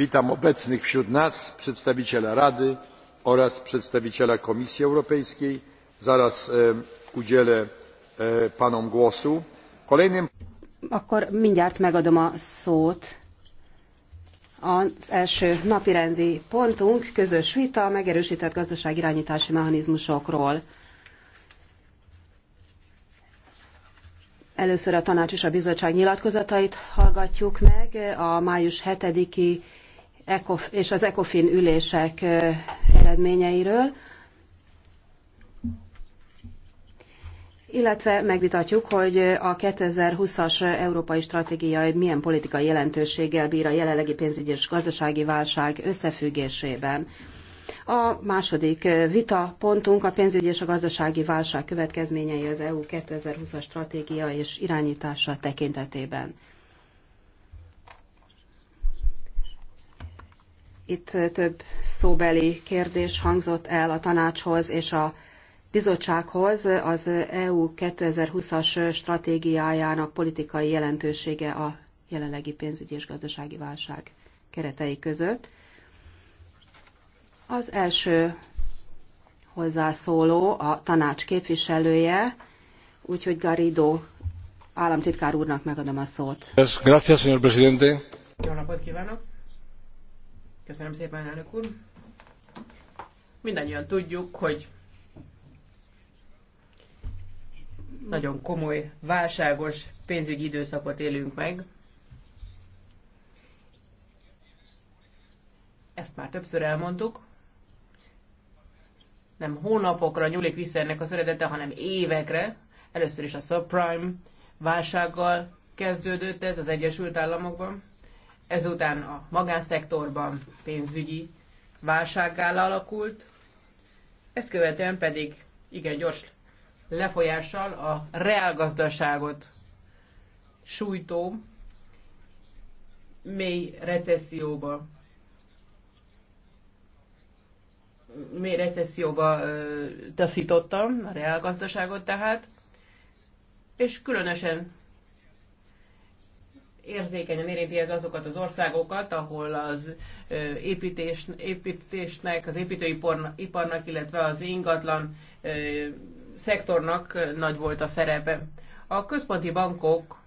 witam obecnych wśród nas przedstawiciela rady oraz przedstawiciela komisji europejskiej zaraz e, udzielę e, panom głosu. kolejnym akkor mindjárt megadom a szót. Az első napirendi pontunk közös vita a megerősített gazdaságirányítási mechanizmusokról. Először a tanács és a bizottság nyilatkozatait hallgatjuk meg. A május 7-i és az ECOFIN ülések eredményeiről, illetve megvitatjuk, hogy a 2020-as európai stratégia milyen politikai jelentőséggel bír a jelenlegi pénzügyi és gazdasági válság összefüggésében. A második vita pontunk a pénzügyi és a gazdasági válság következményei az EU 2020-as stratégia és irányítása tekintetében. Itt több szóbeli kérdés hangzott el a tanácshoz és a bizottsághoz. Az EU 2020-as stratégiájának politikai jelentősége a jelenlegi pénzügyi és gazdasági válság keretei között. Az első hozzászóló a tanács képviselője, úgyhogy Garido államtitkár úrnak megadom a szót. Gracias, señor presidente. Jó napot kívánok! Köszönöm szépen, elnök úr. Mindannyian tudjuk, hogy nagyon komoly, válságos pénzügyi időszakot élünk meg. Ezt már többször elmondtuk. Nem hónapokra nyúlik vissza ennek az eredete, hanem évekre. Először is a subprime válsággal kezdődött ez az Egyesült Államokban ezután a magánszektorban pénzügyi válsággá alakult, ezt követően pedig igen gyors lefolyással a reálgazdaságot sújtó mély recesszióba mély recesszióba taszította a reálgazdaságot tehát, és különösen érzékenyen érinti ez azokat az országokat, ahol az építés, építésnek, az építőiparnak, illetve az ingatlan szektornak nagy volt a szerepe. A központi bankok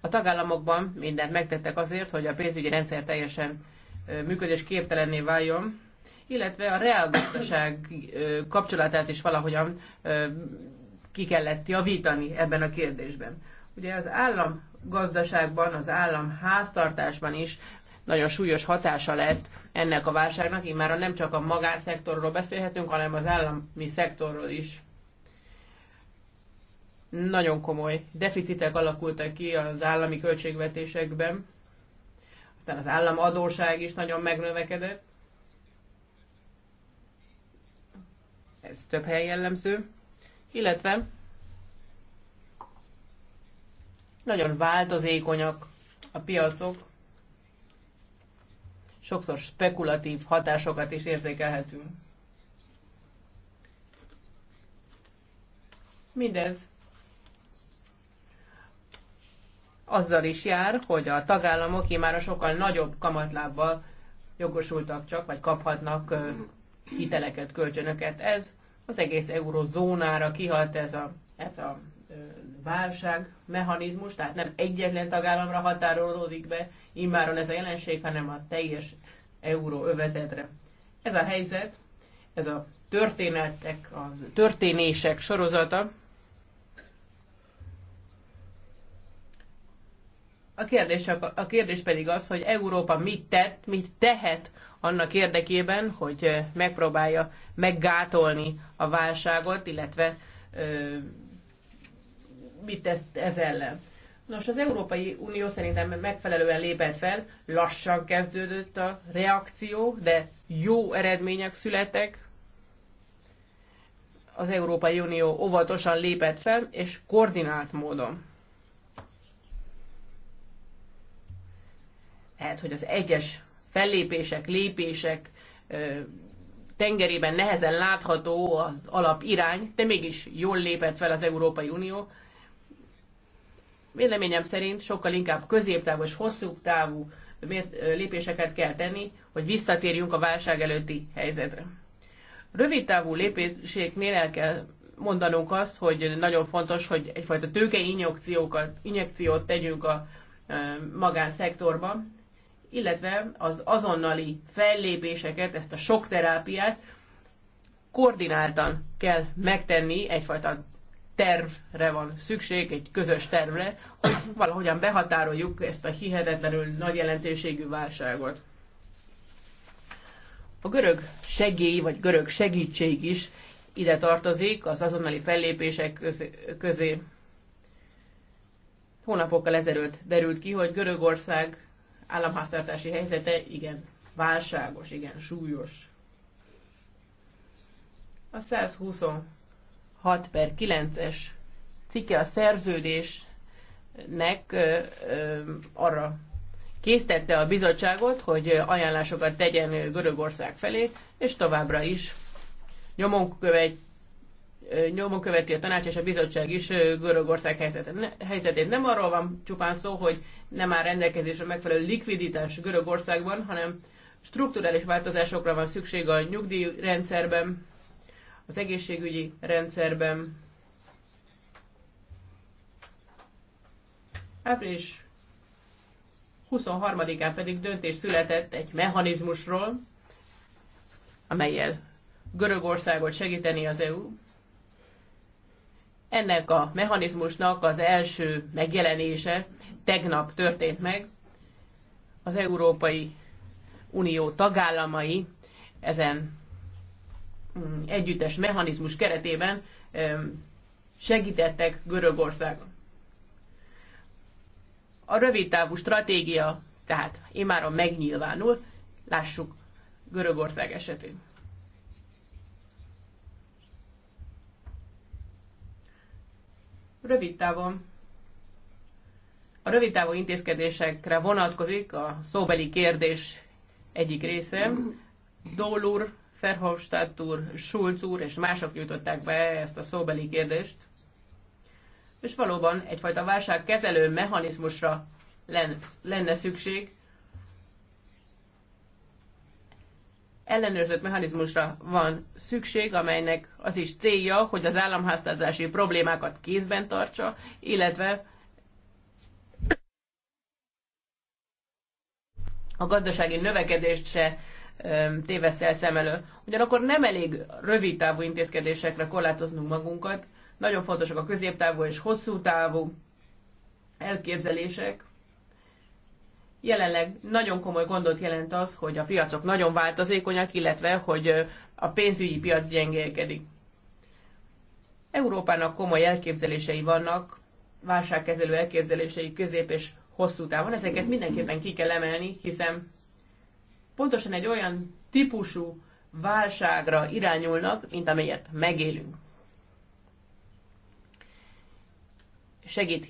a tagállamokban mindent megtettek azért, hogy a pénzügyi rendszer teljesen képtelenné váljon, illetve a reálgazdaság kapcsolatát is valahogyan ki kellett javítani ebben a kérdésben. Ugye az állam gazdaságban, az állam háztartásban is nagyon súlyos hatása lett ennek a válságnak. már nem csak a magánszektorról beszélhetünk, hanem az állami szektorról is. Nagyon komoly deficitek alakultak ki az állami költségvetésekben. Aztán az állam adóság is nagyon megnövekedett. Ez több helyen jellemző. Illetve nagyon változékonyak a piacok, sokszor spekulatív hatásokat is érzékelhetünk. Mindez azzal is jár, hogy a tagállamok már a sokkal nagyobb kamatlábbal jogosultak csak, vagy kaphatnak hiteleket, kölcsönöket. Ez az egész eurozónára kihalt ez a, ez a válság mechanizmus, tehát nem egyetlen tagállamra határolódik be immáron ez a jelenség, hanem a teljes euróövezetre. Ez a helyzet, ez a történetek, a történések sorozata. A kérdés, csak, a kérdés pedig az, hogy Európa mit tett, mit tehet annak érdekében, hogy megpróbálja meggátolni a válságot, illetve mit tesz ez ellen. Nos, az Európai Unió szerintem megfelelően lépett fel, lassan kezdődött a reakció, de jó eredmények születtek. Az Európai Unió óvatosan lépett fel, és koordinált módon. Lehet, hogy az egyes fellépések, lépések tengerében nehezen látható az alapirány, de mégis jól lépett fel az Európai Unió, Véleményem szerint sokkal inkább középtávú és hosszú távú lépéseket kell tenni, hogy visszatérjünk a válság előtti helyzetre. Rövid távú lépéseknél el kell mondanunk azt, hogy nagyon fontos, hogy egyfajta tőkeinjekciókat, injekciót tegyünk a magánszektorba, illetve az azonnali fellépéseket, ezt a sok terápiát koordináltan kell megtenni egyfajta tervre van szükség, egy közös tervre, hogy valahogyan behatároljuk ezt a hihetetlenül nagy jelentőségű válságot. A görög segély, vagy görög segítség is ide tartozik az azonnali fellépések közé. Hónapokkal ezelőtt derült ki, hogy Görögország államháztartási helyzete igen válságos, igen súlyos. A 120 6 per 9-es cikke a szerződésnek arra késztette a bizottságot, hogy ajánlásokat tegyen Görögország felé, és továbbra is nyomon, követ, nyomon követi a tanács és a bizottság is Görögország helyzetét. Nem arról van csupán szó, hogy nem áll rendelkezésre megfelelő likviditás Görögországban, hanem strukturális változásokra van szükség a nyugdíjrendszerben, az egészségügyi rendszerben. Április 23-án pedig döntés született egy mechanizmusról, amelyel Görögországot segíteni az EU. Ennek a mechanizmusnak az első megjelenése tegnap történt meg. Az Európai Unió tagállamai ezen együttes mechanizmus keretében segítettek Görögország. A rövidtávú stratégia tehát a megnyilvánul, lássuk Görögország esetén. Rövid távon a rövid távú intézkedésekre vonatkozik a szóbeli kérdés egyik része. Dólur Verhofstadt úr, Schulz úr és mások nyújtották be ezt a szóbeli kérdést, és valóban egyfajta válságkezelő mechanizmusra lenne szükség, ellenőrzött mechanizmusra van szükség, amelynek az is célja, hogy az államháztartási problémákat kézben tartsa, illetve a gazdasági növekedést se téveszi el szem elő. Ugyanakkor nem elég rövid távú intézkedésekre korlátoznunk magunkat, nagyon fontosak a középtávú és hosszú távú elképzelések. Jelenleg nagyon komoly gondot jelent az, hogy a piacok nagyon változékonyak, illetve hogy a pénzügyi piac gyengélkedik. Európának komoly elképzelései vannak, válságkezelő elképzelései közép és hosszú távon. Ezeket mindenképpen ki kell emelni, hiszen pontosan egy olyan típusú válságra irányulnak, mint amelyet megélünk. Segít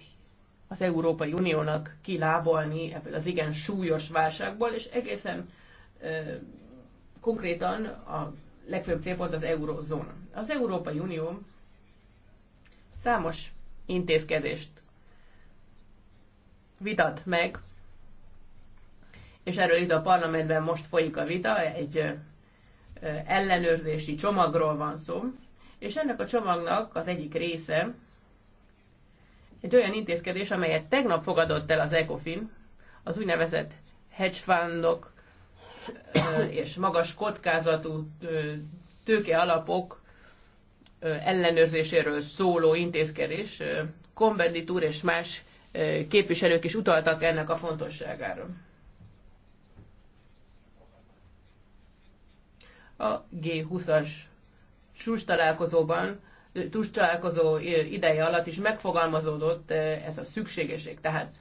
az Európai Uniónak kilábolni ebből az igen súlyos válságból, és egészen ö, konkrétan a legfőbb célpont az eurozóna. Az Európai Unió számos intézkedést vitat meg és erről itt a parlamentben most folyik a vita, egy ellenőrzési csomagról van szó, és ennek a csomagnak az egyik része egy olyan intézkedés, amelyet tegnap fogadott el az ECOFIN, az úgynevezett hedge fundok és magas kockázatú tőke alapok ellenőrzéséről szóló intézkedés. Kombendit úr és más képviselők is utaltak ennek a fontosságára. a G20-as csúcs találkozóban, csúcs találkozó ideje alatt is megfogalmazódott ez a szükségeség. Tehát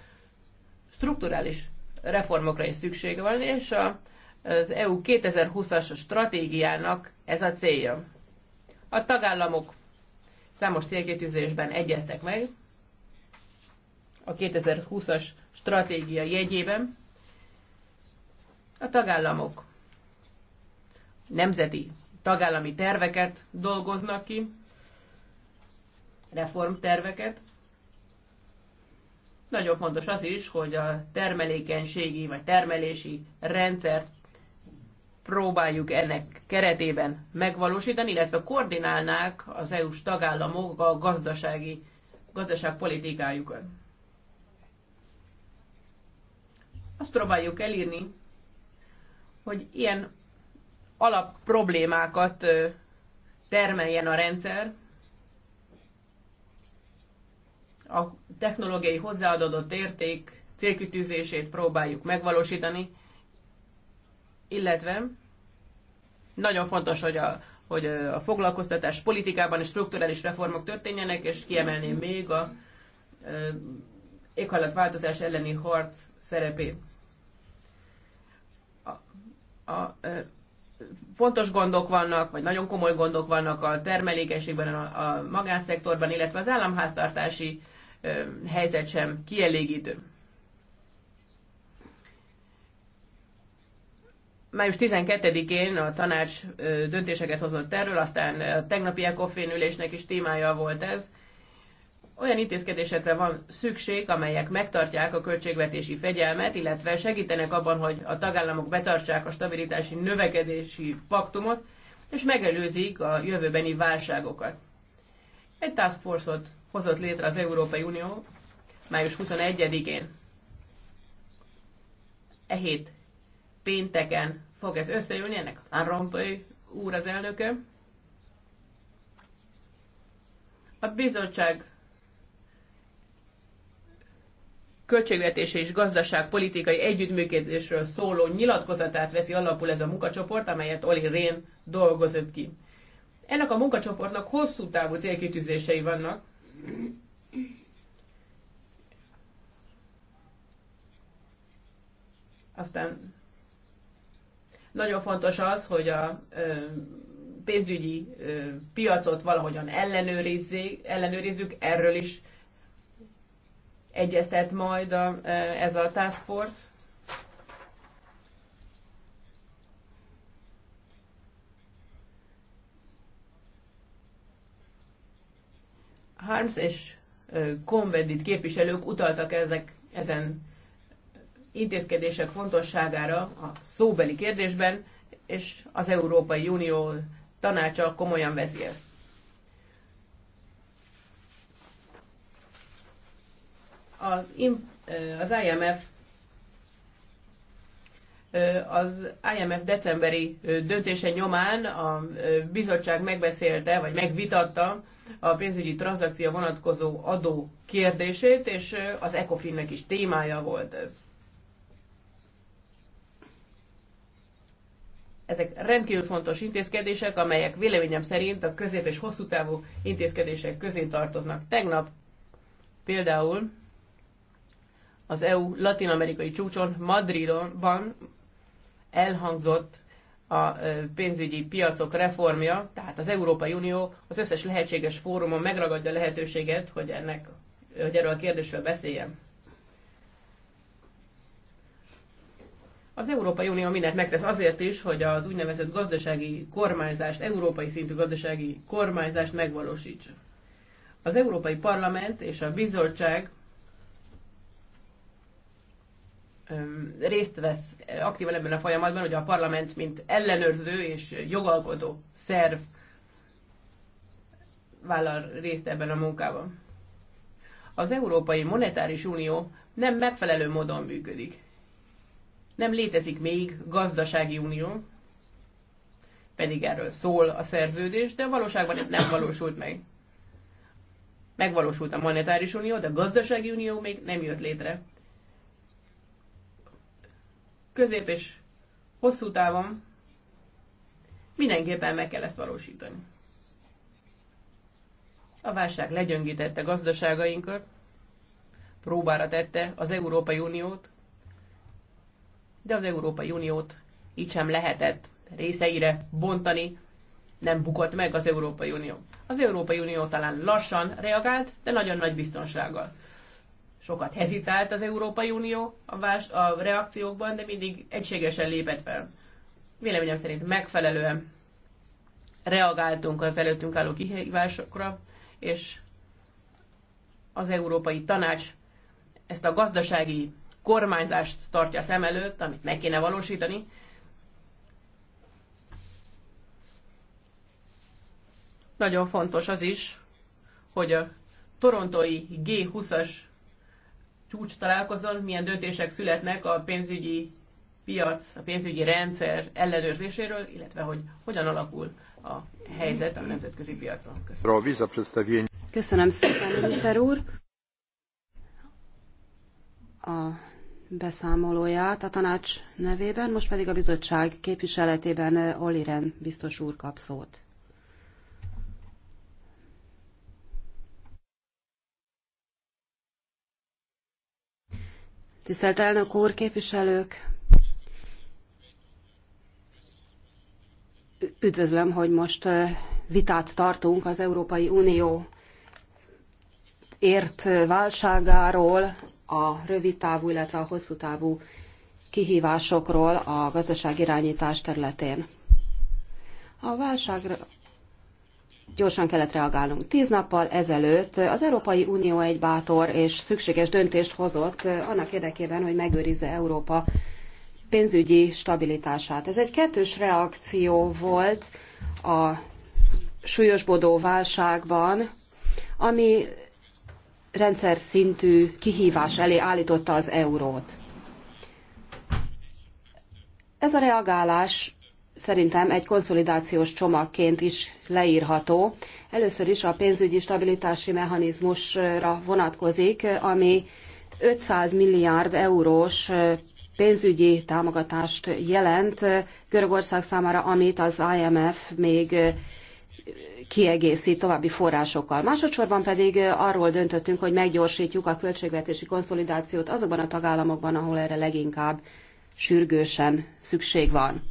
strukturális reformokra is szükség van, és a, az EU 2020-as stratégiának ez a célja. A tagállamok számos célkétűzésben egyeztek meg a 2020-as stratégia jegyében. A tagállamok nemzeti tagállami terveket dolgoznak ki, reformterveket. Nagyon fontos az is, hogy a termelékenységi vagy termelési rendszert próbáljuk ennek keretében megvalósítani, illetve koordinálnák az EU-s tagállamok a gazdasági, gazdaságpolitikájukat. Azt próbáljuk elírni, hogy ilyen alap problémákat termeljen a rendszer, a technológiai hozzáadott érték célkütűzését próbáljuk megvalósítani, illetve nagyon fontos, hogy a, hogy a foglalkoztatás politikában és strukturális reformok történjenek, és kiemelném még a éghajlatváltozás elleni harc szerepét. A, a, fontos gondok vannak, vagy nagyon komoly gondok vannak a termelékenységben, a, a magánszektorban, illetve az államháztartási helyzet sem kielégítő. Május 12-én a tanács döntéseket hozott erről, aztán a tegnapi ECOFIN ülésnek is témája volt ez olyan intézkedésekre van szükség, amelyek megtartják a költségvetési fegyelmet, illetve segítenek abban, hogy a tagállamok betartsák a stabilitási növekedési paktumot, és megelőzik a jövőbeni válságokat. Egy task force-ot hozott létre az Európai Unió május 21-én. E hét pénteken fog ez összejönni, ennek Van Rompuy úr az elnöke. A bizottság költségvetési és gazdaságpolitikai együttműködésről szóló nyilatkozatát veszi alapul ez a munkacsoport, amelyet Oli Rén dolgozott ki. Ennek a munkacsoportnak hosszú távú célkitűzései vannak. Aztán nagyon fontos az, hogy a pénzügyi piacot valahogyan ellenőrizzük, erről is egyeztet majd a, e, ez a task force. Harms és e, Convedit képviselők utaltak ezek, ezen intézkedések fontosságára a szóbeli kérdésben, és az Európai Unió tanácsa komolyan veszi ezt. Az, az IMF az IMF decemberi döntése nyomán a bizottság megbeszélte, vagy megvitatta a pénzügyi tranzakció vonatkozó adó kérdését, és az ECOFIN-nek is témája volt ez. Ezek rendkívül fontos intézkedések, amelyek véleményem szerint a közép- és hosszú távú intézkedések közé tartoznak. Tegnap például az EU latin-amerikai csúcson, Madridban elhangzott a pénzügyi piacok reformja, tehát az Európai Unió az összes lehetséges fórumon megragadja a lehetőséget, hogy, ennek, hogy erről a kérdésről beszéljen. Az Európai Unió mindent megtesz azért is, hogy az úgynevezett gazdasági kormányzást, európai szintű gazdasági kormányzást megvalósítsa. Az Európai Parlament és a Bizottság részt vesz aktívan ebben a folyamatban, hogy a parlament, mint ellenőrző és jogalkotó szerv vállal részt ebben a munkában. Az Európai Monetáris Unió nem megfelelő módon működik. Nem létezik még gazdasági unió, pedig erről szól a szerződés, de valóságban ez nem valósult meg. Megvalósult a monetáris unió, de a gazdasági unió még nem jött létre közép és hosszú távon mindenképpen meg kell ezt valósítani. A válság legyöngítette gazdaságainkat, próbára tette az Európai Uniót, de az Európai Uniót így sem lehetett részeire bontani, nem bukott meg az Európai Unió. Az Európai Unió talán lassan reagált, de nagyon nagy biztonsággal sokat hezitált az Európai Unió a, vás, a reakciókban, de mindig egységesen lépett fel. Véleményem szerint megfelelően reagáltunk az előttünk álló kihívásokra, és az Európai Tanács ezt a gazdasági kormányzást tartja szem előtt, amit meg kéne valósítani. Nagyon fontos az is, hogy a torontói G20-as csúcs találkozón milyen döntések születnek a pénzügyi piac, a pénzügyi rendszer ellenőrzéséről, illetve hogy hogyan alakul a helyzet a nemzetközi piacon. Köszönöm, Köszönöm szépen, miniszter úr! A beszámolóját a tanács nevében, most pedig a bizottság képviseletében Oliren biztos úr kap szót. Tisztelt elnök úr, képviselők! Üdvözlöm, hogy most eh, vitát tartunk az Európai Unió ért eh, válságáról, a rövid távú, illetve a hosszú távú kihívásokról a irányítás területén. A válságra gyorsan kellett reagálnunk. Tíz nappal ezelőtt az Európai Unió egy bátor és szükséges döntést hozott eh, annak érdekében, hogy megőrizze Európa pénzügyi stabilitását. Ez egy kettős reakció volt a súlyosbodó válságban, ami rendszer szintű kihívás elé állította az eurót. Ez a reagálás szerintem egy konszolidációs csomagként is leírható. Először is a pénzügyi stabilitási mechanizmusra vonatkozik, ami 500 milliárd eurós pénzügyi támogatást jelent Görögország számára, amit az IMF még kiegészít további forrásokkal. Másodszorban pedig arról döntöttünk, hogy meggyorsítjuk a költségvetési konszolidációt azokban a tagállamokban, ahol erre leginkább sürgősen szükség van.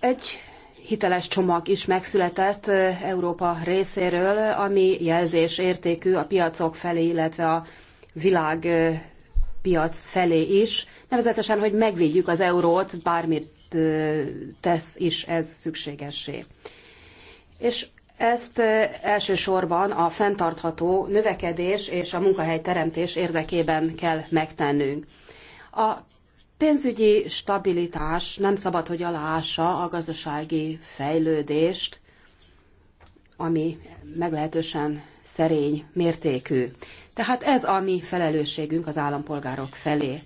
Egy hiteles csomag is megszületett Európa részéről, ami jelzés értékű a piacok felé, illetve a világ piac felé is, nevezetesen, hogy megvédjük az eurót, bármit tesz is ez szükségessé. És ezt elsősorban a fenntartható növekedés és a munkahelyteremtés érdekében kell megtennünk. A pénzügyi stabilitás nem szabad, hogy aláássa a gazdasági fejlődést, ami meglehetősen szerény mértékű. Tehát ez a mi felelősségünk az állampolgárok felé.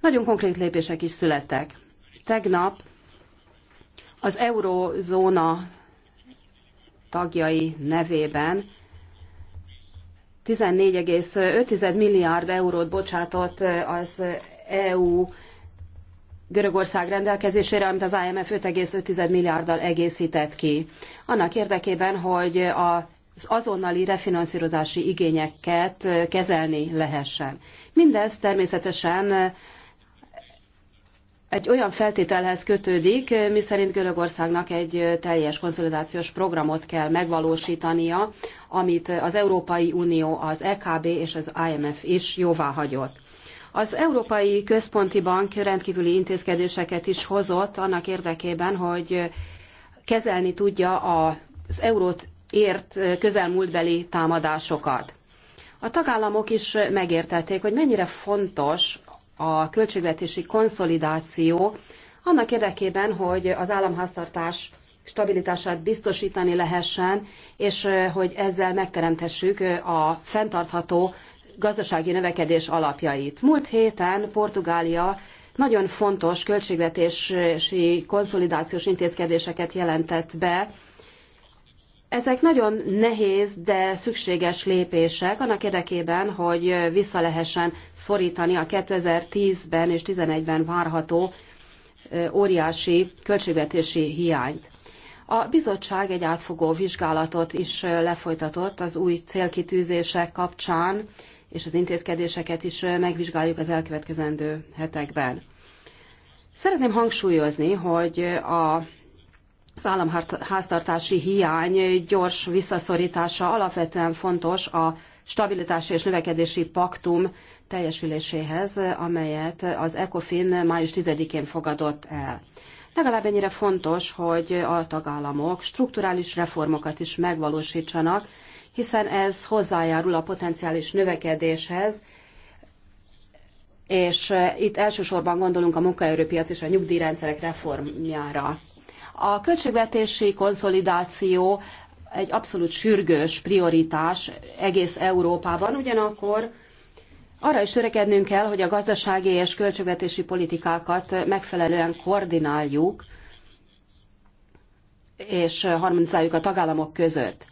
Nagyon konkrét lépések is születtek. Tegnap az eurózóna tagjai nevében 14,5 milliárd eurót bocsátott az EU Görögország rendelkezésére, amit az IMF 5,5 milliárddal egészített ki. Annak érdekében, hogy az azonnali refinanszírozási igényeket kezelni lehessen. Mindez természetesen egy olyan feltételhez kötődik, eh, miszerint Görögországnak egy eh, teljes konszolidációs programot kell megvalósítania, amit eh, az Európai Unió, az EKB és az IMF is jóvá hagyott. Az Európai Központi Bank rendkívüli intézkedéseket is hozott annak érdekében, hogy kezelni tudja az eurót ért közelmúltbeli támadásokat. A tagállamok is megértették, hogy mennyire fontos a költségvetési konszolidáció annak érdekében, hogy az államháztartás stabilitását biztosítani lehessen, és hogy ezzel megteremthessük a fenntartható gazdasági növekedés alapjait. Múlt héten Portugália nagyon fontos költségvetési konszolidációs intézkedéseket jelentett be, ezek nagyon nehéz, de szükséges lépések annak érdekében, hogy vissza lehessen szorítani a 2010-ben és 2011-ben várható óriási költségvetési hiányt. A bizottság egy átfogó vizsgálatot is lefolytatott az új célkitűzések kapcsán, és az intézkedéseket is megvizsgáljuk az elkövetkezendő hetekben. Szeretném hangsúlyozni, hogy a az államháztartási hiány gyors visszaszorítása alapvetően fontos a stabilitási és növekedési paktum teljesüléséhez, amelyet az ECOFIN május 10-én fogadott el. Legalább ennyire fontos, hogy a tagállamok strukturális reformokat is megvalósítsanak, hiszen ez hozzájárul a potenciális növekedéshez, és itt elsősorban gondolunk a munkaerőpiac és a nyugdíjrendszerek reformjára. A költségvetési konszolidáció egy abszolút sürgős prioritás egész Európában, ugyanakkor arra is törekednünk kell, hogy a gazdasági és költségvetési politikákat megfelelően koordináljuk, és harmonizáljuk a tagállamok között.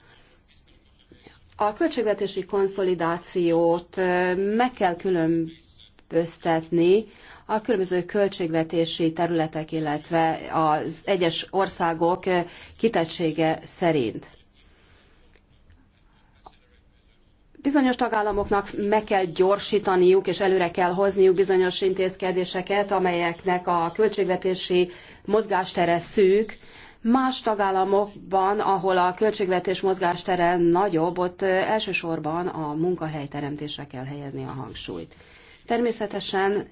A költségvetési konszolidációt meg kell különböztetni a különböző költségvetési területek, illetve az egyes országok kitettsége szerint. Bizonyos tagállamoknak meg kell gyorsítaniuk és előre kell hozniuk bizonyos intézkedéseket, amelyeknek a költségvetési mozgástere szűk, Más tagállamokban, ahol a költségvetés mozgástere nagyobb, ott elsősorban a munkahelyteremtésre kell helyezni a hangsúlyt. Természetesen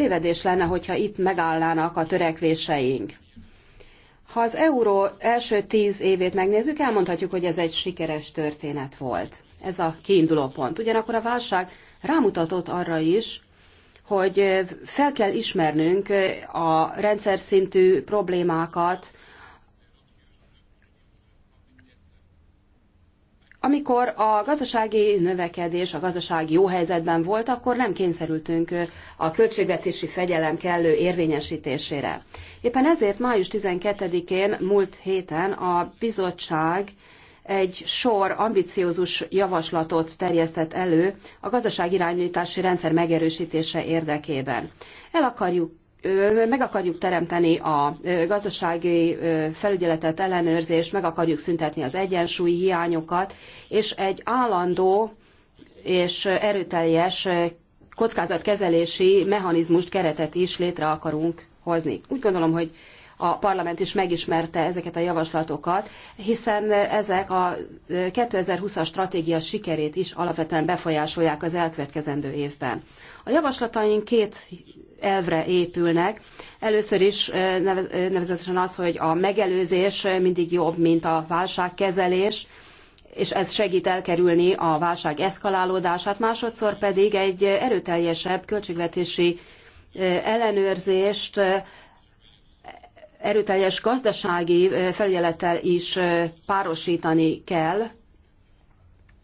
tévedés lenne, hogyha itt megállnának a törekvéseink. Ha az euró első tíz évét megnézzük, elmondhatjuk, hogy ez egy sikeres történet volt. Ez a kiinduló pont. Ugyanakkor a válság rámutatott arra is, hogy fel kell ismernünk a rendszer szintű problémákat, Amikor a gazdasági növekedés, a gazdasági jó helyzetben volt, akkor nem kényszerültünk a költségvetési fegyelem kellő érvényesítésére. Éppen ezért május 12-én múlt héten a bizottság egy sor ambiciózus javaslatot terjesztett elő a gazdaságirányítási rendszer megerősítése érdekében. El akarjuk meg akarjuk teremteni a gazdasági felügyeletet, ellenőrzést, meg akarjuk szüntetni az egyensúlyi hiányokat, és egy állandó és erőteljes kockázatkezelési mechanizmust, keretet is létre akarunk hozni. Úgy gondolom, hogy a parlament is megismerte ezeket a javaslatokat, hiszen ezek a 2020-as stratégia sikerét is alapvetően befolyásolják az elkövetkezendő évben. A javaslataink két elvre épülnek. Először is eh, eh, nevezetesen az, hogy a megelőzés eh, mindig jobb, mint a válságkezelés, és ez segít elkerülni a válság eszkalálódását, másodszor pedig egy erőteljesebb költségvetési ellenőrzést erőteljes gazdasági felügyelettel is párosítani kell,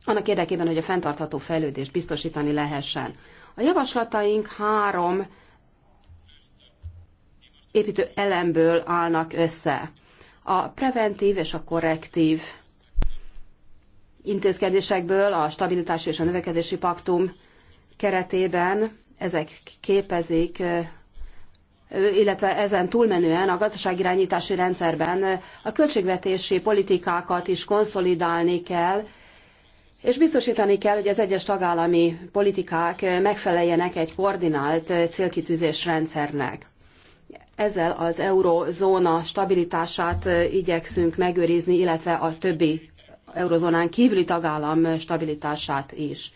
annak érdekében, hogy a fenntartható fejlődést biztosítani lehessen. A javaslataink három építő elemből állnak össze. A preventív és a korrektív intézkedésekből a stabilitás és a növekedési paktum keretében ezek képezik, illetve ezen túlmenően a gazdaságirányítási rendszerben a költségvetési politikákat is konszolidálni kell, és biztosítani kell, hogy az egyes tagállami politikák megfeleljenek egy koordinált célkitűzés rendszernek ezzel az eurozóna stabilitását igyekszünk megőrizni, illetve a többi eurozónán kívüli tagállam stabilitását is.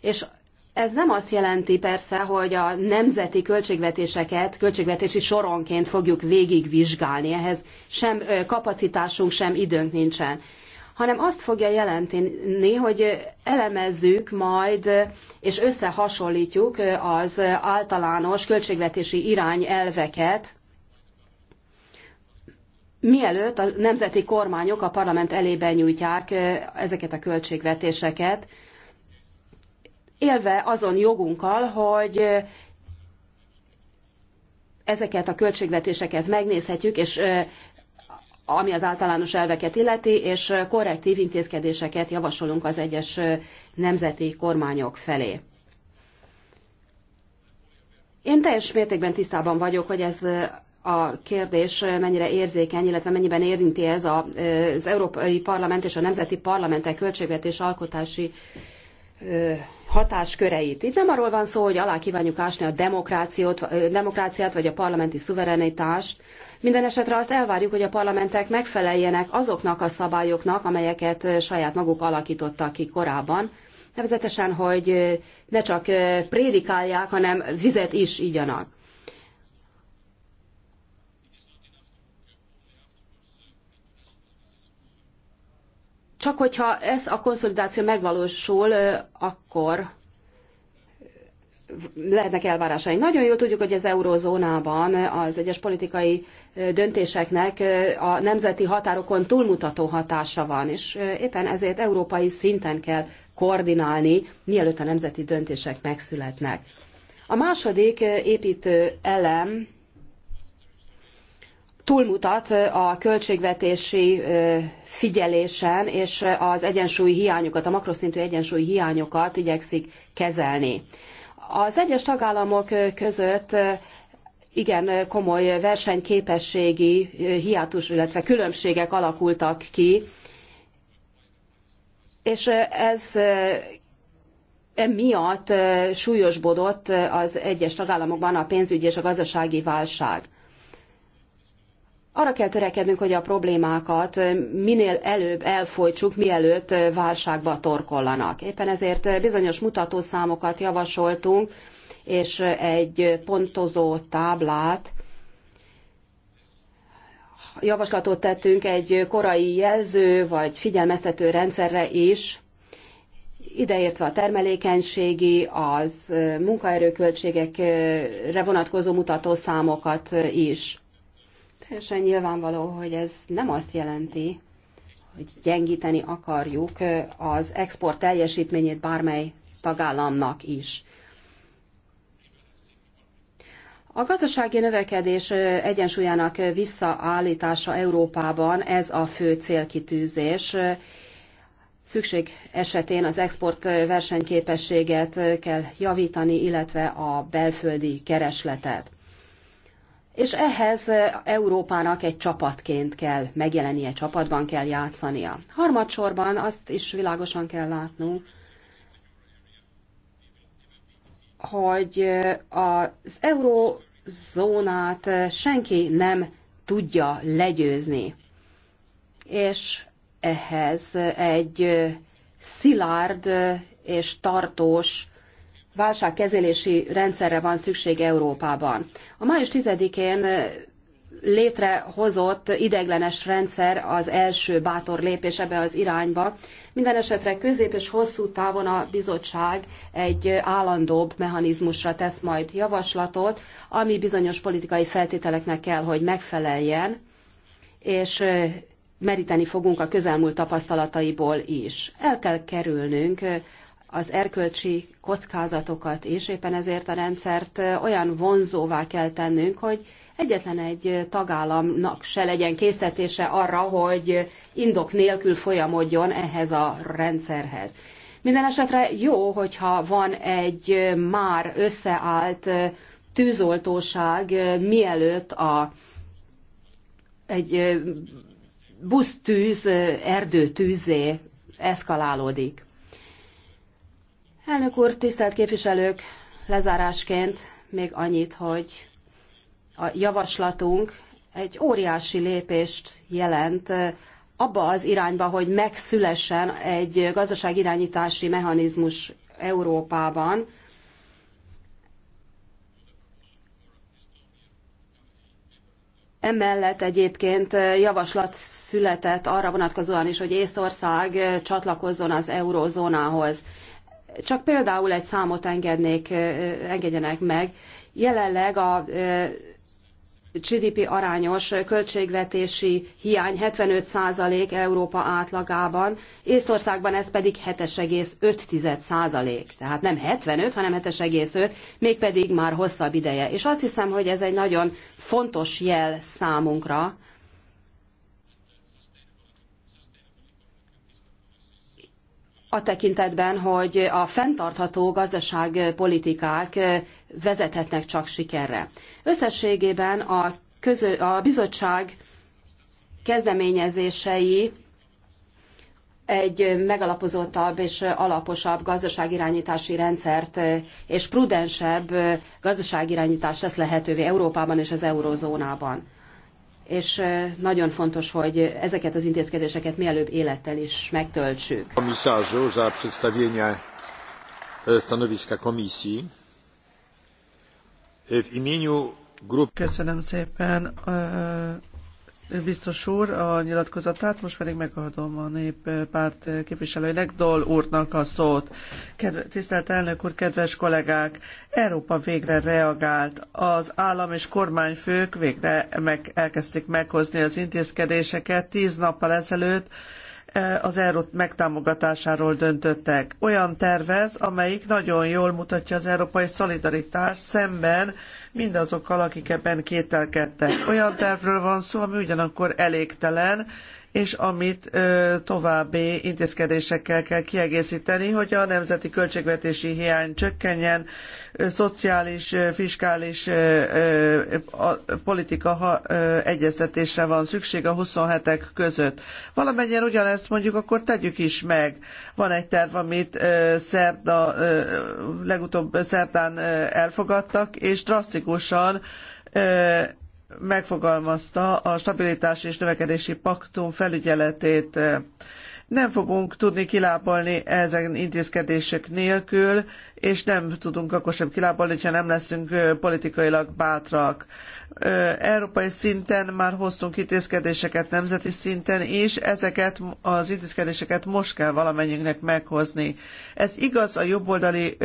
És ez nem azt jelenti persze, hogy a nemzeti költségvetéseket költségvetési soronként fogjuk végigvizsgálni. Ehhez sem kapacitásunk, sem időnk nincsen hanem azt fogja jelenteni, hogy elemezzük majd és összehasonlítjuk az általános költségvetési irányelveket, mielőtt a nemzeti kormányok a parlament elébe nyújtják ezeket a költségvetéseket, élve azon jogunkkal, hogy ezeket a költségvetéseket megnézhetjük, és ami az általános elveket illeti, és korrektív intézkedéseket javasolunk az egyes nemzeti kormányok felé. Én teljes mértékben tisztában vagyok, hogy ez a kérdés mennyire érzékeny, illetve mennyiben érinti ez az Európai Parlament és a Nemzeti Parlamentek költségvetés alkotási hatásköreit. Itt nem arról van szó, hogy alá kívánjuk ásni a demokráciát vagy a parlamenti szuverenitást. Minden esetre azt elvárjuk, hogy a parlamentek megfeleljenek azoknak a szabályoknak, amelyeket saját maguk alakítottak ki korábban. Nevezetesen, hogy ne csak prédikálják, hanem vizet is igyanak. Csak hogyha ez a konszolidáció megvalósul, akkor lehetnek elvárásai. Nagyon jól tudjuk, hogy az eurozónában az egyes politikai döntéseknek a nemzeti határokon túlmutató hatása van, és éppen ezért európai szinten kell koordinálni, mielőtt a nemzeti döntések megszületnek. A második építő elem túlmutat a költségvetési figyelésen, és az egyensúly hiányokat, a makroszintű egyensúly hiányokat igyekszik kezelni. Az egyes tagállamok között igen komoly versenyképességi hiátus, illetve különbségek alakultak ki, és ez emiatt súlyosbodott az egyes tagállamokban a pénzügyi és a gazdasági válság arra kell törekednünk, hogy a problémákat minél előbb elfolytsuk, mielőtt válságba torkollanak. Éppen ezért bizonyos mutatószámokat javasoltunk, és egy pontozó táblát, javaslatot tettünk egy korai jelző vagy figyelmeztető rendszerre is, ideértve a termelékenységi, az munkaerőköltségekre vonatkozó mutatószámokat is teljesen nyilvánvaló, hogy ez nem azt jelenti, hogy gyengíteni akarjuk az export teljesítményét bármely tagállamnak is. A gazdasági növekedés egyensúlyának visszaállítása Európában ez a fő célkitűzés. Szükség esetén az export versenyképességet kell javítani, illetve a belföldi keresletet és ehhez eh, Európának egy csapatként kell megjelennie, csapatban kell játszania. Harmadsorban azt is világosan kell látnunk, hogy eh, az eurózónát eh, senki nem tudja legyőzni. És ehhez egy szilárd és tartós válságkezelési rendszerre van szükség Európában. A május 10-én eh, létrehozott ideiglenes rendszer az első bátor lépés ebbe az irányba. Minden esetre közép és hosszú távon a bizottság egy állandóbb mechanizmusra tesz majd javaslatot, ami bizonyos politikai feltételeknek kell, hogy megfeleljen, és eh, meríteni fogunk a közelmúlt tapasztalataiból is. El kell kerülnünk eh, az erkölcsi kockázatokat is, éppen ezért a rendszert olyan vonzóvá kell tennünk, hogy egyetlen egy tagállamnak se legyen késztetése arra, hogy indok nélkül folyamodjon ehhez a rendszerhez. Minden esetre jó, hogyha van egy már összeállt tűzoltóság, mielőtt a, egy busztűz erdőtűzé eszkalálódik. Elnök úr, tisztelt képviselők, lezárásként még annyit, hogy a javaslatunk egy óriási lépést jelent eh, abba az irányba, hogy megszülessen egy gazdaságirányítási mechanizmus Európában. Emellett egyébként eh, javaslat született arra vonatkozóan is, hogy Észtország eh, csatlakozzon az eurózónához. Csak például egy számot engednék, engedjenek meg. Jelenleg a GDP arányos költségvetési hiány 75% Európa átlagában, Észtországban ez pedig 7,5%, tehát nem 75, hanem 7,5, mégpedig már hosszabb ideje. És azt hiszem, hogy ez egy nagyon fontos jel számunkra, a tekintetben, hogy a fenntartható gazdaságpolitikák eh, vezethetnek csak sikerre. Összességében a, közö, a bizottság kezdeményezései egy megalapozottabb és alaposabb gazdaságirányítási rendszert eh, és prudensebb eh, gazdaságirányítást tesz lehetővé Európában és az eurózónában és eh, nagyon fontos, hogy ezeket az intézkedéseket mielőbb élettel is megtöltsük. Komisarzu, za przedstawienie e, stanowiska komisji. E, w imieniu grup... Köszönöm szépen. E, biztos úr a nyilatkozatát, most pedig megadom a néppárt eh, eh, képviselőinek, Dol úrnak a szót. Kedve, tisztelt elnök úr, kedves kollégák! Európa végre reagált. Az állam és kormányfők végre meg, elkezdték meghozni az intézkedéseket tíz nappal ezelőtt, az eurót megtámogatásáról döntöttek. Olyan tervez, amelyik nagyon jól mutatja az európai szolidaritást szemben mindazokkal, akik ebben kételkedtek. Olyan tervről van szó, ami ugyanakkor elégtelen, és amit további intézkedésekkel kell kiegészíteni, hogy a nemzeti költségvetési hiány csökkenjen, szociális, fiskális politika egyeztetésre van szükség a 27-ek között. Valamennyien ugyanezt mondjuk, akkor tegyük is meg. Van egy terv, amit szerda, legutóbb szerdán elfogadtak, és drasztikusan megfogalmazta a stabilitás és növekedési paktum felügyeletét. Nem fogunk tudni kilábalni ezen intézkedések nélkül, és nem tudunk akkor sem kilábalni, ha nem leszünk politikailag bátrak. Európai szinten már hoztunk intézkedéseket nemzeti szinten is, ezeket az intézkedéseket most kell valamennyiünknek meghozni. Ez igaz a jobboldali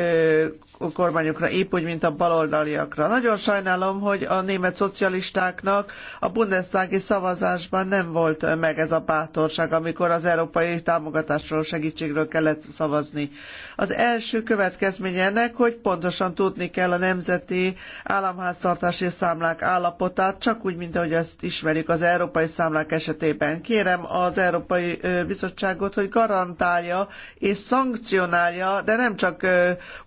kormányokra, épp úgy, mint a baloldaliakra. Nagyon sajnálom, hogy a német szocialistáknak a bundesztági szavazásban nem volt meg ez a bátorság, amikor az európai támogatásról, segítségről kellett szavazni. Az első következmény következménye ennek, hogy pontosan tudni kell a nemzeti államháztartási számlák állapotát, csak úgy, mint ahogy ezt ismerjük az európai számlák esetében. Kérem az Európai Bizottságot, hogy garantálja és szankcionálja, de nem csak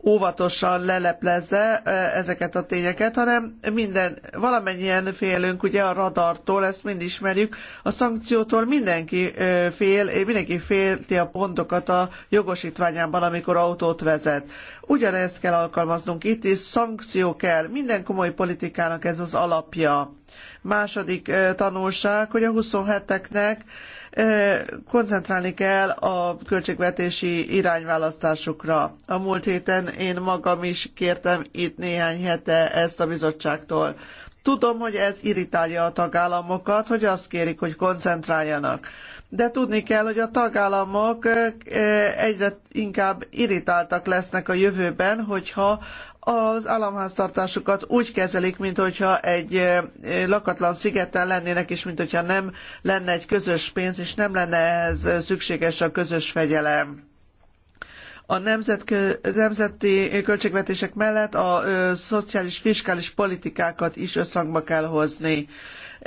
óvatosan leleplezze ezeket a tényeket, hanem minden, valamennyien félünk ugye a radartól, ezt mind ismerjük, a szankciótól mindenki fél, mindenki félti a pontokat a jogosítványában, amikor autót vezet. Ugyanezt kell alkalmaznunk itt, és szankció kell. Minden komoly politikának ez az alapja. Második tanulság, hogy a 27-eknek koncentrálni kell a költségvetési irányválasztásukra. A múlt héten én magam is kértem itt néhány hete ezt a bizottságtól. Tudom, hogy ez irritálja a tagállamokat, hogy azt kérik, hogy koncentráljanak de tudni kell, hogy a tagállamok egyre inkább irritáltak lesznek a jövőben, hogyha az államháztartásukat úgy kezelik, hogyha egy lakatlan szigeten lennének, és hogyha nem lenne egy közös pénz, és nem lenne ehhez szükséges a közös fegyelem. A nemzeti költségvetések mellett a szociális-fiskális politikákat is összhangba kell hozni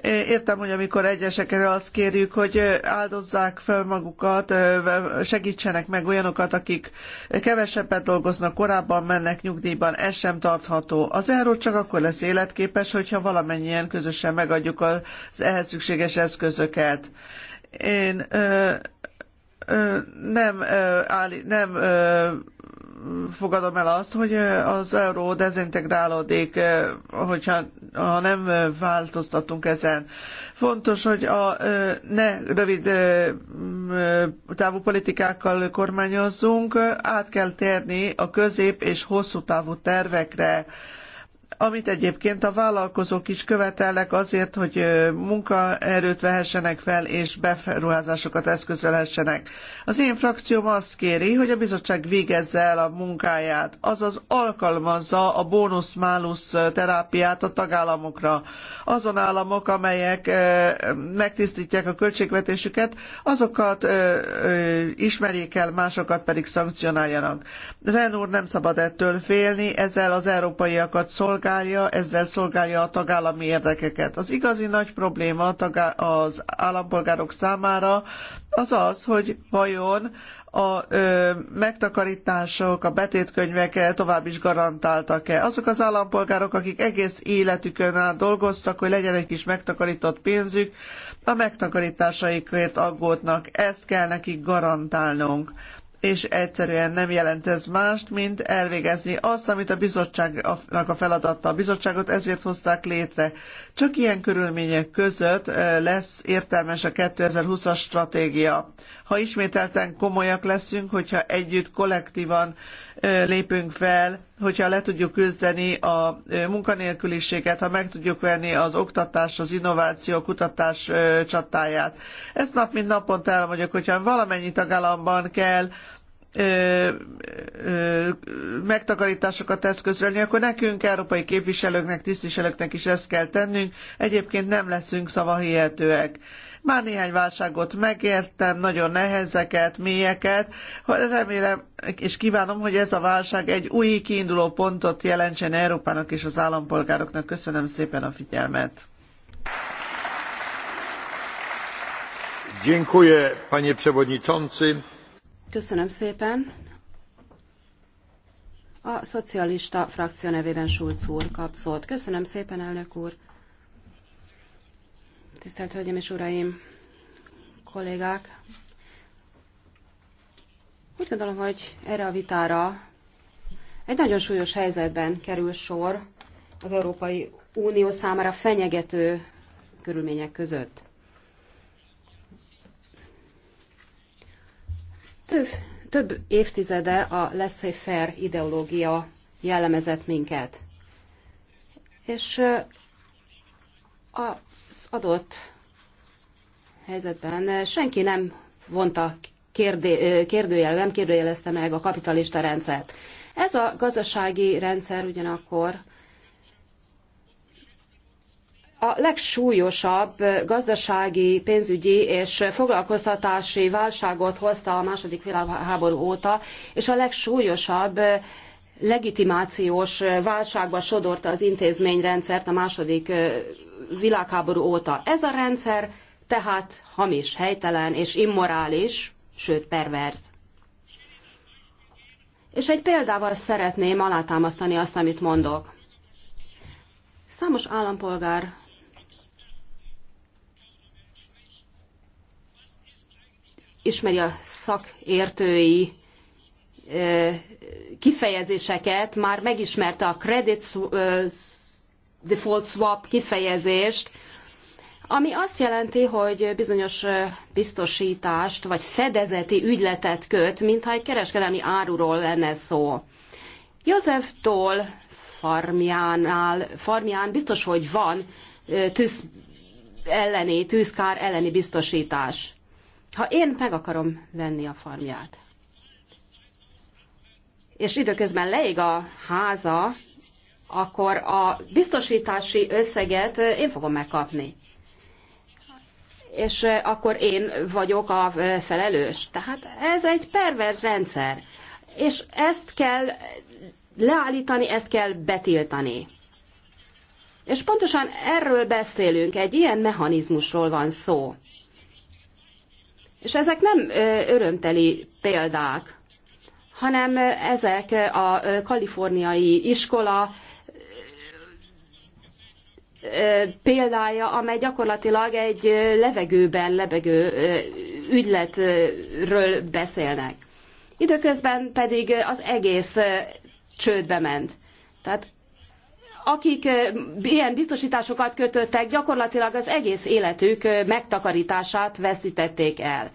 Értem, hogy amikor egyesekre azt kérjük, hogy áldozzák fel magukat, segítsenek meg olyanokat, akik kevesebbet dolgoznak, korábban mennek nyugdíjban, ez sem tartható. Az euró csak akkor lesz életképes, hogyha valamennyien közösen megadjuk az ehhez szükséges eszközöket. Én ö, ö, nem, ö, áll, nem ö, fogadom el azt, hogy az euró dezintegrálódik, hogyha ha nem változtatunk ezen. Fontos, hogy a, ne rövid távú politikákkal kormányozzunk, át kell térni a közép és hosszú távú tervekre amit egyébként a vállalkozók is követelnek azért, hogy munkaerőt vehessenek fel és beruházásokat eszközölhessenek. Az én frakcióm azt kéri, hogy a bizottság végezze el a munkáját, azaz alkalmazza a bónusz-málusz terápiát a tagállamokra. Azon államok, amelyek megtisztítják a költségvetésüket, azokat ismerjék el, másokat pedig szankcionáljanak. Ren úr nem szabad ettől félni, ezzel az európaiakat szolgálja, szolgálja, ezzel szolgálja a tagállami érdekeket. Az igazi nagy probléma az állampolgárok számára az az, hogy vajon a ö, megtakarítások, a betétkönyvek tovább is garantáltak-e. Azok az állampolgárok, akik egész életükön át dolgoztak, hogy legyen egy kis megtakarított pénzük, a megtakarításaikért aggódnak. Ezt kell nekik garantálnunk és egyszerűen nem jelent ez mást, mint elvégezni azt, amit a bizottságnak a feladata. A bizottságot ezért hozták létre. Csak ilyen körülmények között lesz értelmes a 2020-as stratégia. Ha ismételten komolyak leszünk, hogyha együtt kollektívan lépünk fel, hogyha le tudjuk küzdeni a munkanélküliséget, ha meg tudjuk venni az oktatás, az innováció, kutatás csatáját. Ezt nap mint naponta elmondjuk, hogyha valamennyi tagállamban kell ö, ö, megtakarításokat eszközölni, akkor nekünk, európai képviselőknek, tisztviselőknek is ezt kell tennünk, egyébként nem leszünk szavahihetőek. Már néhány válságot megértem, nagyon nehezeket, mélyeket. Remélem és kívánom, hogy ez a válság egy új kiinduló pontot jelentsen Európának és az állampolgároknak. Köszönöm szépen a figyelmet. Dziękuję, panie przewodniczący. Köszönöm szépen. A szocialista frakció nevében Schulz úr kap szót. Köszönöm szépen, elnök úr. Tisztelt Hölgyeim és Uraim, kollégák! Úgy gondolom, hogy erre a vitára egy nagyon súlyos helyzetben kerül sor az Európai Unió számára fenyegető körülmények között. Több, több évtizede a laissez-faire ideológia jellemezett minket. És a adott helyzetben senki nem vonta kérdé, kérdőjel, nem kérdőjelezte meg a kapitalista rendszert. Ez a gazdasági rendszer ugyanakkor a legsúlyosabb gazdasági, pénzügyi és foglalkoztatási válságot hozta a második világháború óta, és a legsúlyosabb legitimációs válságba sodorta az intézményrendszert a második világháború óta. Ez a rendszer tehát hamis, helytelen és immorális, sőt perverz. És egy példával szeretném alátámasztani azt, amit mondok. Számos állampolgár ismeri a szakértői kifejezéseket már megismerte a credit default swap kifejezést, ami azt jelenti, hogy bizonyos biztosítást vagy fedezeti ügyletet köt, mintha egy kereskedelmi áruról lenne szó. József Toll farmjánál, farmján biztos, hogy van tűz elleni, tűzkár elleni biztosítás. Ha én meg akarom venni a farmját, és időközben leég a háza, akkor a biztosítási összeget én fogom megkapni. És eh, akkor én vagyok a eh, felelős. Tehát ez egy perverz rendszer. És ezt kell leállítani, ezt kell betiltani. És pontosan erről beszélünk, egy ilyen mechanizmusról van szó. És ezek nem eh, örömteli példák hanem ezek a kaliforniai iskola példája, amely gyakorlatilag egy levegőben lebegő ügyletről beszélnek. Időközben pedig az egész csődbe ment. Tehát akik ilyen biztosításokat kötöttek, gyakorlatilag az egész életük megtakarítását vesztítették el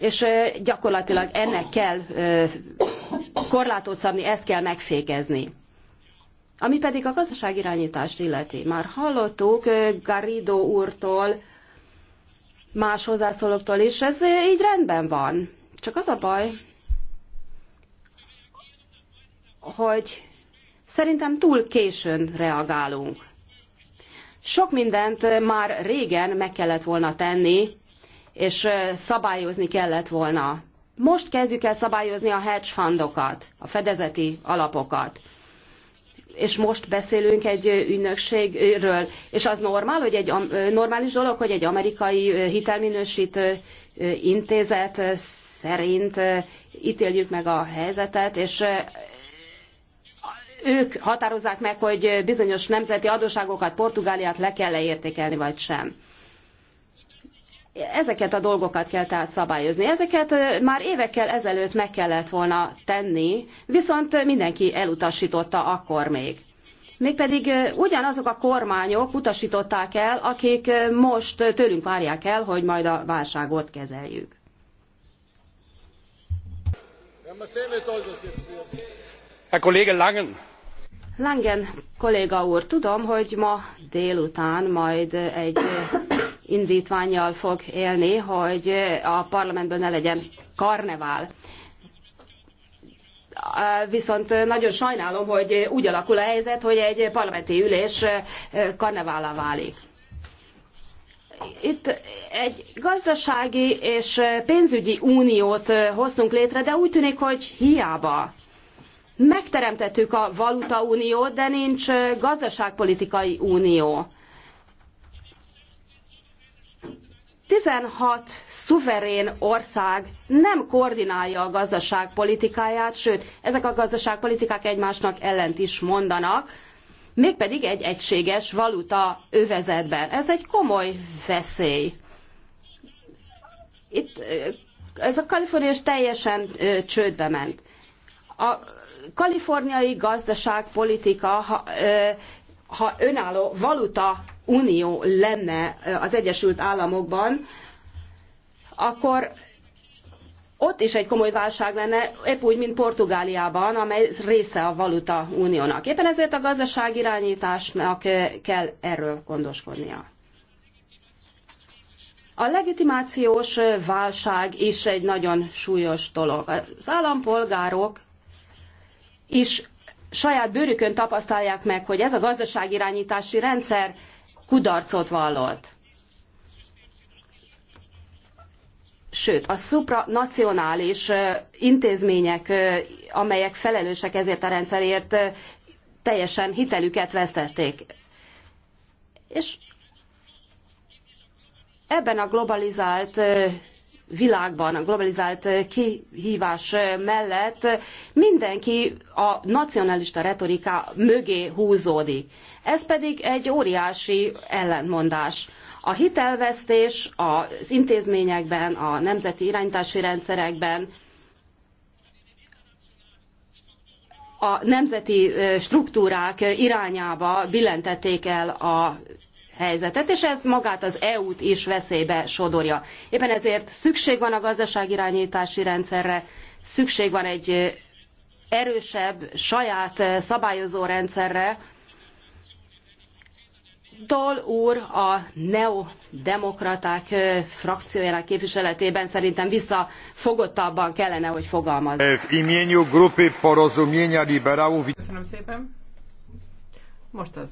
és gyakorlatilag ennek kell korlátot szabni, ezt kell megfékezni. Ami pedig a gazdaságirányítást illeti. Már hallottuk Garrido úrtól, más hozzászólóktól is, ez így rendben van. Csak az a baj, hogy szerintem túl későn reagálunk. Sok mindent már régen meg kellett volna tenni, és szabályozni kellett volna. Most kezdjük el szabályozni a hedge fundokat, a fedezeti alapokat. És most beszélünk egy ügynökségről, és az normál, hogy egy normális dolog, hogy egy amerikai hitelminősítő intézet szerint ítéljük meg a helyzetet, és ők határozzák meg, hogy bizonyos nemzeti adósságokat, Portugáliát le kell -e értékelni, vagy sem. Ezeket a dolgokat kell tehát szabályozni. Ezeket már évekkel ezelőtt meg kellett volna tenni, viszont mindenki elutasította akkor még. Mégpedig ugyanazok a kormányok utasították el, akik most tőlünk várják el, hogy majd a válságot kezeljük. Herr Kollege Langen! Langen kolléga úr, tudom, hogy ma délután majd egy indítványjal fog élni, hogy a parlamentben ne legyen karnevál. Viszont nagyon sajnálom, hogy úgy alakul a helyzet, hogy egy parlamenti ülés karnevállá válik itt egy gazdasági és pénzügyi uniót hoztunk létre, de úgy tűnik, hogy hiába. Megteremtettük a valutauniót, de nincs gazdaságpolitikai unió. 16 szuverén ország nem koordinálja a gazdaságpolitikáját, sőt, ezek a gazdaságpolitikák egymásnak ellent is mondanak, mégpedig egy egységes valuta övezetben. Ez egy komoly veszély. Itt ez a Kalifornia is teljesen ö, csődbe ment. A kaliforniai gazdaságpolitika, ha, ha önálló valuta unió lenne az Egyesült Államokban, akkor ott is egy komoly válság lenne, épp úgy, mint Portugáliában, amely része a valuta uniónak. Éppen ezért a irányításnak kell erről gondoskodnia. A legitimációs válság is egy nagyon súlyos dolog. Az állampolgárok és saját bőrükön tapasztalják meg, hogy ez a gazdaságirányítási rendszer kudarcot vallott. Sőt, a szupranacionális intézmények, amelyek felelősek ezért a rendszerért, teljesen hitelüket vesztették. És ebben a globalizált világban, a globalizált kihívás mellett mindenki a nacionalista retorika mögé húzódik. Ez pedig egy óriási ellentmondás. A hitelvesztés az intézményekben, a nemzeti irányítási rendszerekben, a nemzeti struktúrák irányába billentették el a helyzetet, és ez magát az EU-t is veszélybe sodorja. Éppen ezért szükség van a gazdaságirányítási rendszerre, szükség van egy erősebb saját eh, szabályozó rendszerre. Dol úr a neodemokraták eh, frakciójának képviseletében szerintem visszafogottabban kellene, hogy fogalmazni. Köszönöm szépen. Most az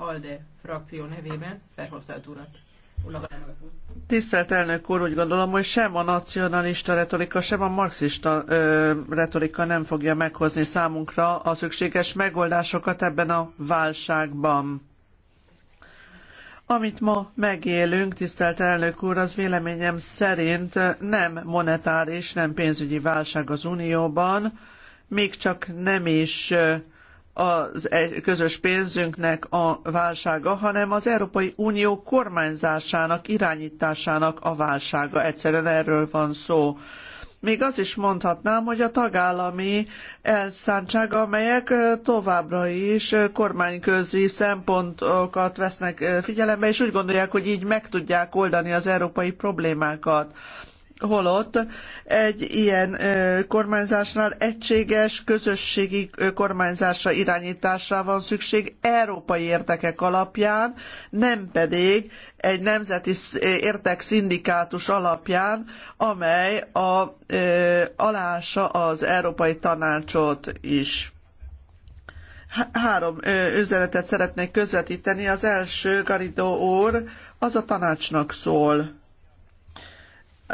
ALDE frakció nevében Ferhofszát urat. Tisztelt elnök úr, úgy gondolom, hogy sem a nacionalista retorika, sem a marxista ö, retorika nem fogja meghozni számunkra a szükséges megoldásokat ebben a válságban. Amit ma megélünk, tisztelt elnök úr, az véleményem szerint nem monetáris, nem pénzügyi válság az Unióban, még csak nem is az e- közös pénzünknek a válsága, hanem az Európai Unió kormányzásának, irányításának a válsága. Egyszerűen erről van szó. Még az is mondhatnám, hogy a tagállami elszántság, amelyek továbbra is kormányközi szempontokat vesznek figyelembe, és úgy gondolják, hogy így meg tudják oldani az európai problémákat holott egy ilyen kormányzásnál egységes, közösségi kormányzásra, irányításra van szükség európai érdekek alapján, nem pedig egy nemzeti értek szindikátus alapján, amely a, ö, alása az Európai Tanácsot is. Három ö, üzenetet szeretnék közvetíteni. Az első, Garidó úr, az a tanácsnak szól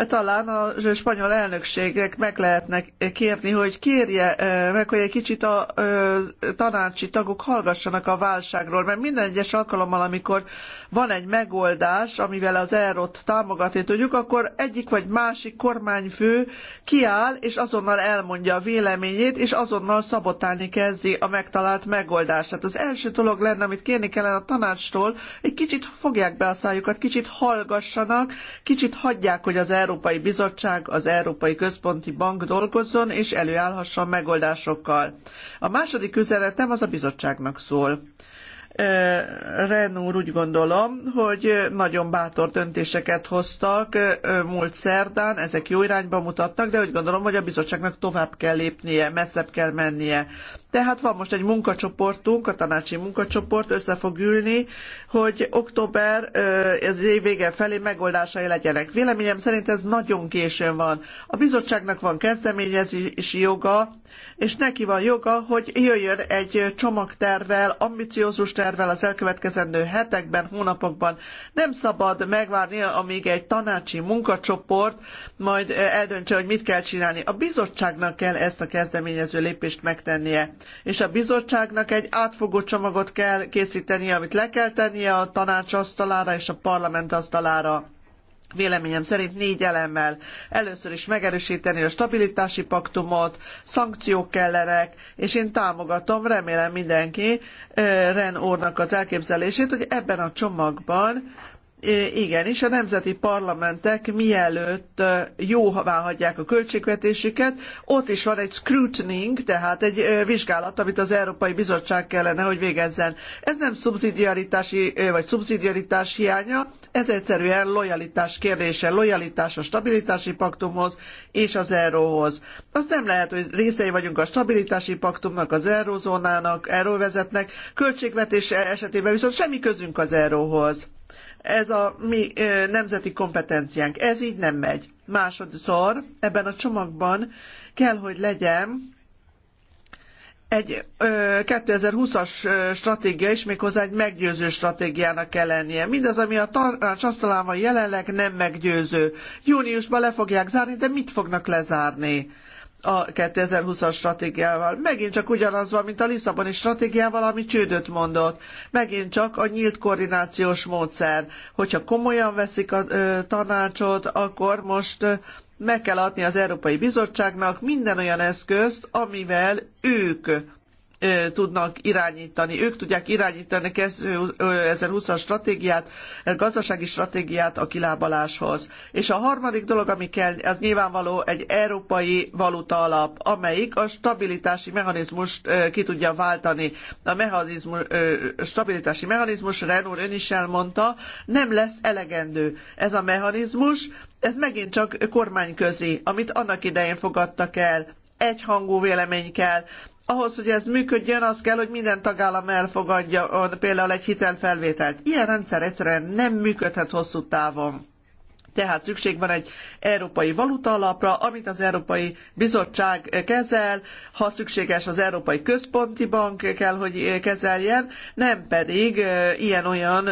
talán a spanyol elnökségek meg lehetnek kérni, hogy kérje eh, meg, hogy egy kicsit a eh, tanácsi tagok hallgassanak a válságról, mert minden egyes alkalommal, amikor van egy megoldás, amivel az ERO-t támogatni tudjuk, akkor egyik vagy másik kormányfő kiáll, és azonnal elmondja a véleményét, és azonnal szabotálni kezdi a megtalált megoldást. Tehát az első dolog lenne, amit kérni kellene a tanácstól, egy kicsit fogják be a szájukat, kicsit hallgassanak, kicsit hagyják, hogy az ERO Európai Bizottság, az Európai Központi Bank dolgozzon és előállhasson megoldásokkal. A második üzenetem az a bizottságnak szól. Ren úr úgy gondolom, hogy nagyon bátor döntéseket hoztak múlt szerdán, ezek jó irányba mutatnak, de úgy gondolom, hogy a bizottságnak tovább kell lépnie, messzebb kell mennie. Tehát van most egy munkacsoportunk, a tanácsi munkacsoport, össze fog ülni, hogy október ez év vége felé megoldásai legyenek. Véleményem szerint ez nagyon későn van. A bizottságnak van kezdeményezési joga, és neki van joga, hogy jöjjön egy csomagtervel, ambiciózus tervel az elkövetkezendő hetekben, hónapokban. Nem szabad megvárni, amíg egy tanácsi munkacsoport majd eldöntse, hogy mit kell csinálni. A bizottságnak kell ezt a kezdeményező lépést megtennie és a bizottságnak egy átfogó csomagot kell készítenie, amit le kell tennie a tanács asztalára és a parlament asztalára. Véleményem szerint négy elemmel. Először is megerősíteni a stabilitási paktumot, szankciók kellenek, és én támogatom, remélem mindenki, Ren úrnak az elképzelését, hogy ebben a csomagban igen, és a nemzeti parlamentek mielőtt jóvá hagyják a költségvetésüket, ott is van egy scrutining, tehát egy vizsgálat, amit az Európai Bizottság kellene, hogy végezzen. Ez nem szubszidiaritási vagy szubszidiaritás hiánya, ez egyszerűen lojalitás kérdése, lojalitás a stabilitási paktumhoz és az euróhoz. Azt nem lehet, hogy részei vagyunk a stabilitási paktumnak, az eurózónának, euróvezetnek, költségvetés esetében viszont semmi közünk az euróhoz ez a mi nemzeti kompetenciánk. Ez így nem megy. Másodszor ebben a csomagban kell, hogy legyen egy 2020-as stratégia is, méghozzá egy meggyőző stratégiának kell lennie. Mindaz, ami a tanács asztalán van jelenleg, nem meggyőző. Júniusban le fogják zárni, de mit fognak lezárni? a 2020-as stratégiával. Megint csak ugyanaz van, mint a Lisszaboni stratégiával, ami csődöt mondott. Megint csak a nyílt koordinációs módszer. Hogyha komolyan veszik a ö, tanácsot, akkor most ö, meg kell adni az Európai Bizottságnak minden olyan eszközt, amivel ők tudnak irányítani. Ők tudják irányítani a 2020-as stratégiát, a gazdasági stratégiát a kilábaláshoz. És a harmadik dolog, ami kell, az nyilvánvaló egy európai valuta alap, amelyik a stabilitási mechanizmust ki tudja váltani. A mechanizmus, stabilitási mechanizmus, Renault ön is elmondta, nem lesz elegendő. Ez a mechanizmus, ez megint csak kormányközi, amit annak idején fogadtak el egyhangú vélemény kell, ahhoz, hogy ez működjön, az kell, hogy minden tagállam elfogadja például egy hitelfelvételt. Ilyen rendszer egyszerűen nem működhet hosszú távon. Tehát szükség van egy európai valutaalapra, amit az Európai Bizottság kezel, ha szükséges az Európai Központi Bank kell, hogy kezeljen, nem pedig ilyen-olyan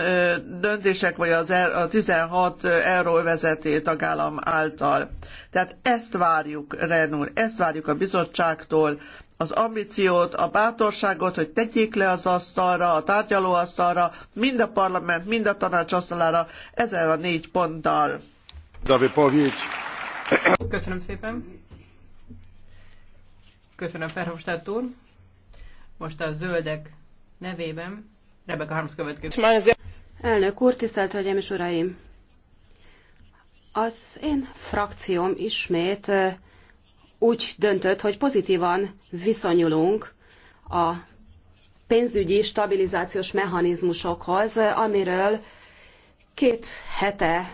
döntések vagy az e- a 16 euróvezeti tagállam által. Tehát ezt várjuk, Renúr, ezt várjuk a bizottságtól, az ambíciót, a bátorságot, hogy tegyék le az asztalra, a tárgyalóasztalra, mind a parlament, mind a tanács asztalára, ezzel a négy ponttal. Köszönöm szépen. Köszönöm Ferhofstadt úr. Most a zöldek nevében Rebecca Harms következik. Elnök úr, tisztelt Hölgyeim és Uraim! Az én frakcióm ismét úgy döntött, hogy pozitívan viszonyulunk a pénzügyi stabilizációs mechanizmusokhoz, amiről két hete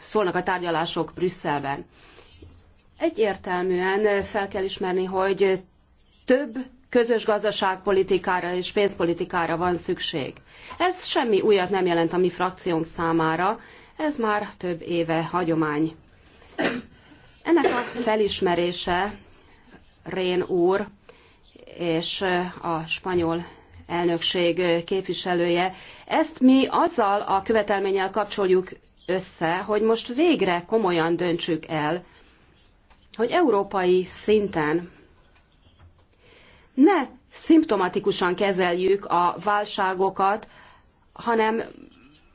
szólnak a tárgyalások Brüsszelben. Egyértelműen fel kell ismerni, hogy több közös gazdaságpolitikára és pénzpolitikára van szükség. Ez semmi újat nem jelent a mi frakciónk számára, ez már több éve hagyomány. Ennek a felismerése Rén úr és a spanyol elnökség képviselője. Ezt mi azzal a követelménnyel kapcsoljuk össze, hogy most végre komolyan döntsük el, hogy európai szinten ne szimptomatikusan kezeljük a válságokat, hanem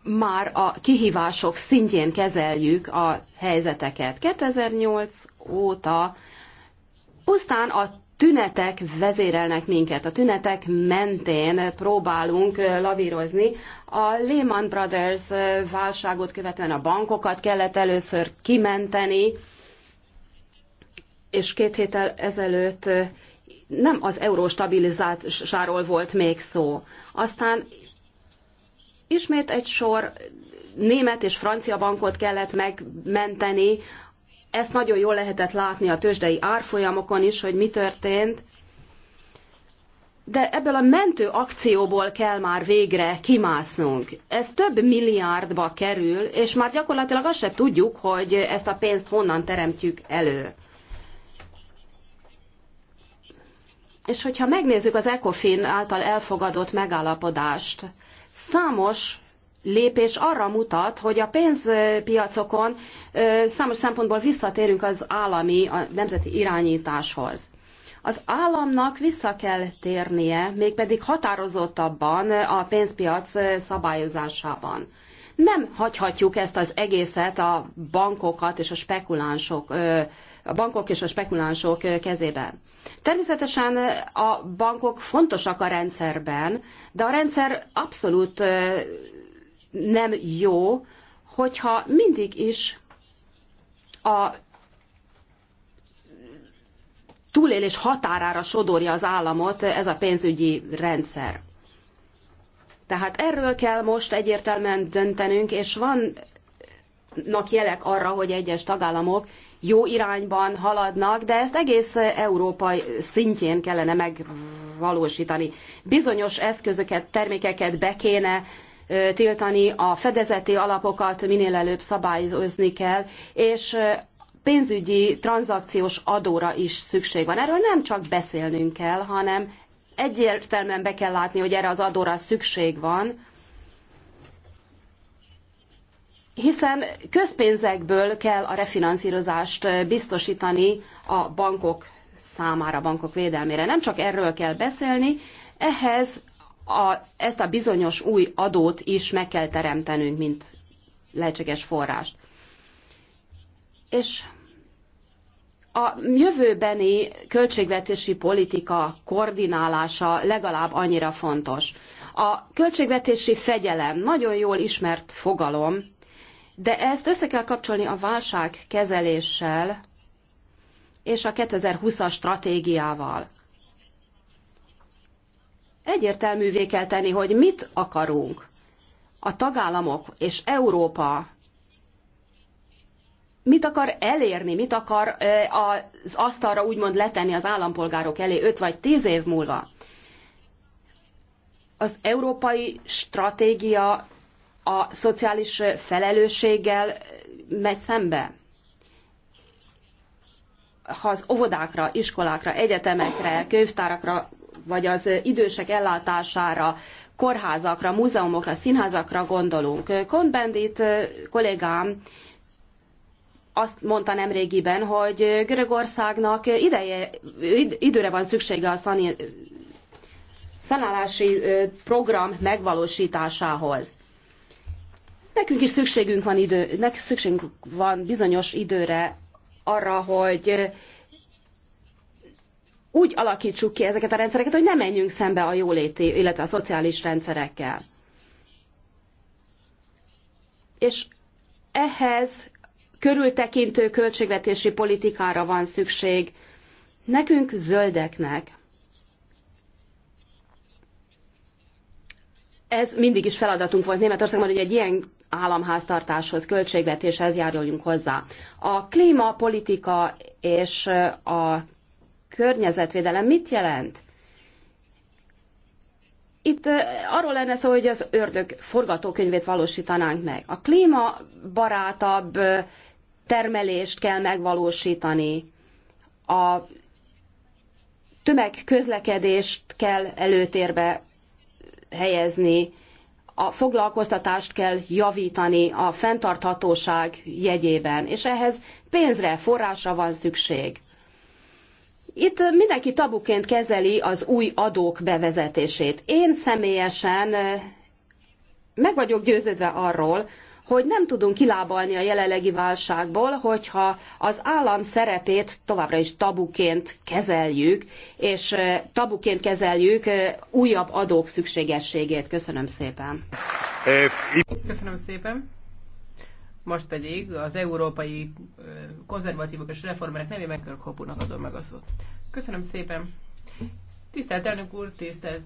már a kihívások szintjén kezeljük a helyzeteket. 2008 óta pusztán a tünetek vezérelnek minket, a tünetek mentén próbálunk lavírozni. A Lehman Brothers válságot követően a bankokat kellett először kimenteni, és két héttel ezelőtt nem az euró stabilizásáról volt még szó. Aztán Ismét egy sor német és francia bankot kellett megmenteni, ezt nagyon jól lehetett látni a tőzsdei árfolyamokon is, hogy mi történt. De ebből a mentő akcióból kell már végre kimásznunk. Ez több milliárdba kerül, és már gyakorlatilag azt se tudjuk, hogy ezt a pénzt honnan teremtjük elő. És hogyha megnézzük az ECOFIN által elfogadott megállapodást, Számos lépés arra mutat, hogy a pénzpiacokon számos szempontból visszatérünk az állami, a nemzeti irányításhoz. Az államnak vissza kell térnie, mégpedig határozottabban a pénzpiac szabályozásában. Nem hagyhatjuk ezt az egészet a bankokat és a spekulánsok a bankok és a spekulánsok kezében. Természetesen a bankok fontosak a rendszerben, de a rendszer abszolút nem jó, hogyha mindig is a túlélés határára sodorja az államot ez a pénzügyi rendszer. Tehát erről kell most egyértelműen döntenünk, és van vannak jelek arra, hogy egyes tagállamok jó irányban haladnak, de ezt egész európai szintjén kellene megvalósítani. Bizonyos eszközöket, termékeket be kéne tiltani, a fedezeti alapokat minél előbb szabályozni kell, és pénzügyi tranzakciós adóra is szükség van. Erről nem csak beszélnünk kell, hanem egyértelműen be kell látni, hogy erre az adóra szükség van, hiszen közpénzekből kell a refinanszírozást eh, biztosítani a bankok számára, bankok védelmére. Nem csak erről kell beszélni, ehhez a, ezt a bizonyos új adót is meg kell teremtenünk, mint lehetséges forrást. És a jövőbeni költségvetési politika koordinálása legalább annyira fontos. A költségvetési fegyelem nagyon jól ismert fogalom, de ezt össze kell kapcsolni a válság kezeléssel és a 2020-as stratégiával. Egyértelművé kell tenni, hogy mit akarunk. A tagállamok és Európa mit akar elérni, mit akar az asztalra úgymond letenni az állampolgárok elé 5 vagy 10 év múlva. Az európai stratégia a szociális felelősséggel megy szembe? Ha az óvodákra, iskolákra, egyetemekre, könyvtárakra, vagy az idősek ellátására, kórházakra, múzeumokra, színházakra gondolunk. Konbendit kollégám azt mondta nemrégiben, hogy Görögországnak ideje, időre van szüksége a szanálási program megvalósításához. Nekünk is szükségünk van idő, nekünk szükségünk van bizonyos időre arra, hogy úgy alakítsuk ki ezeket a rendszereket, hogy ne menjünk szembe a jóléti, illetve a szociális rendszerekkel. És ehhez körültekintő költségvetési politikára van szükség nekünk zöldeknek. Ez mindig is feladatunk volt Németországban, hogy egy ilyen államháztartáshoz, költségvetéshez járuljunk hozzá. A klímapolitika és a környezetvédelem mit jelent? Itt arról lenne szó, hogy az ördög forgatókönyvét valósítanánk meg. A klímabarátabb termelést kell megvalósítani, a tömegközlekedést kell előtérbe helyezni, a foglalkoztatást kell javítani a fenntarthatóság jegyében, és ehhez pénzre, forrásra van szükség. Itt mindenki tabuként kezeli az új adók bevezetését. Én személyesen meg vagyok győződve arról, hogy nem tudunk kilábalni a jelenlegi válságból, hogyha az állam szerepét továbbra is tabuként kezeljük, és eh, tabuként kezeljük eh, újabb adók szükségességét. Köszönöm szépen. Köszönöm szépen. Most pedig az európai eh, konzervatívok és reformerek nevében Hopunak adom meg a szót. Köszönöm szépen. Tisztelt elnök úr, tisztelt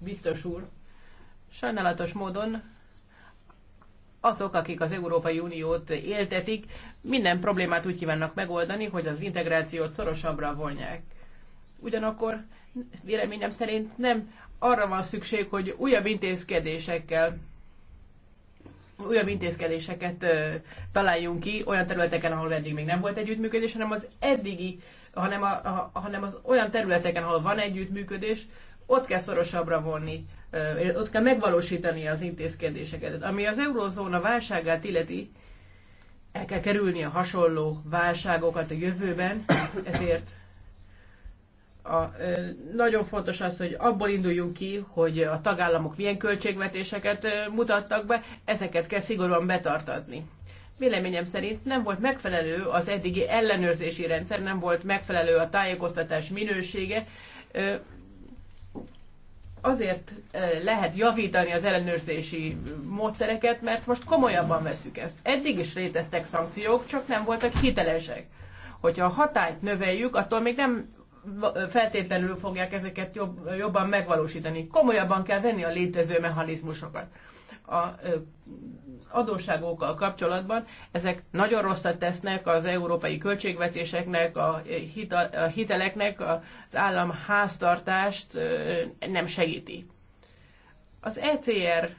biztos úr. Sajnálatos módon azok, akik az Európai Uniót éltetik, minden problémát úgy kívánnak megoldani, hogy az integrációt szorosabbra vonják. Ugyanakkor véleményem szerint nem arra van szükség, hogy újabb intézkedésekkel újabb intézkedéseket ö, találjunk ki olyan területeken, ahol eddig még nem volt együttműködés, hanem az eddigi, hanem, a, a, hanem az olyan területeken, ahol van együttműködés, ott kell szorosabbra vonni ott kell megvalósítani az intézkedéseket. Ami az eurozóna válságát illeti, el kell kerülni a hasonló válságokat a jövőben, ezért a, nagyon fontos az, hogy abból induljunk ki, hogy a tagállamok milyen költségvetéseket mutattak be, ezeket kell szigorúan betartatni. Véleményem szerint nem volt megfelelő az eddigi ellenőrzési rendszer, nem volt megfelelő a tájékoztatás minősége, azért eh, lehet javítani az ellenőrzési módszereket, mert most komolyabban veszük ezt. Eddig is léteztek szankciók, csak nem voltak hitelesek. Hogyha a hatályt növeljük, attól még nem feltétlenül fogják ezeket jobb, jobban megvalósítani. Komolyabban kell venni a létező mechanizmusokat a adósságokkal kapcsolatban. Ezek nagyon rosszat tesznek az európai költségvetéseknek, a, hiteleknek, az állam háztartást nem segíti. Az ECR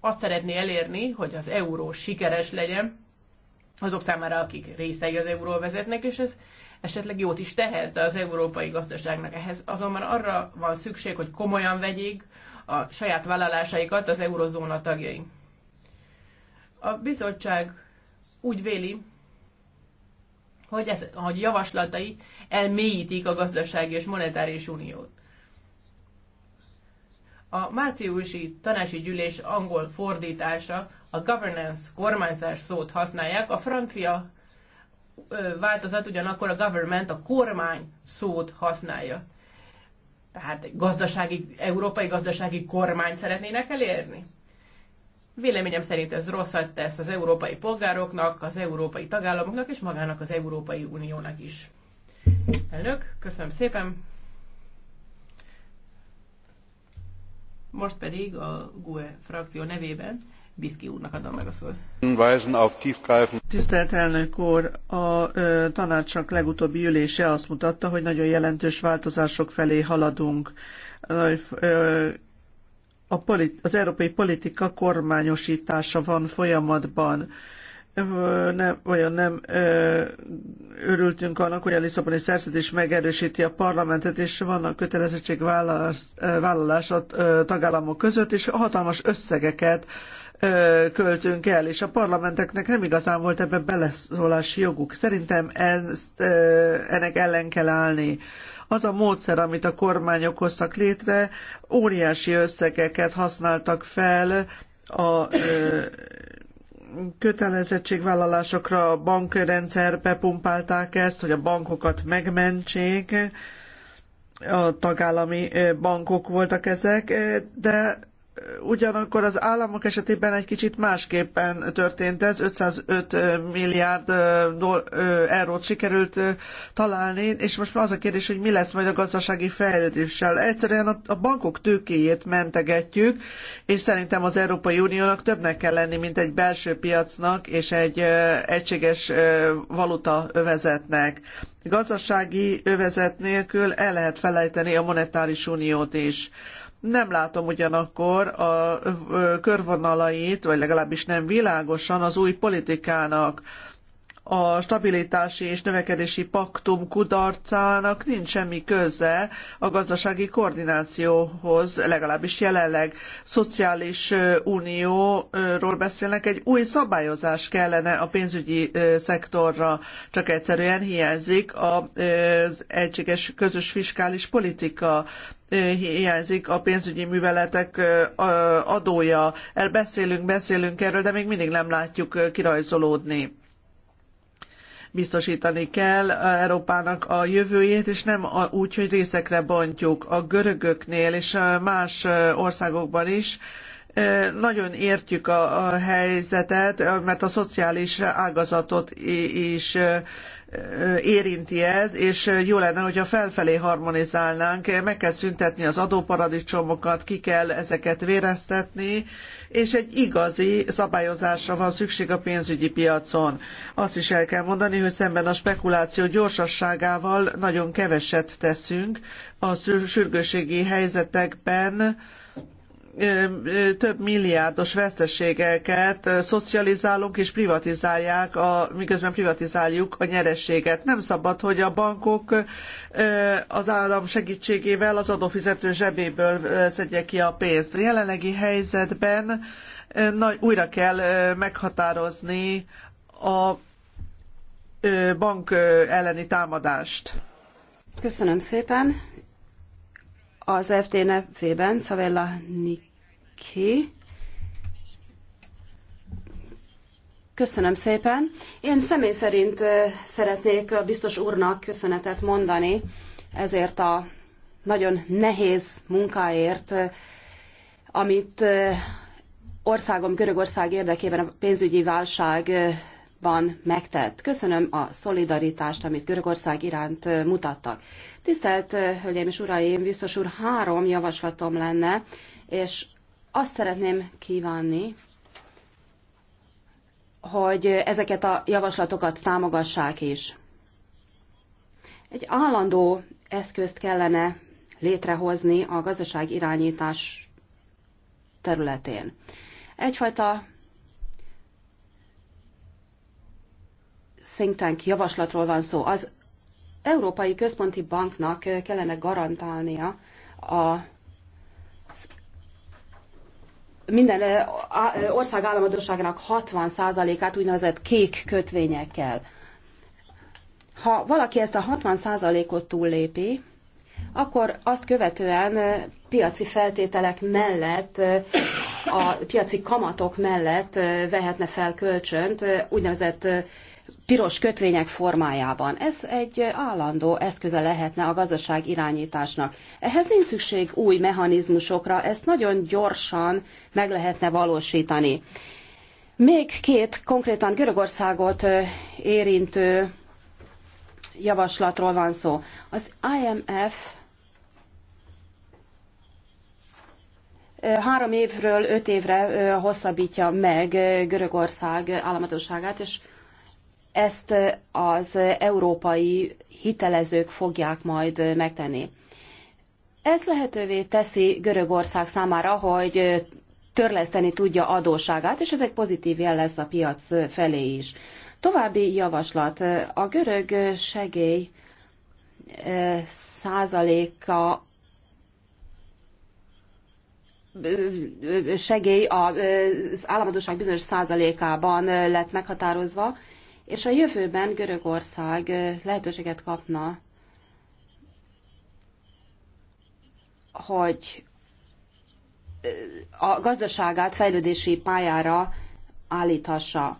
azt szeretné elérni, hogy az euró sikeres legyen azok számára, akik részei az euró vezetnek, és ez esetleg jót is tehet az európai gazdaságnak. Ehhez azonban arra van szükség, hogy komolyan vegyék a saját vállalásaikat az eurozóna tagjai. A bizottság úgy véli, hogy, ez, hogy javaslatai elmélyítik a gazdasági és monetáris uniót. A márciusi tanácsi gyűlés angol fordítása a governance, kormányzás szót használják, a francia változat ugyanakkor a government, a kormány szót használja. Tehát gazdasági, európai gazdasági kormányt szeretnének elérni? Véleményem szerint ez rosszat tesz az európai polgároknak, az európai tagállamoknak és magának az Európai Uniónak is. Elnök, köszönöm szépen. Most pedig a GUE frakció nevében Biszki úrnak adom meg a szót. Tisztelt elnök úr, a ö, tanácsnak legutóbbi ülése azt mutatta, hogy nagyon jelentős változások felé haladunk. a politi- az európai politika kormányosítása van folyamatban nem, vajon nem örültünk annak, hogy a Lisszaboni szerződés megerősíti a parlamentet, és vannak kötelezettségvállalás a tagállamok között, és hatalmas összegeket költünk el, és a parlamenteknek nem igazán volt ebbe beleszólási joguk. Szerintem ennek ellen kell állni az a módszer, amit a kormányok hoztak létre, óriási összegeket használtak fel a ö, kötelezettségvállalásokra, a bankrendszerbe pumpálták ezt, hogy a bankokat megmentsék, a tagállami bankok voltak ezek, de ugyanakkor az államok esetében egy kicsit másképpen történt ez, 505 milliárd eurót sikerült találni, és most már az a kérdés, hogy mi lesz majd a gazdasági fejlődéssel. Egyszerűen a bankok tőkéjét mentegetjük, és szerintem az Európai Uniónak többnek kell lenni, mint egy belső piacnak és egy egységes valuta övezetnek. Gazdasági övezet nélkül el lehet felejteni a monetáris uniót is. Nem látom ugyanakkor a körvonalait, vagy legalábbis nem világosan az új politikának. A stabilitási és növekedési paktum kudarcának nincs semmi köze a gazdasági koordinációhoz, legalábbis jelenleg szociális unióról beszélnek. Egy új szabályozás kellene a pénzügyi szektorra, csak egyszerűen hiányzik az egységes közös fiskális politika hiányzik a pénzügyi műveletek adója. beszélünk, beszélünk erről, de még mindig nem látjuk kirajzolódni biztosítani kell Európának a jövőjét, és nem úgy, hogy részekre bontjuk. A görögöknél és más országokban is nagyon értjük a, helyzetet, mert a szociális ágazatot is érinti ez, és jó lenne, hogyha felfelé harmonizálnánk, meg kell szüntetni az adóparadicsomokat, ki kell ezeket véreztetni, és egy igazi szabályozásra van szükség a pénzügyi piacon. Azt is el kell mondani, hogy szemben a spekuláció gyorsasságával nagyon keveset teszünk. A sürgőségi helyzetekben több milliárdos veszteségeket szocializálunk és privatizálják, a, miközben privatizáljuk a nyereséget. Nem szabad, hogy a bankok az állam segítségével az adófizető zsebéből szedje ki a pénzt. A jelenlegi helyzetben nagy, újra kell meghatározni a bank elleni támadást. Köszönöm szépen. Az FD nevében Szavella Nik ki. Köszönöm szépen. Én személy szerint szeretnék a biztos úrnak köszönetet mondani ezért a nagyon nehéz munkáért, amit országom Görögország érdekében a pénzügyi válságban megtett. Köszönöm a szolidaritást, amit Görögország iránt mutattak. Tisztelt Hölgyeim és Uraim, biztos úr, három javaslatom lenne, és azt szeretném kívánni, hogy ezeket a javaslatokat támogassák is. Egy állandó eszközt kellene létrehozni a gazdaság irányítás területén. Egyfajta think tank javaslatról van szó. Az Európai Központi Banknak kellene garantálnia a minden ország államadóságának 60%-át úgynevezett kék kötvényekkel. Ha valaki ezt a 60%-ot túllépi, akkor azt követően piaci feltételek mellett, a piaci kamatok mellett vehetne fel kölcsönt, úgynevezett piros kötvények formájában. Ez egy állandó eszköze lehetne a gazdaság irányításnak. Ehhez nincs szükség új mechanizmusokra, ezt nagyon gyorsan meg lehetne valósítani. Még két konkrétan Görögországot érintő javaslatról van szó. Az IMF három évről öt évre hosszabbítja meg Görögország államadóságát, és ezt az európai hitelezők fogják majd megtenni. Ez lehetővé teszi Görögország számára, hogy törleszteni tudja adósságát, és ez egy pozitív jel lesz a piac felé is. További javaslat. A görög segély százaléka segély az államadóság bizonyos százalékában lett meghatározva, és a jövőben Görögország lehetőséget kapna, hogy a gazdaságát fejlődési pályára állíthassa.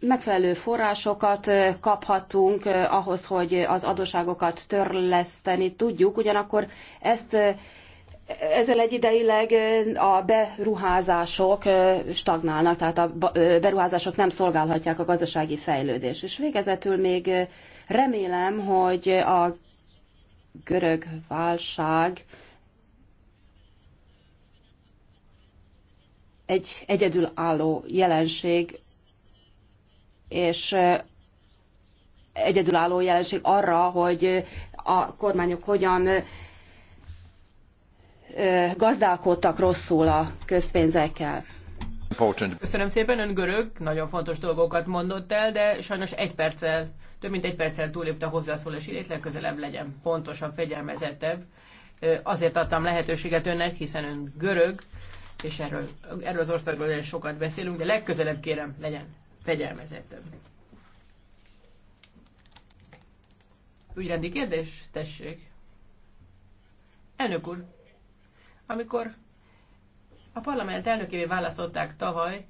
Megfelelő forrásokat kaphatunk ahhoz, hogy az adóságokat törleszteni tudjuk, ugyanakkor ezt ezzel egyidejileg a beruházások stagnálnak, tehát a beruházások nem szolgálhatják a gazdasági fejlődést. És végezetül még remélem, hogy a görög válság egy egyedülálló jelenség, és egyedülálló jelenség arra, hogy a kormányok hogyan gazdálkodtak rosszul a közpénzekkel. Köszönöm szépen, ön görög, nagyon fontos dolgokat mondott el, de sajnos egy perccel, több mint egy perccel túlépte a hozzászólás idét, legközelebb legyen pontosabb, fegyelmezettebb. Azért adtam lehetőséget önnek, hiszen ön görög, és erről, erről az országról nagyon sokat beszélünk, de legközelebb kérem, legyen fegyelmezettebb. Ügyrendi kérdés? Tessék. Elnök úr, amikor a parlament elnökévé választották tavaly,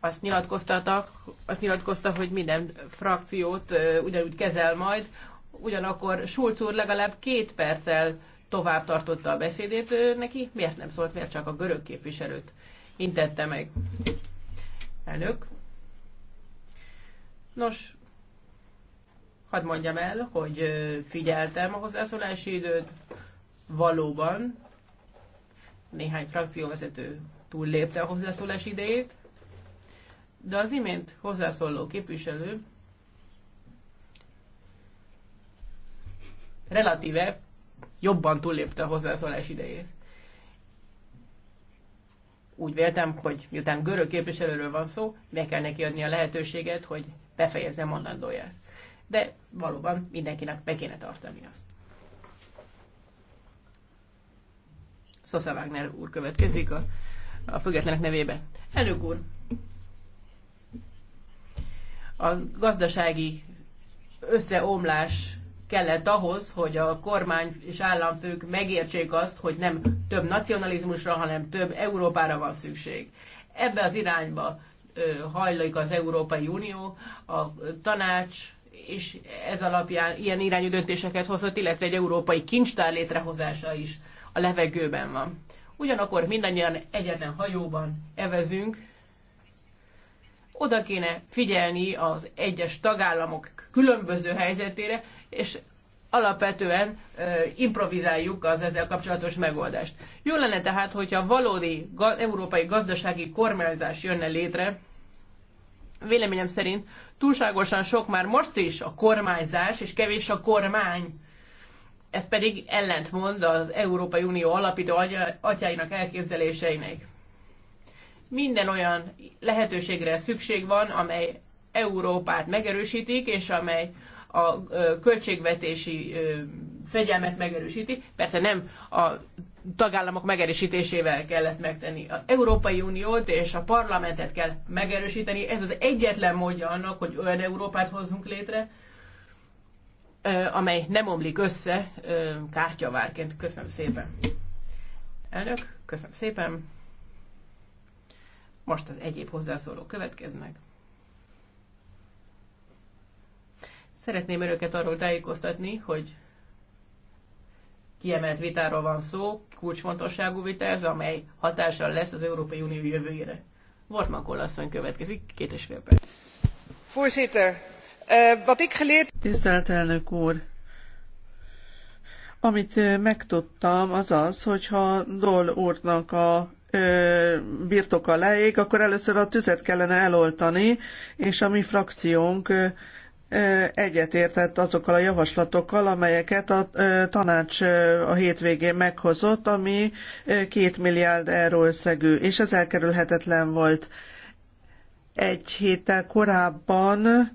azt, nyilatkoztatak, azt nyilatkozta, hogy minden frakciót ugyanúgy kezel majd, ugyanakkor Schulz úr legalább két perccel tovább tartotta a beszédét neki, miért nem szólt, miért csak a görög képviselőt intette meg. Elnök. Nos, hadd mondjam el, hogy figyeltem a hozzászólási időt, valóban néhány frakcióvezető túllépte a hozzászólás idejét, de az imént hozzászóló képviselő relatíve jobban túllépte a hozzászólás idejét. Úgy véltem, hogy miután görög képviselőről van szó, meg kell neki adni a lehetőséget, hogy befejezze mondandóját. De valóban mindenkinek be kéne tartani azt. Szosza Wagner úr következik a, a függetlenek nevébe. Elnök úr, a gazdasági összeomlás kellett ahhoz, hogy a kormány és államfők megértsék azt, hogy nem több nacionalizmusra, hanem több Európára van szükség. Ebbe az irányba hajlik az Európai Unió, a tanács, és ez alapján ilyen irányú döntéseket hozott, illetve egy európai kincstár létrehozása is a levegőben van. Ugyanakkor mindannyian egyetlen hajóban evezünk, oda kéne figyelni az egyes tagállamok különböző helyzetére, és alapvetően ö, improvizáljuk az ezzel kapcsolatos megoldást. Jó lenne tehát, hogyha valódi ga- európai gazdasági kormányzás jönne létre, véleményem szerint túlságosan sok már most is a kormányzás, és kevés a kormány ez pedig ellentmond az Európai Unió alapító atyáinak elképzeléseinek. Minden olyan lehetőségre szükség van, amely Európát megerősítik, és amely a költségvetési fegyelmet megerősíti. Persze nem a tagállamok megerősítésével kell ezt megtenni. Az Európai Uniót és a parlamentet kell megerősíteni. Ez az egyetlen módja annak, hogy olyan Európát hozzunk létre, amely nem omlik össze kártyavárként. Köszönöm szépen. Elnök, köszönöm szépen. Most az egyéb hozzászólók következnek. Szeretném önöket arról tájékoztatni, hogy kiemelt vitáról van szó, kulcsfontosságú vita ez, amely hatással lesz az Európai Unió jövőjére. Wortmann asszony következik, két és fél perc. Voorzitter, Eh, Tisztelt elnök úr! Amit eh, megtudtam, az az, hogyha Dol úrnak a eh, birtoka leég, akkor először a tüzet kellene eloltani, és a mi frakciónk egyetértett azokkal a javaslatokkal, amelyeket a tanács a hétvégén meghozott, ami két milliárd euró összegű, és ez elkerülhetetlen volt. Egy héttel korábban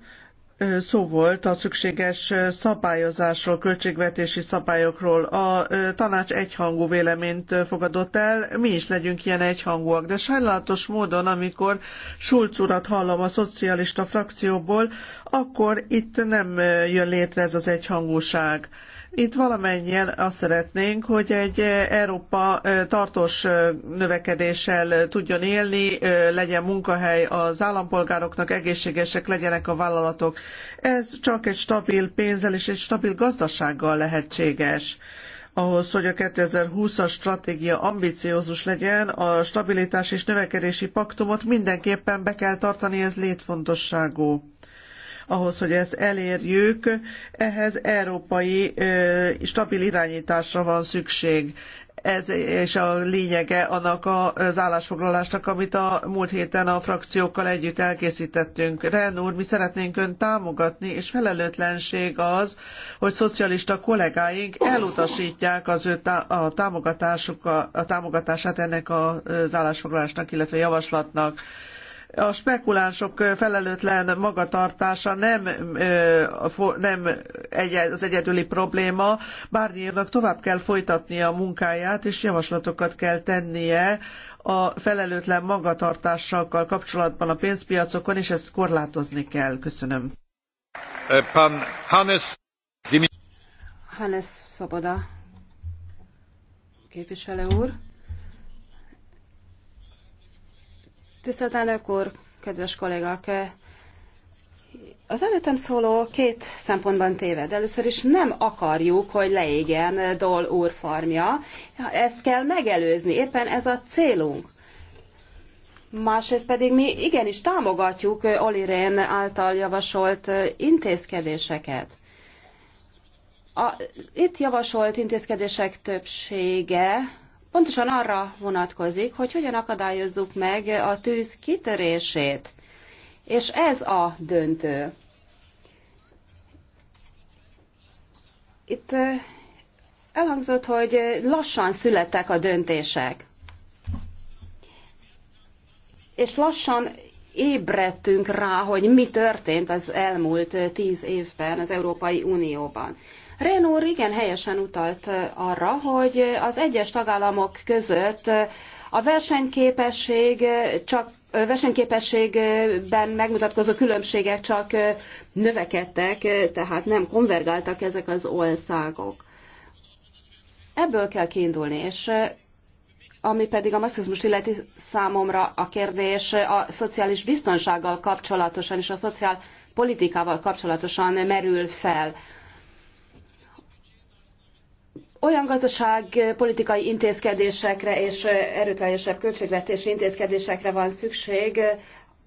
szó volt a szükséges szabályozásról, költségvetési szabályokról. A tanács egyhangú véleményt fogadott el, mi is legyünk ilyen egyhangúak. De sajnálatos módon, amikor Schulz urat hallom a szocialista frakcióból, akkor itt nem jön létre ez az egyhangúság. Itt valamennyien azt szeretnénk, hogy egy eh, Európa eh, tartós eh, növekedéssel tudjon élni, legyen munkahely az állampolgároknak, egészségesek legyenek a vállalatok. Ez csak egy stabil pénzzel és egy stabil gazdasággal lehetséges ahhoz, hogy a 2020-as stratégia ambiciózus legyen, a stabilitás és növekedési paktumot mindenképpen be kell tartani, ez létfontosságú ahhoz, hogy ezt elérjük, ehhez európai stabil irányításra van szükség ez és a lényege annak az állásfoglalásnak, amit a múlt héten a frakciókkal együtt elkészítettünk. Ren úr, mi szeretnénk önt támogatni, és felelőtlenség az, hogy szocialista kollégáink elutasítják az ő tá a, támogatásuk, a, a támogatását ennek az állásfoglalásnak, illetve javaslatnak a spekulánsok felelőtlen magatartása nem, nem az egyedüli probléma. Bárnyírnak tovább kell folytatnia a munkáját, és javaslatokat kell tennie a felelőtlen magatartással kapcsolatban a pénzpiacokon, és ezt korlátozni kell. Köszönöm. Pan Hannes, Hannes Szoboda képviselő úr. Tisztelt elnök úr, kedves kollégák! Eh, az előttem szóló két szempontban téved. Először is nem akarjuk, hogy leégjen eh, Dol úr farmja. Ezt kell megelőzni, éppen ez a célunk. Másrészt pedig mi igenis támogatjuk eh, Oli Rén által javasolt intézkedéseket. A itt javasolt intézkedések többsége pontosan arra vonatkozik, hogy hogyan akadályozzuk meg a tűz kitörését. És ez a döntő. Itt eh, elhangzott, hogy lassan születtek a döntések. És lassan ébredtünk rá, hogy mi történt az elmúlt tíz évben az Európai Unióban. Rén úr igen helyesen utalt arra, hogy az egyes tagállamok között a versenyképesség csak versenyképességben megmutatkozó különbségek csak növekedtek, tehát nem konvergáltak ezek az országok. Ebből kell kiindulni, és ami pedig a marxizmus illeti számomra a kérdés a szociális biztonsággal kapcsolatosan és a szociál politikával kapcsolatosan merül fel olyan gazdaságpolitikai intézkedésekre és erőteljesebb költségvetési intézkedésekre van szükség,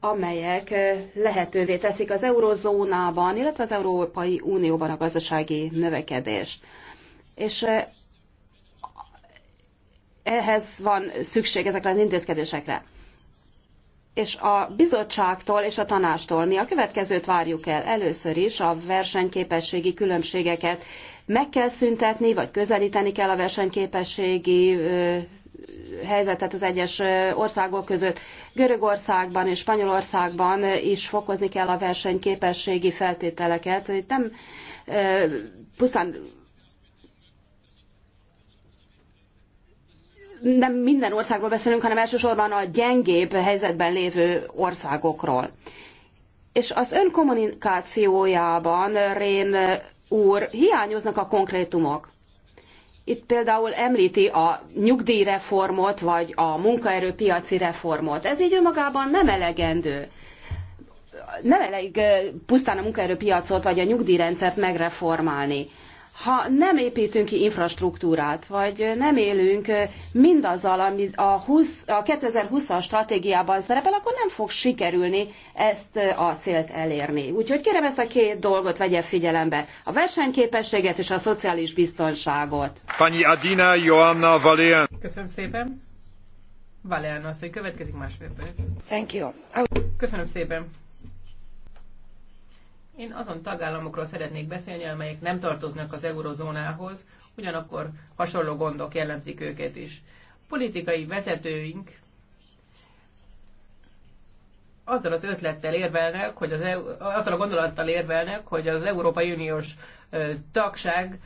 amelyek lehetővé teszik az eurózónában, illetve az Európai Unióban a gazdasági növekedést. És ehhez van szükség ezekre az intézkedésekre. És a bizottságtól és a tanástól mi a következőt várjuk el. Először is a versenyképességi különbségeket meg kell szüntetni, vagy közelíteni kell a versenyképességi helyzetet az egyes országok között. Görögországban és Spanyolországban is fokozni kell a versenyképességi feltételeket. Itt nem pusztán nem minden országról beszélünk, hanem elsősorban a gyengébb helyzetben lévő országokról. És az ön kommunikációjában Rén úr, hiányoznak a konkrétumok. Itt például említi a nyugdíjreformot, vagy a munkaerőpiaci reformot. Ez így önmagában nem elegendő. Nem elég eh, pusztán a munkaerőpiacot, vagy a nyugdíjrendszert megreformálni ha nem építünk ki infrastruktúrát, vagy nem élünk mindazzal, ami a, 20, a 2020-as stratégiában szerepel, akkor nem fog sikerülni ezt a célt elérni. Úgyhogy kérem ezt a két dolgot vegye figyelembe, a versenyképességet és a szociális biztonságot. Pani Adina Joanna Valéan. Köszönöm szépen. Valéan az, hogy következik másfél perc. Thank you. Köszönöm szépen. Én azon tagállamokról szeretnék beszélni, amelyek nem tartoznak az eurozónához, ugyanakkor hasonló gondok jellemzik őket is. A politikai vezetőink azzal az ötlettel érvelnek, hogy az, azzal a gondolattal érvelnek, hogy az Európai Uniós tagság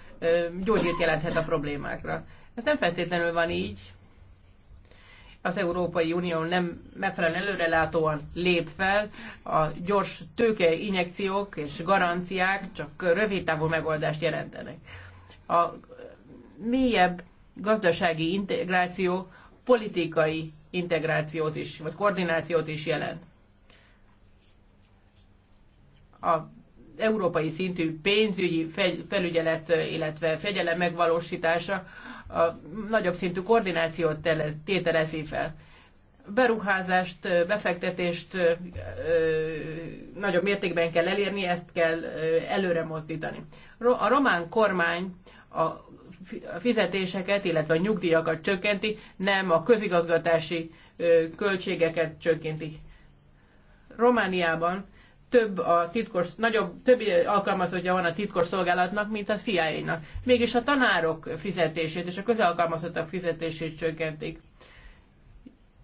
gyógyírt jelenthet a problémákra. Ez nem feltétlenül van így, az Európai Unió nem megfelelően előrelátóan lép fel, a gyors tőke injekciók és garanciák csak rövid távú megoldást jelentenek. A mélyebb gazdasági integráció politikai integrációt is, vagy koordinációt is jelent. A európai szintű pénzügyi felügyelet, illetve fegyelem megvalósítása a nagyobb szintű koordinációt tételezi fel. Beruházást, befektetést ö, nagyobb mértékben kell elérni, ezt kell előre mozdítani. A román kormány a fizetéseket, illetve a nyugdíjakat csökkenti, nem a közigazgatási költségeket csökkenti. Romániában több a titkos, nagyobb, több alkalmazottja van a titkos szolgálatnak, mint a CIA-nak. Mégis a tanárok fizetését és a közalkalmazottak fizetését csökkentik.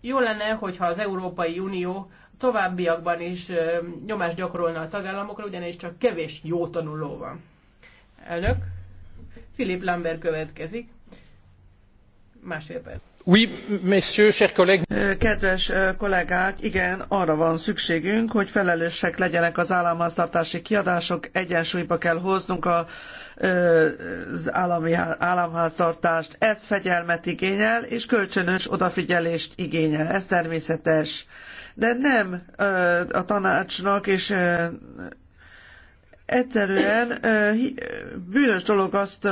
Jó lenne, hogyha az Európai Unió továbbiakban is nyomást gyakorolna a tagállamokra, ugyanis csak kevés jó tanuló van. Elnök, Filip Lambert következik. Másfél perc. Kedves kollégák, igen, arra van szükségünk, hogy felelősek legyenek az államháztartási kiadások, egyensúlyba kell hoznunk a az államháztartást. Ez fegyelmet igényel, és kölcsönös odafigyelést igényel. Ez természetes. De nem a tanácsnak és Egyszerűen bűnös dolog azt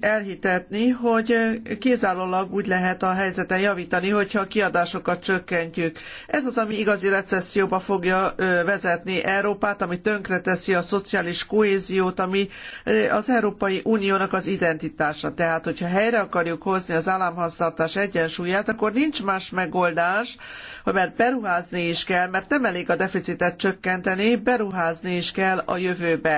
elhitetni, hogy kizárólag úgy lehet a helyzeten javítani, hogyha a kiadásokat csökkentjük. Ez az, ami igazi recesszióba fogja vezetni Európát, ami tönkreteszi a szociális kohéziót, ami az Európai Uniónak az identitása. Tehát, hogyha helyre akarjuk hozni az államháztartás egyensúlyát, akkor nincs más megoldás, mert beruházni is kell, mert nem elég a deficitet csökkenteni, beruházni is kell a jövőbe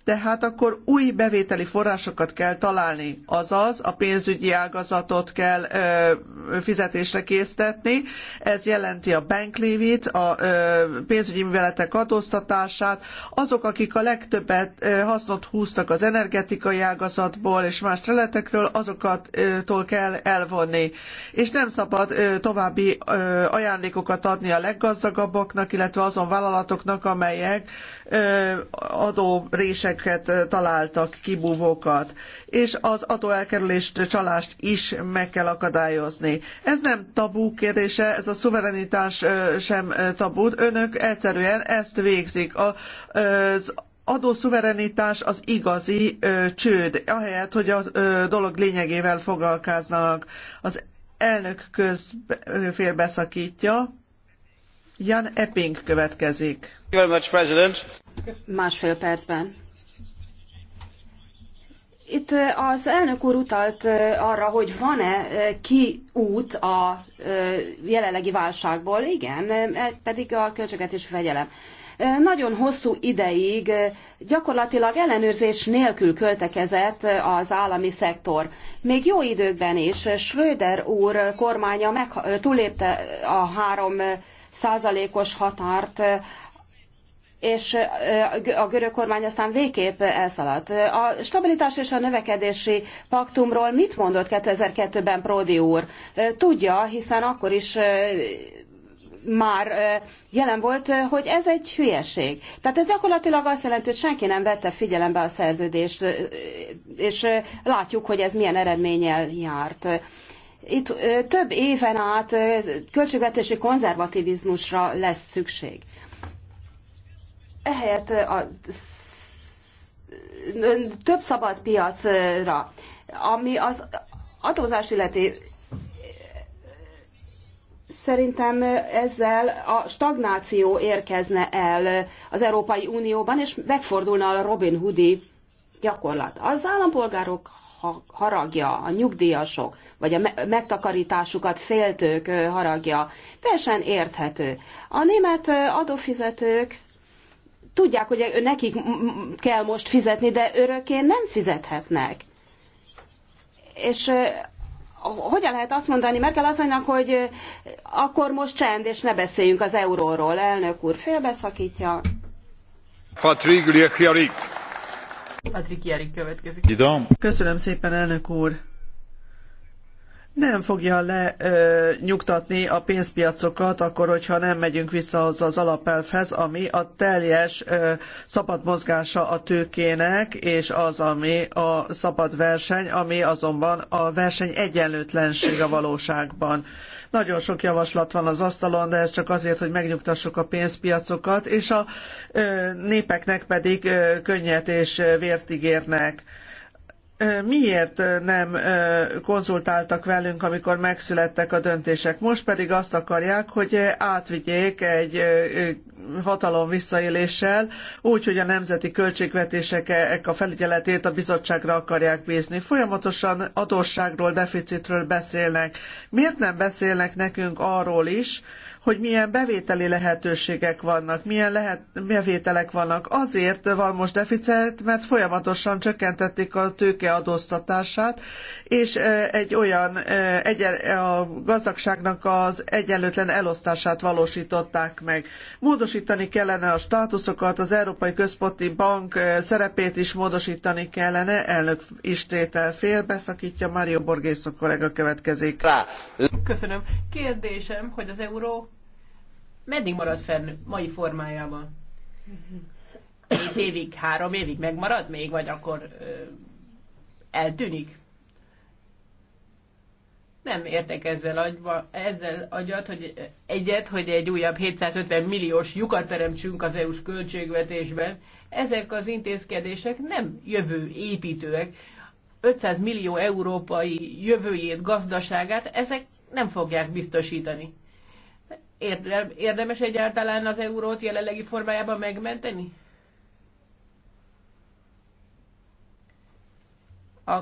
tehát akkor új bevételi forrásokat kell találni, azaz a pénzügyi ágazatot kell ö, fizetésre késztetni, ez jelenti a bank levy-t, a ö, pénzügyi műveletek adóztatását, azok, akik a legtöbbet ö, hasznot húztak az energetikai ágazatból és más területekről, azokat kell elvonni. És nem szabad ö, további ö, ajándékokat adni a leggazdagabbaknak, illetve azon vállalatoknak, amelyek ö, adórések őket találtak, kibúvókat, és az adóelkerülést, csalást is meg kell akadályozni. Ez nem tabu kérdése, ez a szuverenitás sem tabu. Önök egyszerűen ezt végzik. Az adószuverenitás az igazi ö, csőd, ahelyett, hogy a ö, dolog lényegével foglalkoznak. Az elnök közfél beszakítja. Jan Epping következik. Másfél percben. Itt az elnök úr utalt arra, hogy van-e kiút a jelenlegi válságból. Igen, e pedig a költségvetési fegyelem. Nagyon hosszú ideig gyakorlatilag ellenőrzés nélkül költekezett az állami szektor. Még jó időkben is Schröder úr kormánya meg, túlépte a három százalékos határt és a görög kormány aztán végképp elszaladt. A stabilitás és a növekedési paktumról mit mondott 2002-ben Pródi úr? Tudja, hiszen akkor is már jelen volt, hogy ez egy hülyeség. Tehát ez gyakorlatilag azt jelenti, hogy senki nem vette figyelembe a szerződést, és látjuk, hogy ez milyen eredménnyel járt. Itt több éven át költségvetési konzervativizmusra lesz szükség ehelyett a több szabad piacra, ami az adózás illeti szerintem ezzel a stagnáció érkezne el az Európai Unióban, és megfordulna a Robin Hoodi gyakorlat. Az állampolgárok haragja, a nyugdíjasok, vagy a megtakarításukat féltők haragja teljesen érthető. A német adófizetők tudják, hogy nekik kell most fizetni, de örökké nem fizethetnek. És hogyan lehet azt mondani Merkel asszonynak, hogy akkor most csend, és ne beszéljünk az euróról. Elnök úr félbeszakítja. Patrick Jerik. következik. Köszönöm szépen, elnök úr nem fogja lenyugtatni a pénzpiacokat akkor, hogyha nem megyünk vissza az, az alapelvhez, ami a teljes ö, szabad mozgása a tőkének, és az, ami a szabad verseny, ami azonban a verseny egyenlőtlenség a valóságban. Nagyon sok javaslat van az asztalon, de ez csak azért, hogy megnyugtassuk a pénzpiacokat, és a ö, népeknek pedig ö, könnyet és vért ígérnek miért nem konzultáltak velünk, amikor megszülettek a döntések. Most pedig azt akarják, hogy átvigyék egy hatalom visszaéléssel, úgy, hogy a nemzeti költségvetések a felügyeletét a bizottságra akarják bízni. Folyamatosan adósságról, deficitről beszélnek. Miért nem beszélnek nekünk arról is, hogy milyen bevételi lehetőségek vannak, milyen lehet, bevételek vannak. Azért van most deficit, mert folyamatosan csökkentették a tőke adóztatását, és e, egy olyan e, egyen, a gazdagságnak az egyenlőtlen elosztását valósították meg. Módosítani kellene a státuszokat, az Európai Központi Bank e, szerepét is módosítani kellene, elnök istétel félbeszakítja, Mario Borgészok kollega következik. Köszönöm. Kérdésem, hogy az euró meddig marad fenn mai formájában? Két évig, három évig megmarad még, vagy akkor ö, eltűnik? Nem értek ezzel, agyba, ezzel agyat, hogy egyet, hogy egy újabb 750 milliós lyukat teremtsünk az EU-s költségvetésben. Ezek az intézkedések nem jövő építőek. 500 millió európai jövőjét, gazdaságát ezek nem fogják biztosítani. Érdemes egyáltalán az eurót jelenlegi formájában megmenteni? A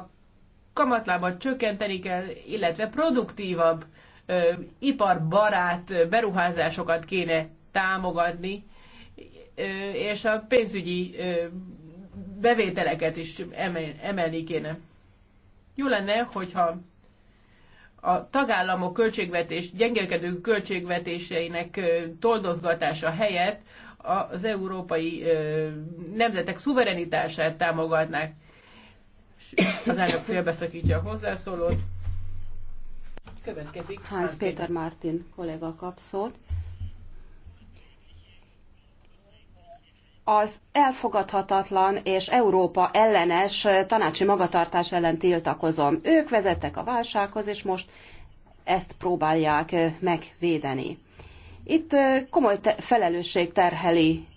kamatlábat csökkenteni kell, illetve produktívabb, ö, iparbarát beruházásokat kéne támogatni, ö, és a pénzügyi ö, bevételeket is emel, emelni kéne. Jó lenne, hogyha a tagállamok költségvetés, gyengelkedő költségvetéseinek toldozgatása helyett az európai nemzetek szuverenitását támogatnák. Az elnök félbeszakítja a hozzászólót. Következik Hans Péter Martin kolléga kap szót. az elfogadhatatlan és Európa ellenes tanácsi magatartás ellen tiltakozom. Ők vezettek a válsághoz, és most ezt próbálják megvédeni. Itt komoly te- felelősség terheli,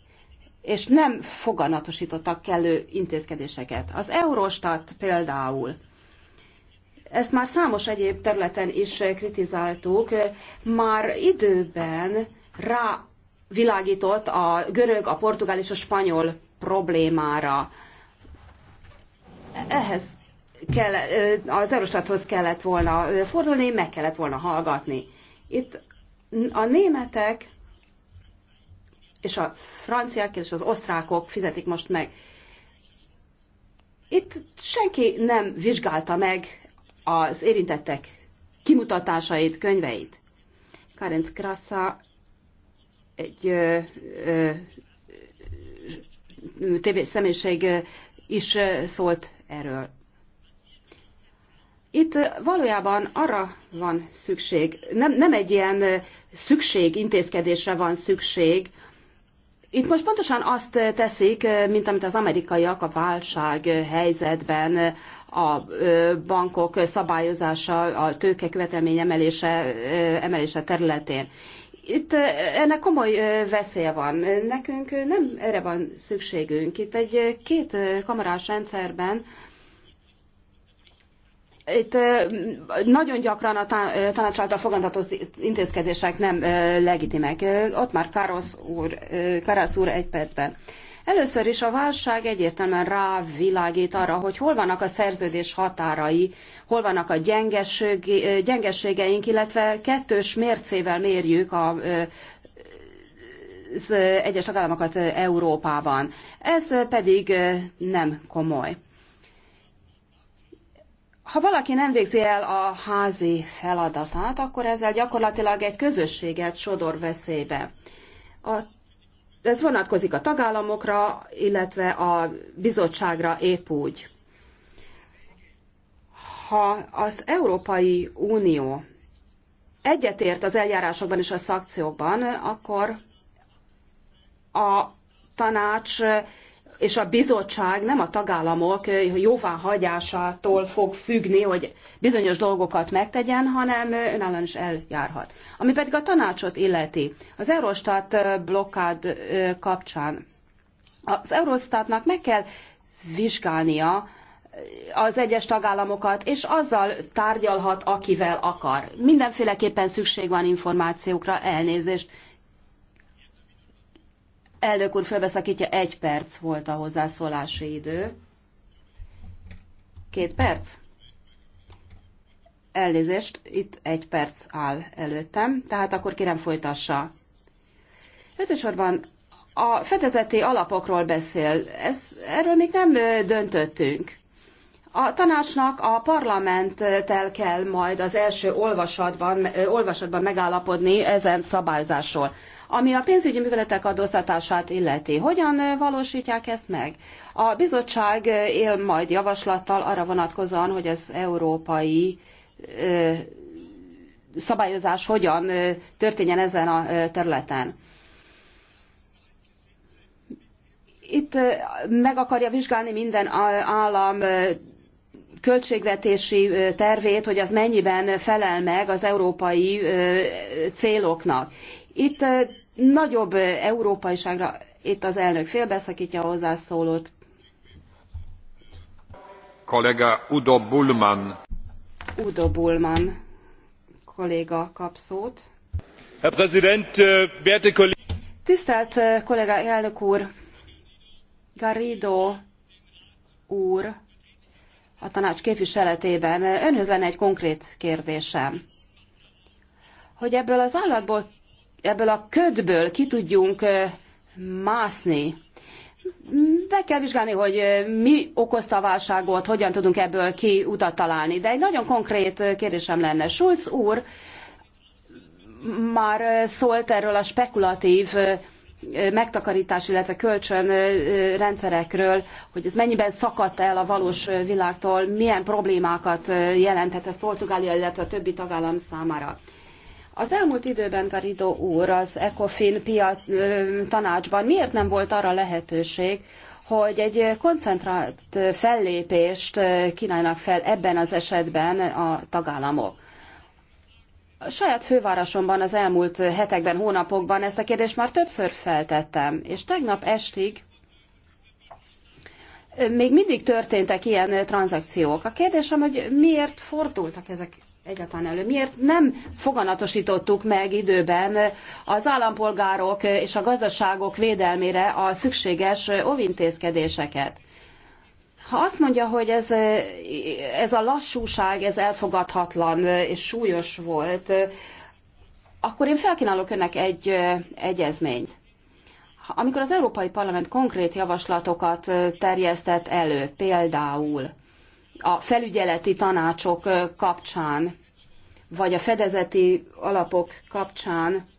és nem foganatosítottak kellő intézkedéseket. Az Eurostat például, ezt már számos egyéb területen is kritizáltuk, már időben rá világított a görög, a portugál és a spanyol problémára. Ehhez kell, az Eurostathoz kellett volna fordulni, meg kellett volna hallgatni. Itt a németek és a franciák és az osztrákok fizetik most meg. Itt senki nem vizsgálta meg az érintettek kimutatásait, könyveit. Karenc Krasza egy ö, ö, személyiség is szólt erről. Itt valójában arra van szükség, nem, nem egy ilyen szükség, intézkedésre van szükség. Itt most pontosan azt teszik, mint amit az amerikaiak a válság helyzetben a bankok szabályozása, a tőke követelmény emelése, emelése területén. Itt ennek komoly veszélye van. Nekünk nem erre van szükségünk. Itt egy két kamarás rendszerben itt nagyon gyakran a tanács által fogantatott intézkedések nem legitimek. Ott már Károsz úr, Karasz úr egy percben. Először is a válság egyértelműen rávilágít arra, hogy hol vannak a szerződés határai, hol vannak a gyengeségeink, illetve kettős mércével mérjük a az egyes tagállamokat Európában. Ez pedig nem komoly. Ha valaki nem végzi el a házi feladatát, akkor ezzel gyakorlatilag egy közösséget sodor veszélybe. A ez vonatkozik a tagállamokra, illetve a bizottságra épp úgy. Ha az Európai Unió egyetért az eljárásokban és a szakciókban, akkor a tanács és a bizottság nem a tagállamok eh, jóváhagyásától fog függni, hogy bizonyos dolgokat megtegyen, hanem eh, önállóan is eljárhat. Ami pedig a tanácsot illeti, az Eurostat eh, blokkád kapcsán az Eurostatnak meg kell vizsgálnia az egyes tagállamokat, és azzal tárgyalhat, akivel akar. Mindenféleképpen szükség van információkra, elnézést, Elnök úr fölbeszakítja, egy perc volt a hozzászólási idő. Két perc? Elnézést, itt egy perc áll előttem, tehát akkor kérem folytassa. Ötösorban a fedezeti alapokról beszél, ez, erről még nem döntöttünk. A tanácsnak a parlamenttel kell majd az első olvasatban, olvasatban megállapodni ezen szabályzásról. Ami a pénzügyi műveletek adóztatását illeti, hogyan valósítják ezt meg? A bizottság él majd javaslattal arra vonatkozóan, hogy az európai szabályozás hogyan történjen ezen a területen. Itt meg akarja vizsgálni minden állam költségvetési tervét, hogy az mennyiben felel meg az európai céloknak. Itt nagyobb európaiságra, itt az elnök félbeszakítja a hozzászólót. Kollega Udo Bullman. Udo Bullman kolléga kap szót. Herr Präsident, äh, werte Kollegen! Tisztelt kollega elnök úr, Garrido úr a tanács képviseletében önhöz lenne egy konkrét kérdésem. Hogy ebből az állatból ebből a ködből ki tudjunk mászni. Be kell vizsgálni, hogy mi okozta a válságot, hogyan tudunk ebből ki utat találni. De egy nagyon konkrét kérdésem lenne. Schulz úr már szólt erről a spekulatív megtakarítás, illetve kölcsön rendszerekről, hogy ez mennyiben szakadt el a valós világtól, milyen problémákat jelenthet ez Portugália, illetve a többi tagállam számára. Az elmúlt időben Garidó úr az ECOFIN piac, tanácsban miért nem volt arra lehetőség, hogy egy koncentrált fellépést kínálnak fel ebben az esetben a tagállamok. A saját fővárosomban az elmúlt hetekben, hónapokban ezt a kérdést már többször feltettem, és tegnap estig még mindig történtek ilyen tranzakciók. A kérdésem, hogy miért fordultak ezek egyáltalán elő. Miért nem foganatosítottuk meg időben az állampolgárok és a gazdaságok védelmére a szükséges óvintézkedéseket? Ha azt mondja, hogy ez, ez a lassúság, ez elfogadhatlan és súlyos volt, akkor én felkínálok önnek egy egyezményt. Amikor az Európai Parlament konkrét javaslatokat terjesztett elő, például a felügyeleti tanácsok kapcsán, vagy a fedezeti alapok kapcsán,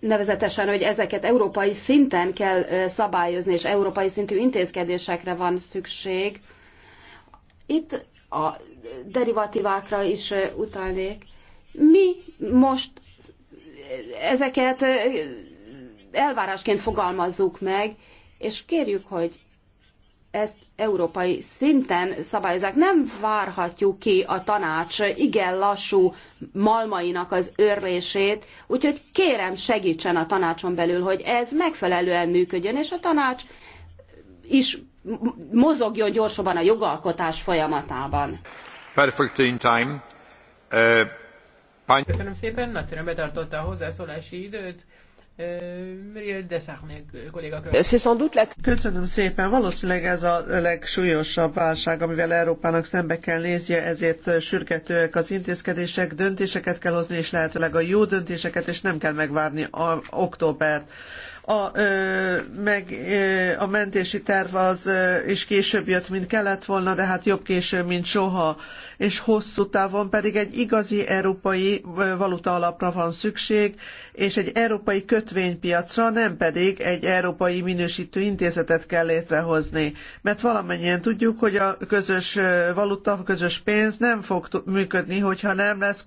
nevezetesen, hogy ezeket európai szinten kell szabályozni, és európai szintű intézkedésekre van szükség. Itt a derivatívákra is utalnék. Mi most ezeket elvárásként fogalmazzuk meg, és kérjük, hogy ezt európai szinten szabályozzák. Nem várhatjuk ki a tanács igen lassú malmainak az örlését, úgyhogy kérem segítsen a tanácson belül, hogy ez megfelelően működjön, és a tanács is mozogjon gyorsabban a jogalkotás folyamatában. Perfect in time. Uh, Köszönöm szépen, nagyszerűen betartotta a hozzászólási időt. Euh, Köszönöm szépen. Valószínűleg ez a legsúlyosabb válság, amivel Európának szembe kell néznie, ezért sürgetőek az intézkedések, döntéseket kell hozni, és lehetőleg a jó döntéseket, és nem kell megvárni a, októbert a, ö, meg, ö, a mentési terv az ö, is később jött, mint kellett volna, de hát jobb később, mint soha. És hosszú távon pedig egy igazi európai valuta alapra van szükség, és egy európai kötvénypiacra, nem pedig egy európai minősítő intézetet kell létrehozni. Mert valamennyien tudjuk, hogy a közös valuta, a közös pénz nem fog működni, hogyha nem lesz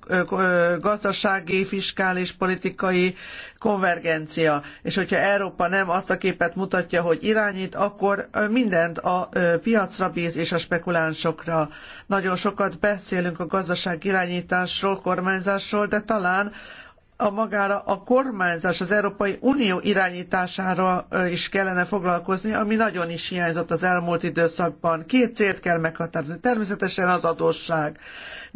gazdasági, fiskális, politikai konvergencia. És hogyha Európa nem azt a képet mutatja, hogy irányít, akkor mindent a piacra bíz és a spekulánsokra. Nagyon sokat beszélünk a gazdaság irányításról, kormányzásról, de talán a magára a kormányzás, az Európai Unió irányítására is kellene foglalkozni, ami nagyon is hiányzott az elmúlt időszakban. Két célt kell meghatározni, természetesen az adósság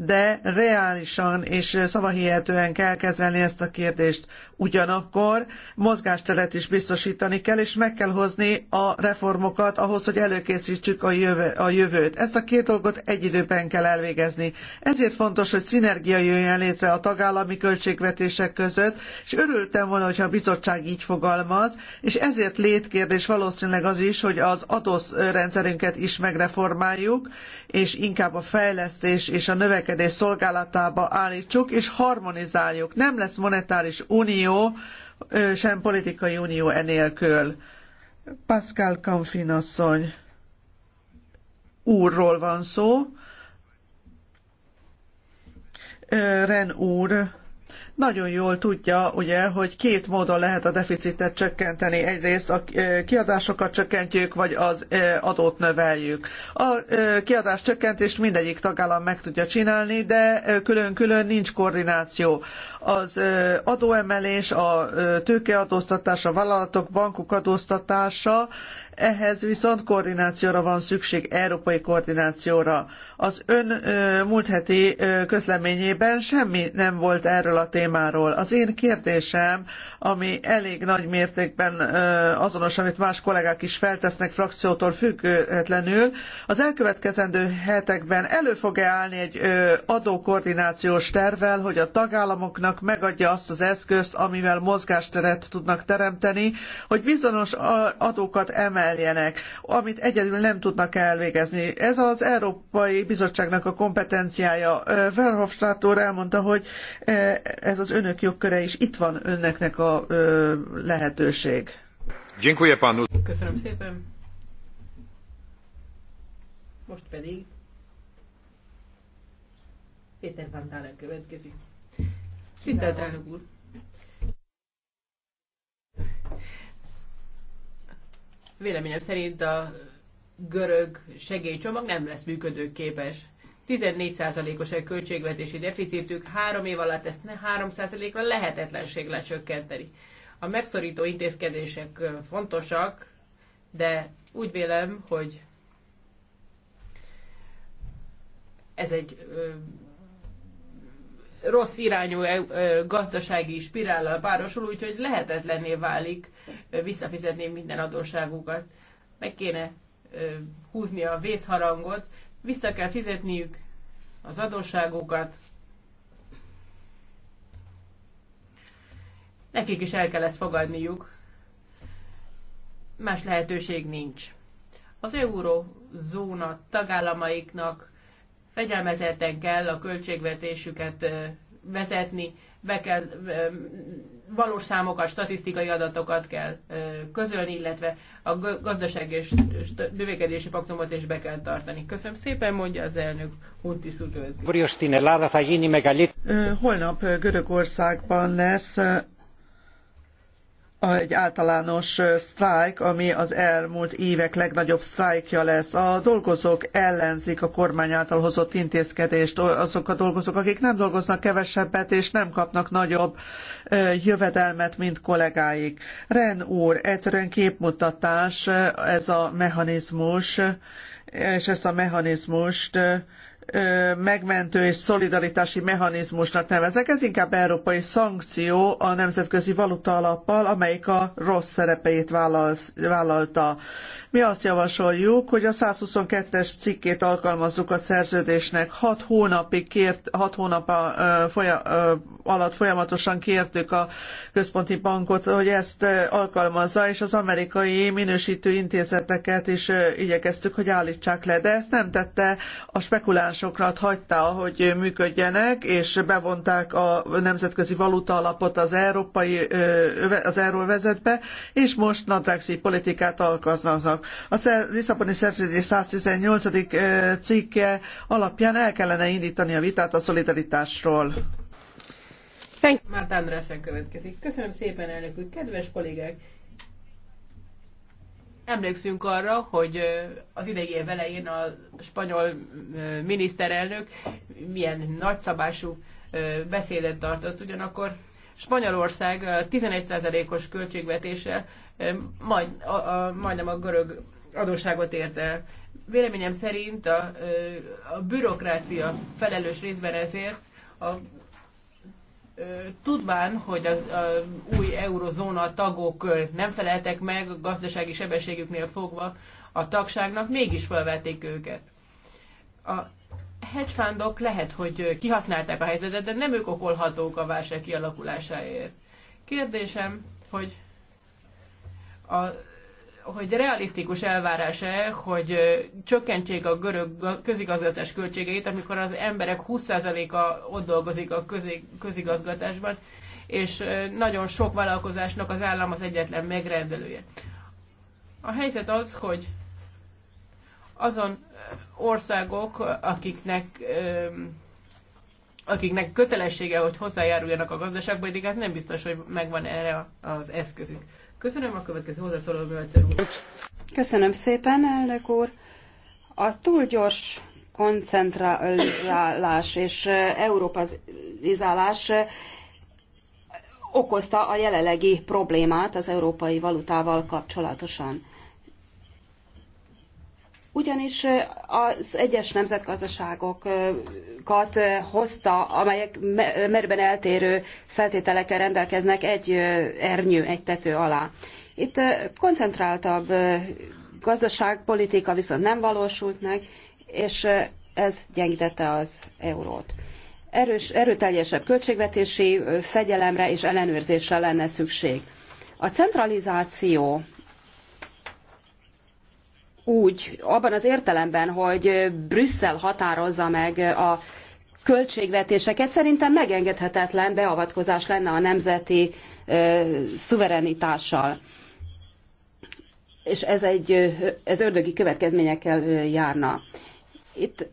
de reálisan és szavahihetően kell kezelni ezt a kérdést. Ugyanakkor mozgásteret is biztosítani kell, és meg kell hozni a reformokat ahhoz, hogy előkészítsük a, jövő, a jövőt. Ezt a két dolgot egy időben kell elvégezni. Ezért fontos, hogy szinergia jöjjön létre a tagállami költségvetések között, és örültem volna, hogyha a bizottság így fogalmaz, és ezért létkérdés valószínűleg az is, hogy az adószrendszerünket is megreformáljuk, és inkább a fejlesztés és a növekedés szolgálatába állítsuk, és harmonizáljuk. Nem lesz monetáris unió, sem politikai unió enélkül. Pascal Canfin asszony úrról van szó. Ren úr nagyon jól tudja, ugye, hogy két módon lehet a deficitet csökkenteni. Egyrészt a eh, kiadásokat csökkentjük, vagy az eh, adót növeljük. A eh, kiadás csökkentést mindegyik tagállam meg tudja csinálni, de külön-külön nincs koordináció. Az adóemelés, a tőkeadóztatás, a vállalatok, bankok adóztatása, ehhez viszont koordinációra van szükség, európai koordinációra. Az ön múlt heti közleményében semmi nem volt erről a témáról. Az én kérdésem, ami elég nagy mértékben azonos, amit más kollégák is feltesznek frakciótól függetlenül, az elkövetkezendő hetekben elő fog-e állni egy adókoordinációs tervvel, hogy a tagállamoknak megadja azt az eszközt, amivel mozgásteret tudnak teremteni, hogy bizonyos adókat emel megfeleljenek, amit egyedül nem tudnak elvégezni. Ez az Európai Bizottságnak a kompetenciája. Verhofstadt úr elmondta, hogy ez az önök jogköre is itt van önneknek a lehetőség. Köszönöm szépen. Most pedig Péter Van Dalen következik. Tisztelt elnök úr! Véleményem szerint a görög segélycsomag nem lesz működőképes. 14%-os egy költségvetési deficitük, három év alatt ezt 3%-ra lehetetlenség lecsökkenteni. A megszorító intézkedések fontosak, de úgy vélem, hogy ez egy rossz irányú e, e, gazdasági spirállal párosul, úgyhogy lehetetlenné válik e, visszafizetni minden adósságukat. Meg kéne húzni a vészharangot, vissza kell fizetniük az adósságokat, nekik is el kell ezt fogadniuk, más lehetőség nincs. Az eurózóna tagállamaiknak fegyelmezetten kell a költségvetésüket vezetni, be kell, valós számokat, statisztikai adatokat kell közölni, illetve a gazdaság és növekedési paktumot is be kell tartani. Köszönöm szépen, mondja az elnök Huntis Holnap Görögországban lesz egy általános sztrájk, ami az elmúlt évek legnagyobb sztrájkja lesz. A dolgozók ellenzik a kormány által hozott intézkedést, azok a dolgozók, akik nem dolgoznak kevesebbet és nem kapnak nagyobb jövedelmet, mint kollégáik. Ren úr, egyszerűen képmutatás ez a mechanizmus, és ezt a mechanizmust megmentő és szolidaritási mechanizmusnak nevezek. Ez inkább európai szankció a nemzetközi valuta alappal, amelyik a rossz szerepeit vállalta. Mi azt javasoljuk, hogy a 122-es cikkét alkalmazzuk a szerződésnek. Hat hónapig kért, hat hónap a, folya, alatt folyamatosan kértük a központi bankot, hogy ezt alkalmazza, és az amerikai minősítő intézeteket is igyekeztük, hogy állítsák le, de ezt nem tette, a spekulánsokra hagyta, hogy működjenek, és bevonták a nemzetközi valuta alapot az európai, az euróvezetbe, és most nadrágszi politikát alkalmaznak. A Lisszaboni Szerződés 118. cikke alapján el kellene indítani a vitát a szolidaritásról. Thank Márta Andrásen következik. Köszönöm szépen, elnök úr. Kedves kollégák! Emlékszünk arra, hogy az idei év elején a spanyol miniszterelnök milyen nagyszabású beszédet tartott, ugyanakkor Spanyolország 11%-os költségvetése majd, a, a, majdnem a görög adósságot ért el. Véleményem szerint a, a bürokrácia felelős részben ezért, a, a, tudván, hogy az a, új eurozóna tagok nem feleltek meg a gazdasági sebességüknél fogva a tagságnak, mégis felvették őket. A hedgefundok lehet, hogy kihasználták a helyzetet, de nem ők okolhatók a válság kialakulásáért. Kérdésem, hogy a, hogy realisztikus elvárása, hogy csökkentsék a görög közigazgatás költségeit, amikor az emberek 20%-a ott dolgozik a közigazgatásban, és nagyon sok vállalkozásnak az állam az egyetlen megrendelője. A helyzet az, hogy azon országok, akiknek akiknek kötelessége, hogy hozzájáruljanak a gazdaságba, pedig ez nem biztos, hogy megvan erre az eszközük. Köszönöm a következő hozzászóló Mölcer úr. Köszönöm szépen, elnök úr. A túl gyors koncentrálás és európazizálás okozta a jelenlegi problémát az európai valutával kapcsolatosan ugyanis az egyes nemzetgazdaságokat hozta, amelyek merőben eltérő feltételekkel rendelkeznek egy ernyő, egy tető alá. Itt koncentráltabb gazdaságpolitika viszont nem valósult meg, és ez gyengítette az eurót. Erős, erőteljesebb költségvetési fegyelemre és ellenőrzésre lenne szükség. A centralizáció úgy, abban az értelemben, hogy Brüsszel határozza meg a költségvetéseket, szerintem megengedhetetlen beavatkozás lenne a nemzeti ö, szuverenitással. És ez, egy, ez ördögi következményekkel járna. Itt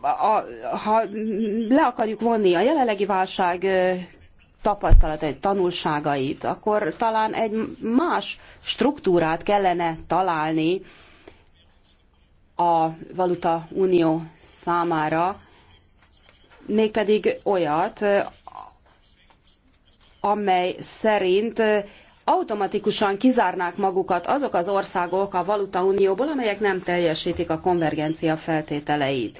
a, ha le akarjuk vonni a jelenlegi válság tapasztalatait, tanulságait, akkor talán egy más struktúrát kellene találni a Valuta Unió számára, mégpedig olyat, amely szerint automatikusan kizárnák magukat azok az országok a valutaunióból, amelyek nem teljesítik a konvergencia feltételeit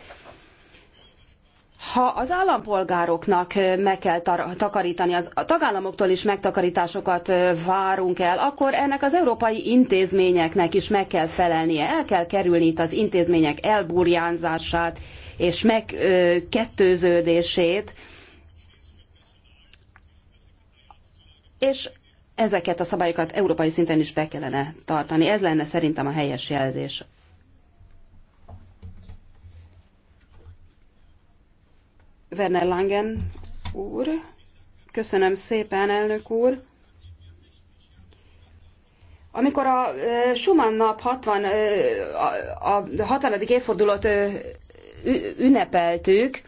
ha az állampolgároknak meg kell takarítani, az, a tagállamoktól is megtakarításokat várunk el, akkor ennek az európai intézményeknek is meg kell felelnie. El kell kerülni itt az intézmények elburjánzását és megkettőződését. És ezeket a szabályokat európai szinten is be kellene tartani. Ez lenne szerintem a helyes jelzés. Werner Langen úr. Köszönöm szépen, elnök úr. Amikor a Schumann nap 60, a 60. évfordulót ünnepeltük,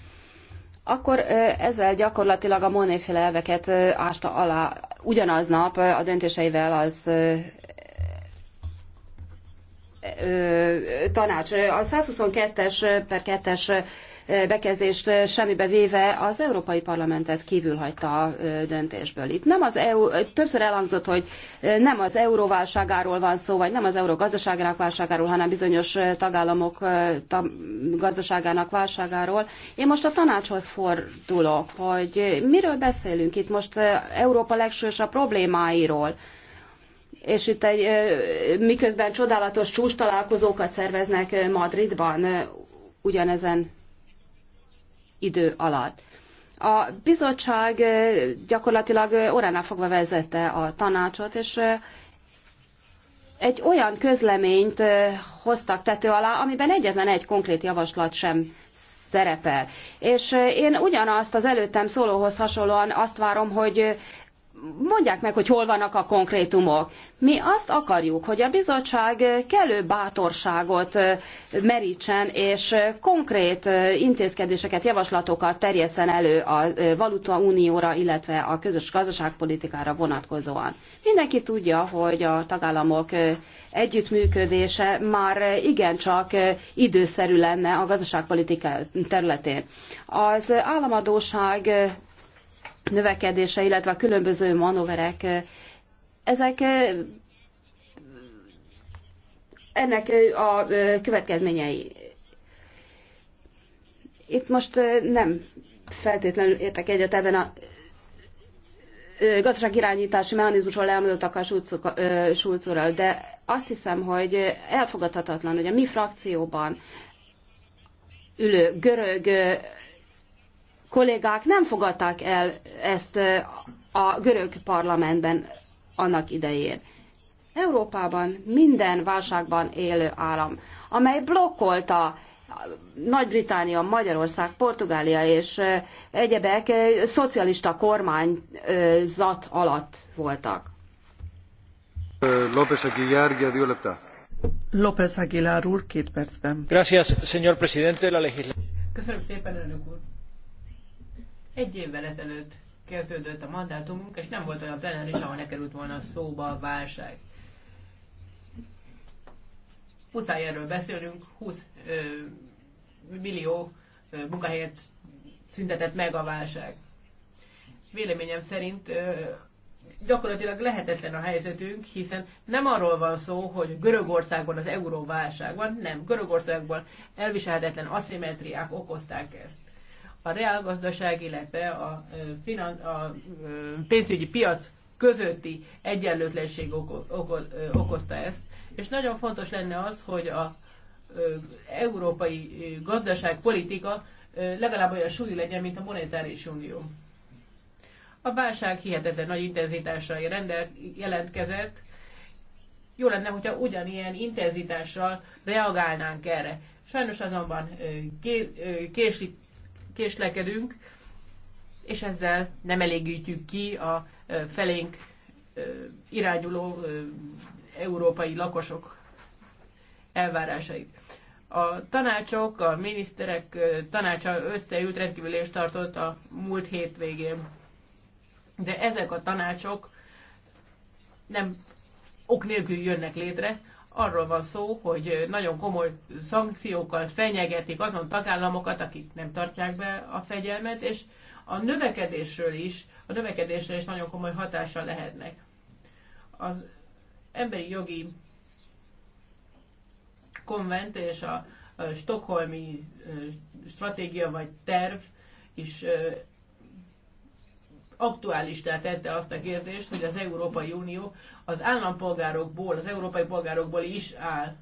akkor ezzel gyakorlatilag a Monéféle elveket ásta alá ugyanaznap a döntéseivel az tanács. A 122-es per 2-es bekezdést semmibe véve az Európai Parlamentet kívül hagyta a döntésből. Itt nem az EU, többször elhangzott, hogy nem az euróválságáról van szó, vagy nem az euró gazdaságának válságáról, hanem bizonyos tagállamok gazdaságának válságáról. Én most a tanácshoz fordulok, hogy miről beszélünk itt most Európa legsősabb problémáiról és itt egy, miközben csodálatos csúcs találkozókat szerveznek Madridban ugyanezen idő alatt. A bizottság eh, gyakorlatilag eh, óránál fogva vezette a tanácsot, és eh, egy olyan közleményt hoztak tető alá, amiben egyetlen egy konkrét javaslat sem szerepel. És én ugyanazt az előttem szólóhoz hasonlóan azt várom, hogy mondják meg, hogy hol vannak a konkrétumok. Mi azt akarjuk, hogy a bizottság kellő bátorságot merítsen, és konkrét intézkedéseket, javaslatokat terjeszen elő a Valuta Unióra, illetve a közös gazdaságpolitikára vonatkozóan. Mindenki tudja, hogy a tagállamok együttműködése már igencsak időszerű lenne a gazdaságpolitika területén. Az államadóság növekedése, illetve a különböző manőverek, eh, ezek eh, ennek eh, a következményei. Itt most nem feltétlenül értek egyet ebben a gazdaságirányítási mechanizmusról elmondottak a Schulz de azt hiszem, hogy elfogadhatatlan, hogy a mi frakcióban ülő görög kollégák nem fogadták el ezt a görög parlamentben annak idején. Európában minden válságban élő állam, amely blokkolta nagy-Británia, Magyarország, Portugália és egyebek szocialista kormányzat alatt voltak. López Aguilar, δύο λεπτά. López Aguilar úr, két percben. Gracias, señor presidente, la legislación. Köszönöm szépen, elnök úr. Egy évvel ezelőtt kezdődött a mandátumunk, és nem volt olyan plenáris, ahol ne került volna szóba a válság. Muszáj erről beszélünk, 20 ö, millió ö, munkahelyet szüntetett meg a válság. Véleményem szerint ö, gyakorlatilag lehetetlen a helyzetünk, hiszen nem arról van szó, hogy Görögországban az euróválság van, nem, Görögországban elviselhetetlen aszimetriák okozták ezt a reálgazdaság, illetve a, finan- a pénzügyi piac közötti egyenlőtlenség oko- oko- okozta ezt. És nagyon fontos lenne az, hogy a európai gazdaságpolitika legalább olyan súlyú legyen, mint a monetáris unió. A válság hihetetlen nagy intenzitással rendel, jelentkezett. Jó lenne, hogyha ugyanilyen intenzitással reagálnánk erre. Sajnos azonban késik, késlekedünk, és ezzel nem elégítjük ki a felénk irányuló európai lakosok elvárásait. A tanácsok, a miniszterek tanácsa összeült rendkívülést tartott a múlt hétvégén. De ezek a tanácsok nem ok nélkül jönnek létre, arról van szó, hogy nagyon komoly szankciókkal fenyegetik azon tagállamokat, akik nem tartják be a fegyelmet, és a növekedésről is, a növekedésre is nagyon komoly hatása lehetnek. Az emberi jogi konvent és a, stokholmi stratégia vagy terv is aktuális tette azt a kérdést, hogy az Európai Unió az állampolgárokból, az európai polgárokból is áll,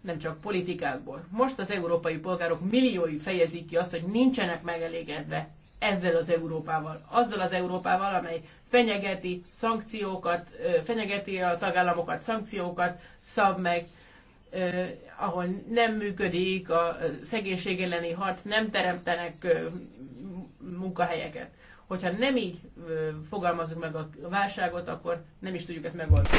nem csak politikákból. Most az európai polgárok milliói fejezik ki azt, hogy nincsenek megelégedve ezzel az Európával, azzal az Európával, amely fenyegeti szankciókat, fenyegeti a tagállamokat, szankciókat szab meg, ahol nem működik a szegénység elleni harc, nem teremtenek munkahelyeket. Hogyha nem így fogalmazunk meg a válságot, akkor nem is tudjuk ezt megoldani.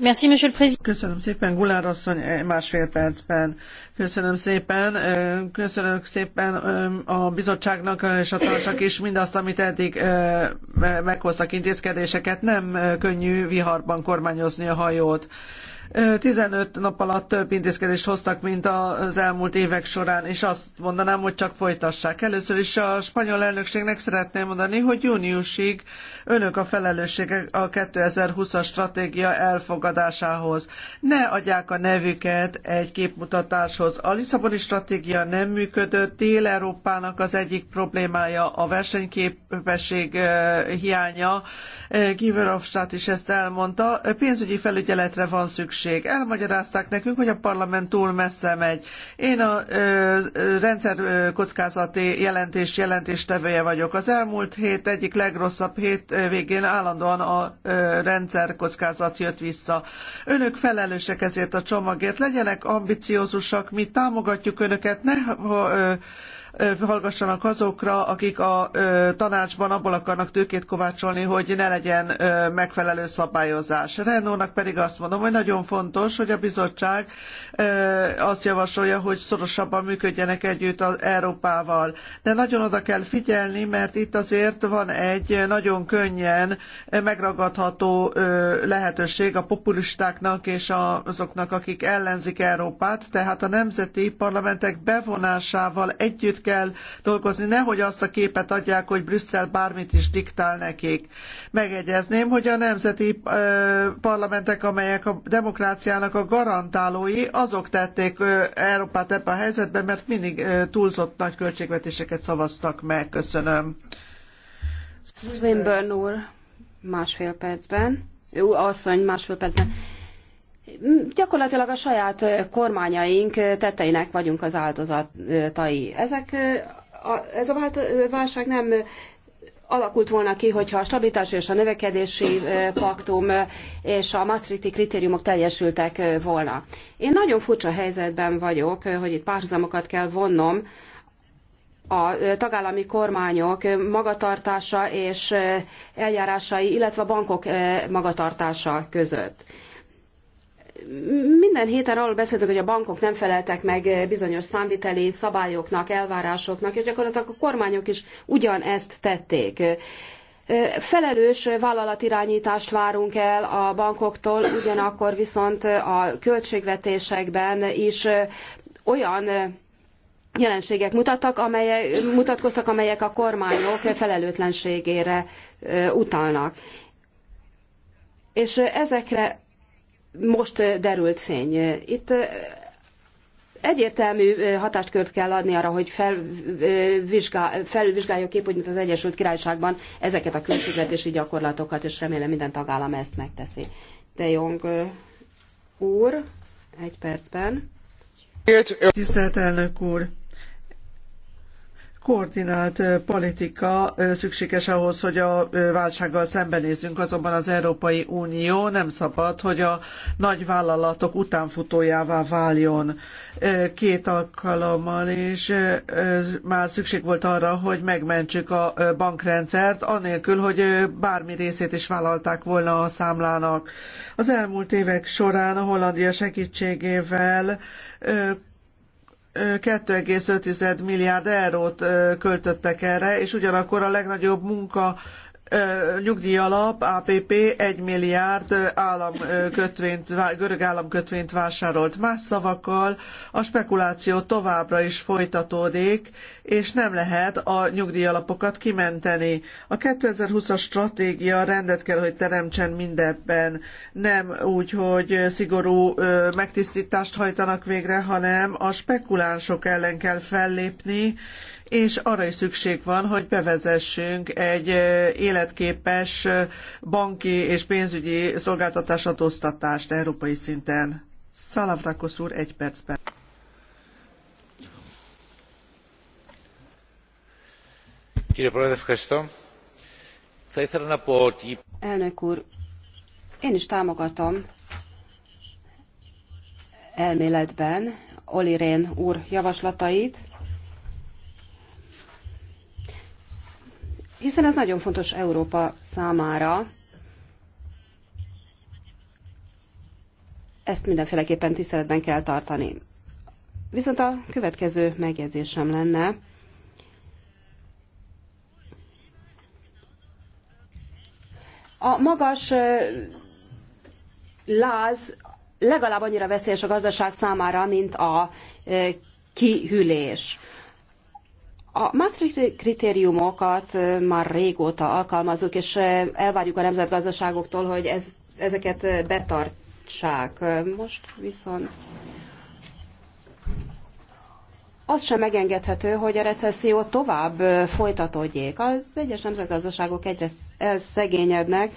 Merci, Monsieur le Président. Köszönöm szépen, Gulár asszony, másfél percben. Köszönöm szépen, köszönöm szépen a bizottságnak és a társak is mindazt, amit eddig meghoztak intézkedéseket. Nem könnyű viharban kormányozni a hajót 15 nap alatt több intézkedést hoztak, mint az elmúlt évek során, és azt mondanám, hogy csak folytassák. Először is a spanyol elnökségnek szeretném mondani, hogy júniusig önök a felelőssége a 2020-as stratégia elfogadásához. Ne adják a nevüket egy képmutatáshoz. A Lisszaboni stratégia nem működött, Dél-Európának az egyik problémája a versenyképesség hiánya. Giverhofstadt is ezt elmondta. Pénzügyi felügyeletre van szükség szükség. Elmagyarázták nekünk, hogy a parlament túl messze megy. Én a ö, rendszerkockázati jelentés jelentéstevője vagyok. Az elmúlt hét egyik legrosszabb hét végén állandóan a ö, rendszerkockázat jött vissza. Önök felelősek ezért a csomagért. Legyenek ambiciózusak, mi támogatjuk önöket, ne ö, hallgassanak azokra, akik a tanácsban abból akarnak tőkét kovácsolni, hogy ne legyen megfelelő szabályozás. Renault-nak pedig azt mondom, hogy nagyon fontos, hogy a bizottság azt javasolja, hogy szorosabban működjenek együtt az Európával. De nagyon oda kell figyelni, mert itt azért van egy nagyon könnyen megragadható lehetőség a populistáknak és azoknak, akik ellenzik Európát, tehát a nemzeti parlamentek bevonásával együtt együtt kell dolgozni, nehogy azt a képet adják, hogy Brüsszel bármit is diktál nekik. Megegyezném, hogy a nemzeti parlamentek, amelyek a demokráciának a garantálói, azok tették Európát ebbe a helyzetbe, mert mindig túlzott nagy költségvetéseket szavaztak meg. Köszönöm. Swinburne úr, másfél percben. Ő asszony másfél percben gyakorlatilag a saját kormányaink tetteinek vagyunk az áldozatai. Ezek, a, ez a válság nem alakult volna ki, hogyha a stabilitás és a növekedési paktum és a Maastrichti kritériumok teljesültek volna. Én nagyon furcsa helyzetben vagyok, hogy itt párhuzamokat kell vonnom a tagállami kormányok magatartása és eljárásai, illetve a bankok magatartása között minden héten arról beszéltünk, hogy a bankok nem feleltek meg bizonyos számviteli szabályoknak, elvárásoknak, és gyakorlatilag a kormányok is ugyanezt tették. Felelős vállalatirányítást várunk el a bankoktól, ugyanakkor viszont a költségvetésekben is olyan jelenségek mutattak, amelyek, mutatkoztak, amelyek a kormányok felelőtlenségére utalnak. És ezekre most derült fény. Itt egyértelmű hatáskört kell adni arra, hogy felvizsgál, a kép, hogy mint az Egyesült Királyságban ezeket a költségvetési gyakorlatokat, és remélem minden tagállam ezt megteszi. De Jong úr, egy percben. Tisztelt elnök úr! koordinált politika szükséges ahhoz, hogy a válsággal szembenézzünk, azonban az Európai Unió nem szabad, hogy a nagy vállalatok utánfutójává váljon. Két alkalommal is már szükség volt arra, hogy megmentsük a bankrendszert, anélkül, hogy bármi részét is vállalták volna a számlának. Az elmúlt évek során a Hollandia segítségével 2,5 milliárd eurót költöttek erre, és ugyanakkor a legnagyobb munka nyugdíjalap, APP 1 milliárd kötvényt görög államkötvényt vásárolt. Más szavakkal a spekuláció továbbra is folytatódik, és nem lehet a nyugdíjalapokat kimenteni. A 2020-as stratégia rendet kell, hogy teremtsen mindebben. Nem úgy, hogy szigorú megtisztítást hajtanak végre, hanem a spekulánsok ellen kell fellépni, és arra is szükség van, hogy bevezessünk egy életképes banki és pénzügyi szolgáltatás adóztatást európai szinten. Szalavrakosz úr, egy percben. Elnök úr, én is támogatom elméletben Oli Rén úr javaslatait, hiszen ez nagyon fontos Európa számára. Ezt mindenféleképpen tiszteletben kell tartani. Viszont a következő megjegyzésem lenne, A magas láz legalább annyira veszélyes a gazdaság számára, mint a kihűlés. A Maastricht kritériumokat már régóta alkalmazunk, és elvárjuk a nemzetgazdaságoktól, hogy ez, ezeket betartsák. Most viszont az sem megengedhető, hogy a recesszió tovább folytatódjék. Az egyes nemzetgazdaságok egyre elszegényednek.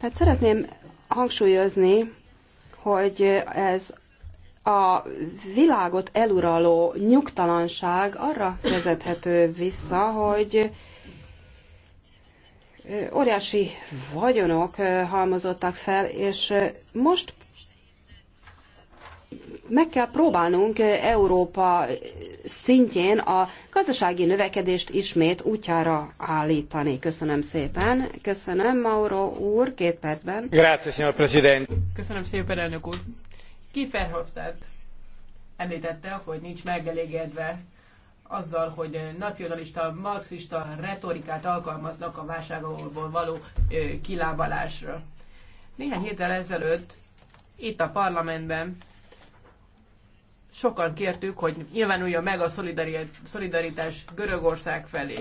Tehát szeretném hangsúlyozni, hogy ez a világot eluraló nyugtalanság arra vezethető vissza, hogy óriási vagyonok halmozottak fel, és most meg kell próbálnunk Európa szintjén a gazdasági növekedést ismét útjára állítani. Köszönöm szépen. Köszönöm, Mauro úr, két percben. Grazie, signor Presidente. Köszönöm szépen, elnök úr. Kiefer Hofstadt említette, hogy nincs megelégedve azzal, hogy nacionalista, marxista retorikát alkalmaznak a válságokból való kilábalásra. Néhány héttel ezelőtt itt a parlamentben sokan kértük, hogy nyilvánuljon meg a szolidaritás Görögország felé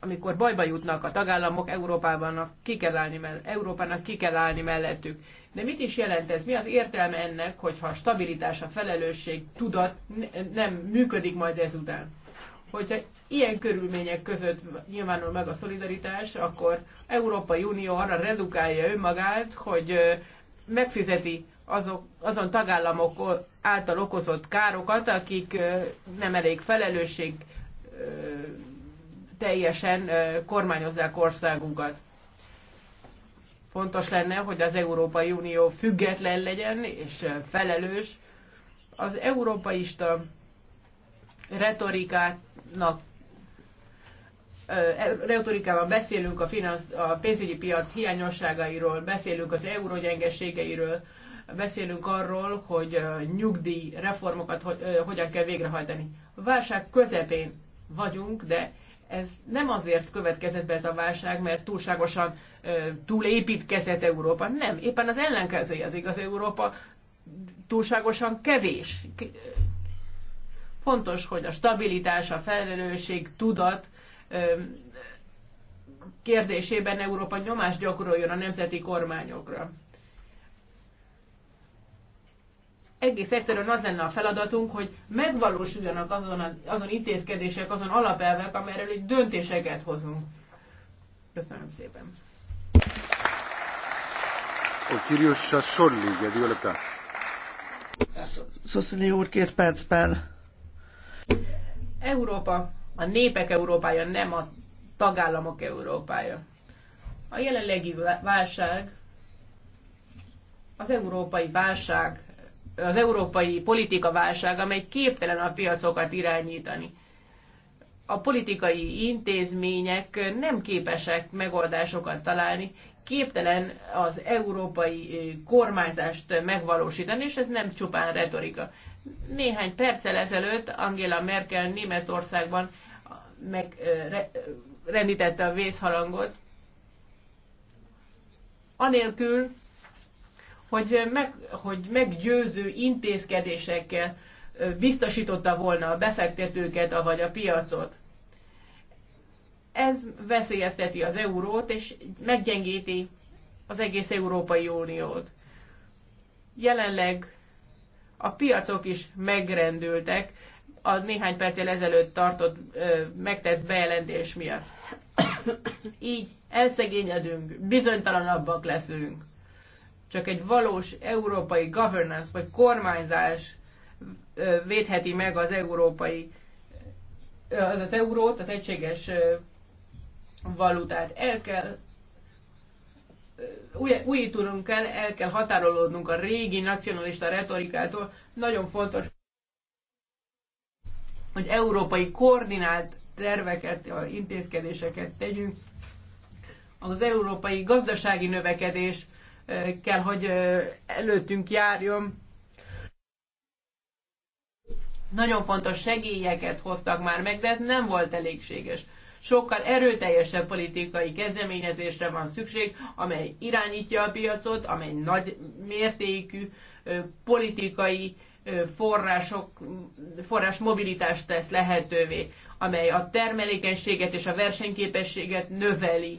amikor bajba jutnak a tagállamok, Európában, ki kell állni, mell- Európának ki kell állni mellettük. De mit is jelent ez? Mi az értelme ennek, hogyha a stabilitás, a felelősség, tudat nem működik majd ezután? Hogyha ilyen körülmények között nyilvánul meg a szolidaritás, akkor Európai Unió arra redukálja önmagát, hogy megfizeti azok, azon tagállamok által okozott károkat, akik nem elég felelősség teljesen kormányozzák országunkat. Fontos lenne, hogy az Európai Unió független legyen és felelős. Az európaista retorikának e, retorikában beszélünk a, finansz, a pénzügyi piac hiányosságairól, beszélünk az euró beszélünk arról, hogy nyugdíj reformokat hogyan kell végrehajtani. A válság közepén vagyunk, de ez nem azért következett be ez a válság, mert túlságosan túlépítkezett Európa. Nem, éppen az ellenkezője az igaz Európa, túlságosan kevés. Fontos, hogy a stabilitás, a felelősség, tudat kérdésében Európa nyomást gyakoroljon a nemzeti kormányokra. egész egyszerűen az lenne a feladatunk, hogy megvalósuljanak azon, az, azon intézkedések, azon alapelvek, amelyről egy döntéseket hozunk. Köszönöm szépen. A úr, két percben. Európa, a népek Európája, nem a tagállamok Európája. A jelenlegi válság, az európai válság az európai politika válság, amely képtelen a piacokat irányítani. A politikai intézmények nem képesek megoldásokat találni, képtelen az európai kormányzást megvalósítani, és ez nem csupán retorika. Néhány perccel ezelőtt Angela Merkel Németországban megrendítette a vészhalangot, anélkül, hogy, meg, hogy meggyőző intézkedésekkel biztosította volna a befektetőket, avagy a piacot. Ez veszélyezteti az eurót, és meggyengíti az egész Európai Uniót. Jelenleg a piacok is megrendültek a néhány perccel ezelőtt tartott, megtett bejelentés miatt. Így elszegényedünk, bizonytalanabbak leszünk csak egy valós európai governance vagy kormányzás védheti meg az európai, az az eurót, az egységes valutát. El kell új, újítunk kell, el kell határolódnunk a régi nacionalista retorikától. Nagyon fontos, hogy európai koordinált terveket, intézkedéseket tegyünk. Az európai gazdasági növekedés kell, hogy előttünk járjon. Nagyon fontos segélyeket hoztak már meg, de ez nem volt elégséges. Sokkal erőteljesebb politikai kezdeményezésre van szükség, amely irányítja a piacot, amely nagy mértékű politikai források, forrás mobilitást tesz lehetővé, amely a termelékenységet és a versenyképességet növeli.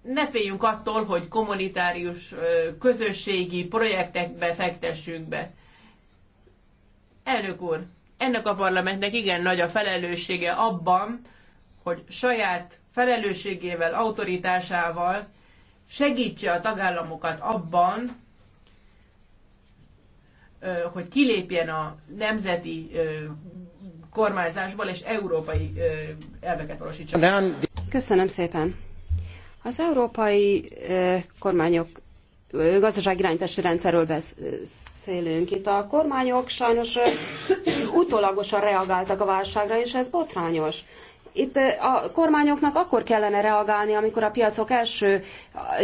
ne féljünk attól, hogy kommunitárius, közösségi projektekbe fektessünk be. Elnök úr, ennek a parlamentnek igen nagy a felelőssége abban, hogy saját felelősségével, autoritásával segítse a tagállamokat abban, hogy kilépjen a nemzeti kormányzásból és európai elveket valósítson. Köszönöm szépen. Az európai kormányok gazdaságirányítási rendszerről beszélünk. Itt a kormányok sajnos utólagosan reagáltak a válságra, és ez botrányos. Itt a kormányoknak akkor kellene reagálni, amikor a piacok első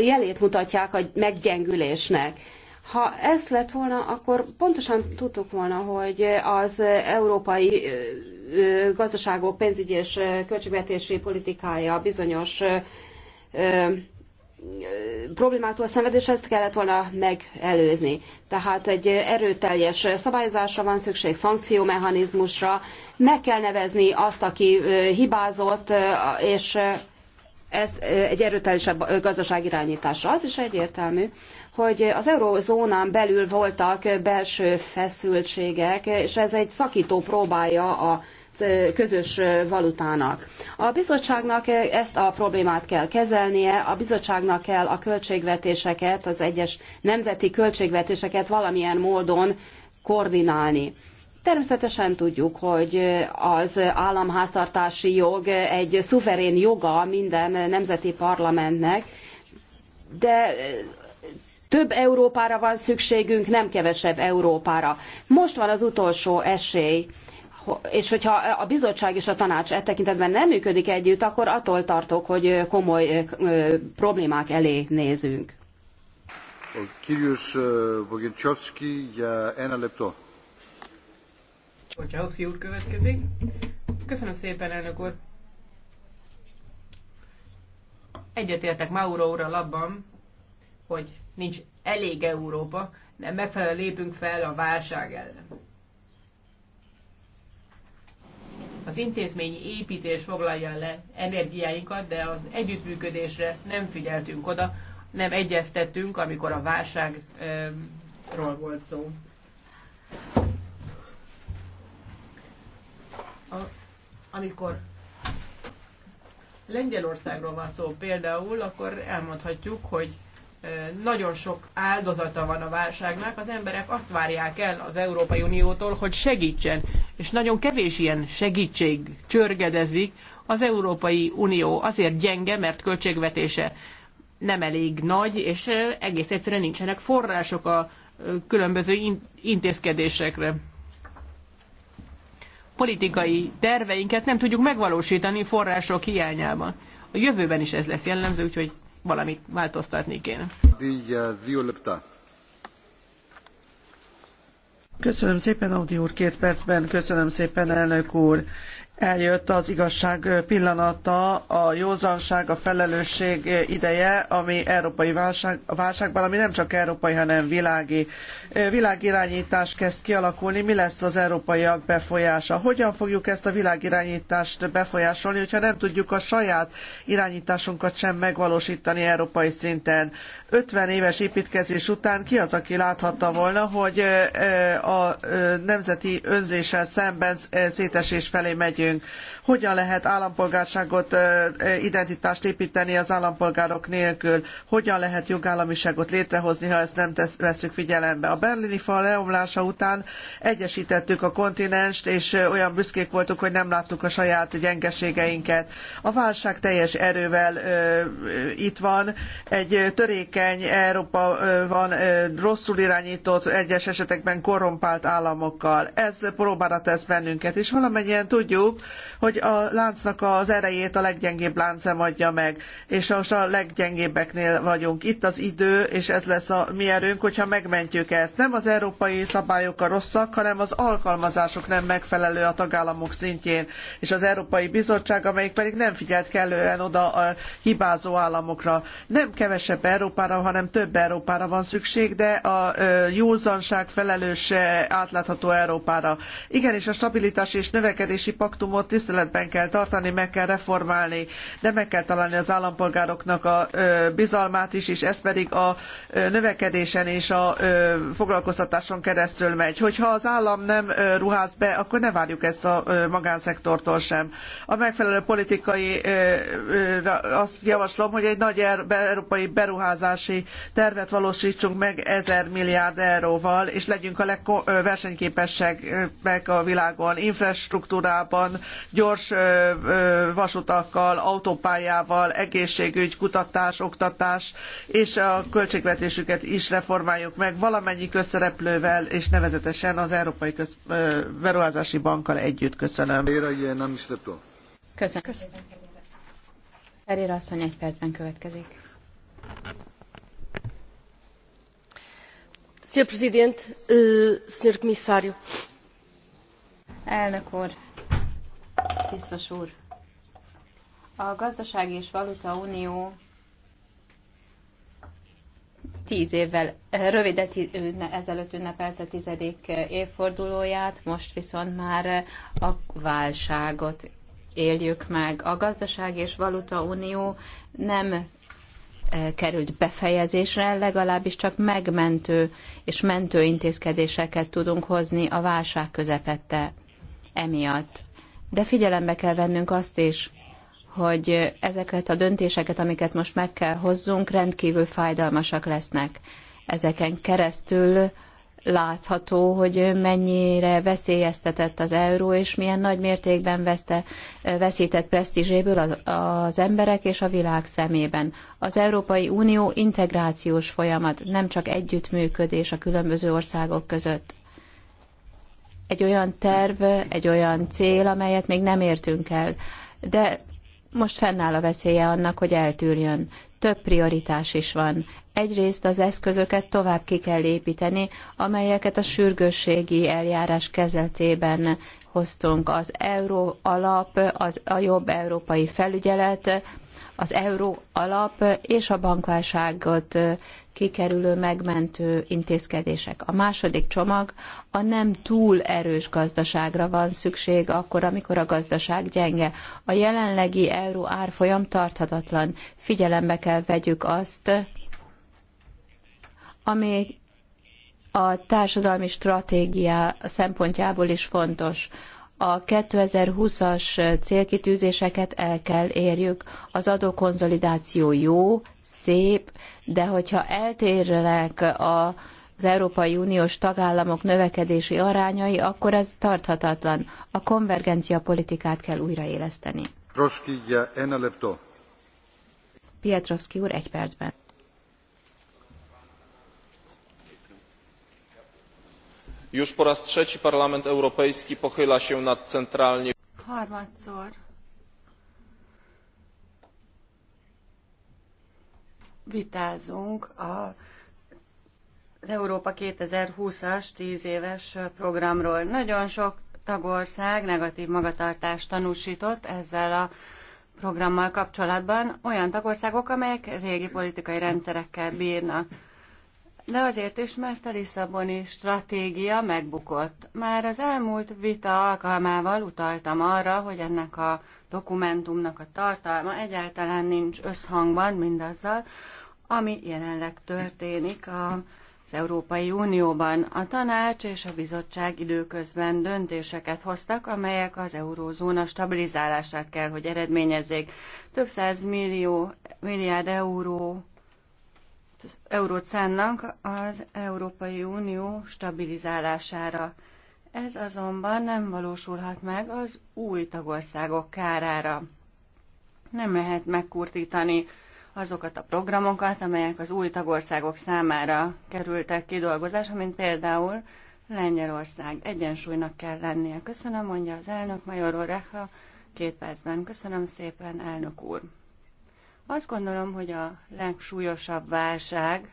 jelét mutatják a meggyengülésnek. Ha ez lett volna, akkor pontosan tudtuk volna, hogy az európai gazdaságok pénzügyi és költségvetési politikája bizonyos problémától szenved, és ezt kellett volna megelőzni. Tehát egy erőteljes szabályozásra van szükség, szankciómechanizmusra, meg kell nevezni azt, aki hibázott, és ezt egy erőteljesebb gazdaságirányításra. Az is egyértelmű, hogy az eurózónán belül voltak belső feszültségek, és ez egy szakító próbája a közös valutának. A bizottságnak ezt a problémát kell kezelnie, a bizottságnak kell a költségvetéseket, az egyes nemzeti költségvetéseket valamilyen módon koordinálni. Természetesen tudjuk, hogy az államháztartási jog egy szuverén joga minden nemzeti parlamentnek, de több Európára van szükségünk, nem kevesebb Európára. Most van az utolsó esély és hogyha a bizottság és a tanács e tekintetben nem működik együtt, akkor attól tartok, hogy komoly problémák elé nézünk. Kirius úr következik. Köszönöm szépen, elnök úr. Egyetértek Mauro úrral abban, hogy nincs elég Európa, nem megfelelően lépünk fel a válság ellen Az intézményi építés foglalja le energiáinkat, de az együttműködésre nem figyeltünk oda, nem egyeztettünk, amikor a válságról volt szó. A, amikor Lengyelországról van szó például, akkor elmondhatjuk, hogy nagyon sok áldozata van a válságnak, az emberek azt várják el az Európai Uniótól, hogy segítsen, és nagyon kevés ilyen segítség csörgedezik. Az Európai Unió azért gyenge, mert költségvetése nem elég nagy, és egész egyszerűen nincsenek források a különböző intézkedésekre. Politikai terveinket nem tudjuk megvalósítani források hiányában. A jövőben is ez lesz jellemző, úgyhogy valamit változtatni kéne. Eh, Köszönöm szépen, Audi úr, két percben. Köszönöm szépen, elnök úr eljött az igazság pillanata, a józanság, a felelősség ideje, ami európai válság, válságban, ami nem csak európai, hanem világi. Világirányítás kezd kialakulni, mi lesz az európaiak befolyása? Hogyan fogjuk ezt a világirányítást befolyásolni, hogyha nem tudjuk a saját irányításunkat sem megvalósítani európai szinten? 50 éves építkezés után ki az, aki láthatta volna, hogy e, a e, nemzeti önzéssel szemben szétesés felé megyünk? legyünk hogyan lehet állampolgárságot, identitást építeni az állampolgárok nélkül, hogyan lehet jogállamiságot létrehozni, ha ezt nem tesz, veszük figyelembe. A berlini fal leomlása után egyesítettük a kontinenst, és olyan büszkék voltunk, hogy nem láttuk a saját gyengeségeinket. A válság teljes erővel itt van, egy törékeny Európa van, rosszul irányított, egyes esetekben korrumpált államokkal. Ez próbára tesz bennünket, és valamennyien tudjuk, hogy hogy a láncnak az erejét a leggyengébb láncem adja meg, és most a leggyengébbeknél vagyunk. Itt az idő, és ez lesz a mi erőnk, hogyha megmentjük ezt. Nem az európai szabályok a rosszak, hanem az alkalmazások nem megfelelő a tagállamok szintjén, és az Európai Bizottság, amelyik pedig nem figyelt kellően oda a hibázó államokra. Nem kevesebb Európára, hanem több Európára van szükség, de a józanság felelős átlátható Európára. Igen, és a stabilitási és növekedési paktumot tiszteletben tiszteletben kell tartani, meg kell reformálni, de meg kell találni az állampolgároknak a bizalmát is, és ez pedig a növekedésen és a foglalkoztatáson keresztül megy. Hogyha az állam nem ruház be, akkor ne várjuk ezt a magánszektortól sem. A megfelelő politikai azt javaslom, hogy egy nagy er, európai beruházási tervet valósítsunk meg ezer milliárd euróval, és legyünk a legversenyképesek meg a világon, infrastruktúrában, gyors gyors vasutakkal, autópályával, egészségügy, kutatás, oktatás, és a költségvetésüket is reformáljuk meg valamennyi közszereplővel, és nevezetesen az Európai Köz, Beruházási Bankkal együtt. Köszönöm. Köszönöm. Köszönöm. Ferére asszony egy percben következik. Sr. Presidente, eh, Sr. Comissário. Elnök úr, Biztos úr, a gazdasági és valuta unió tíz évvel, eh, rövidet ezelőtt ünnepelte tizedik eh, évfordulóját, most viszont már eh, a válságot éljük meg. A gazdaság és valuta unió nem került befejezésre, legalábbis csak megmentő és mentő intézkedéseket tudunk hozni a válság közepette emiatt de figyelembe kell vennünk azt is, hogy ezeket a döntéseket, amiket most meg kell hozzunk, rendkívül fájdalmasak lesznek. Ezeken keresztül látható, hogy mennyire veszélyeztetett az euró, és milyen nagy mértékben veszte, veszített presztízséből az, az emberek és a világ szemében. Az Európai Unió integrációs folyamat, nem csak együttműködés a különböző országok között egy olyan terv, egy olyan cél, amelyet még nem értünk el. De most fennáll a veszélye annak, hogy eltűrjön. Több prioritás is van. Egyrészt az eszközöket tovább ki kell építeni, amelyeket a sürgősségi eljárás kezeltében hoztunk. Az euró alap, az, a jobb európai felügyelet, az euró alap és a bankválságot kikerülő megmentő intézkedések. A második csomag a nem túl erős gazdaságra van szükség akkor, amikor a gazdaság gyenge. A jelenlegi euró árfolyam tarthatatlan. Figyelembe kell vegyük azt, ami a társadalmi stratégia szempontjából is fontos a 2020-as célkitűzéseket el kell érjük. Az adókonszolidáció jó, szép, de hogyha eltérnek a az Európai Uniós tagállamok növekedési arányai, akkor ez tarthatatlan. A konvergencia politikát kell újraéleszteni. Pietrovski úr egy percben. już po raz trzeci parlament europejski pochyla się nad centralnie harmadszor vitázunk a az Európa 2020-as 10 éves programról. Nagyon sok tagország negatív magatartást tanúsított ezzel a programmal kapcsolatban. Olyan tagországok, amelyek régi politikai rendszerekkel bírnak de azért is, mert a Lisszaboni stratégia megbukott. Már az elmúlt vita alkalmával utaltam arra, hogy ennek a dokumentumnak a tartalma egyáltalán nincs összhangban mindazzal, ami jelenleg történik a az Európai Unióban a tanács és a bizottság időközben döntéseket hoztak, amelyek az eurózóna stabilizálását kell, hogy eredményezzék. Több száz millió, milliárd euró az az Európai Unió stabilizálására. Ez azonban nem valósulhat meg az új tagországok kárára. Nem lehet megkurtítani azokat a programokat, amelyek az új tagországok számára kerültek kidolgozásra, mint például Lengyelország. Egyensúlynak kell lennie. Köszönöm, mondja az elnök, Major Oreha, két percben. Köszönöm szépen, elnök úr. Azt gondolom, hogy a legsúlyosabb válság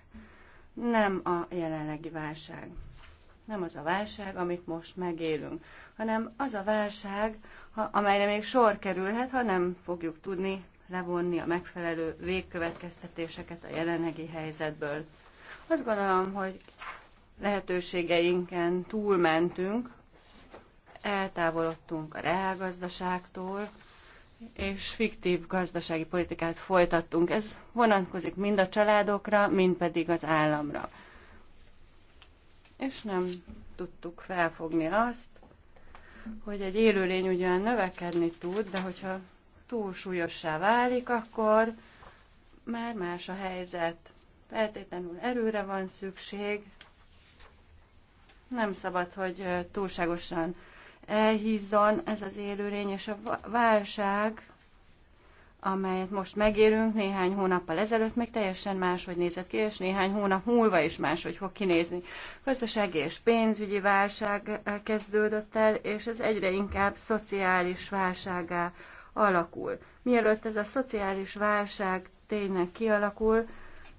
nem a jelenlegi válság. Nem az a válság, amit most megélünk, hanem az a válság, amelyre még sor kerülhet, ha nem fogjuk tudni levonni a megfelelő végkövetkeztetéseket a jelenlegi helyzetből. Azt gondolom, hogy lehetőségeinken túlmentünk, eltávolodtunk a reálgazdaságtól, és fiktív gazdasági politikát folytattunk. Ez vonatkozik mind a családokra, mind pedig az államra. És nem tudtuk felfogni azt, hogy egy élőlény ugyan növekedni tud, de hogyha túl súlyossá válik, akkor már más a helyzet. Feltétlenül erőre van szükség, nem szabad, hogy túlságosan elhízzon ez az élőlény, és a válság, amelyet most megérünk néhány hónappal ezelőtt még teljesen máshogy nézett ki, és néhány hónap múlva is máshogy fog kinézni. Gazdasági és pénzügyi válság kezdődött el, és ez egyre inkább szociális válságá alakul. Mielőtt ez a szociális válság tényleg kialakul,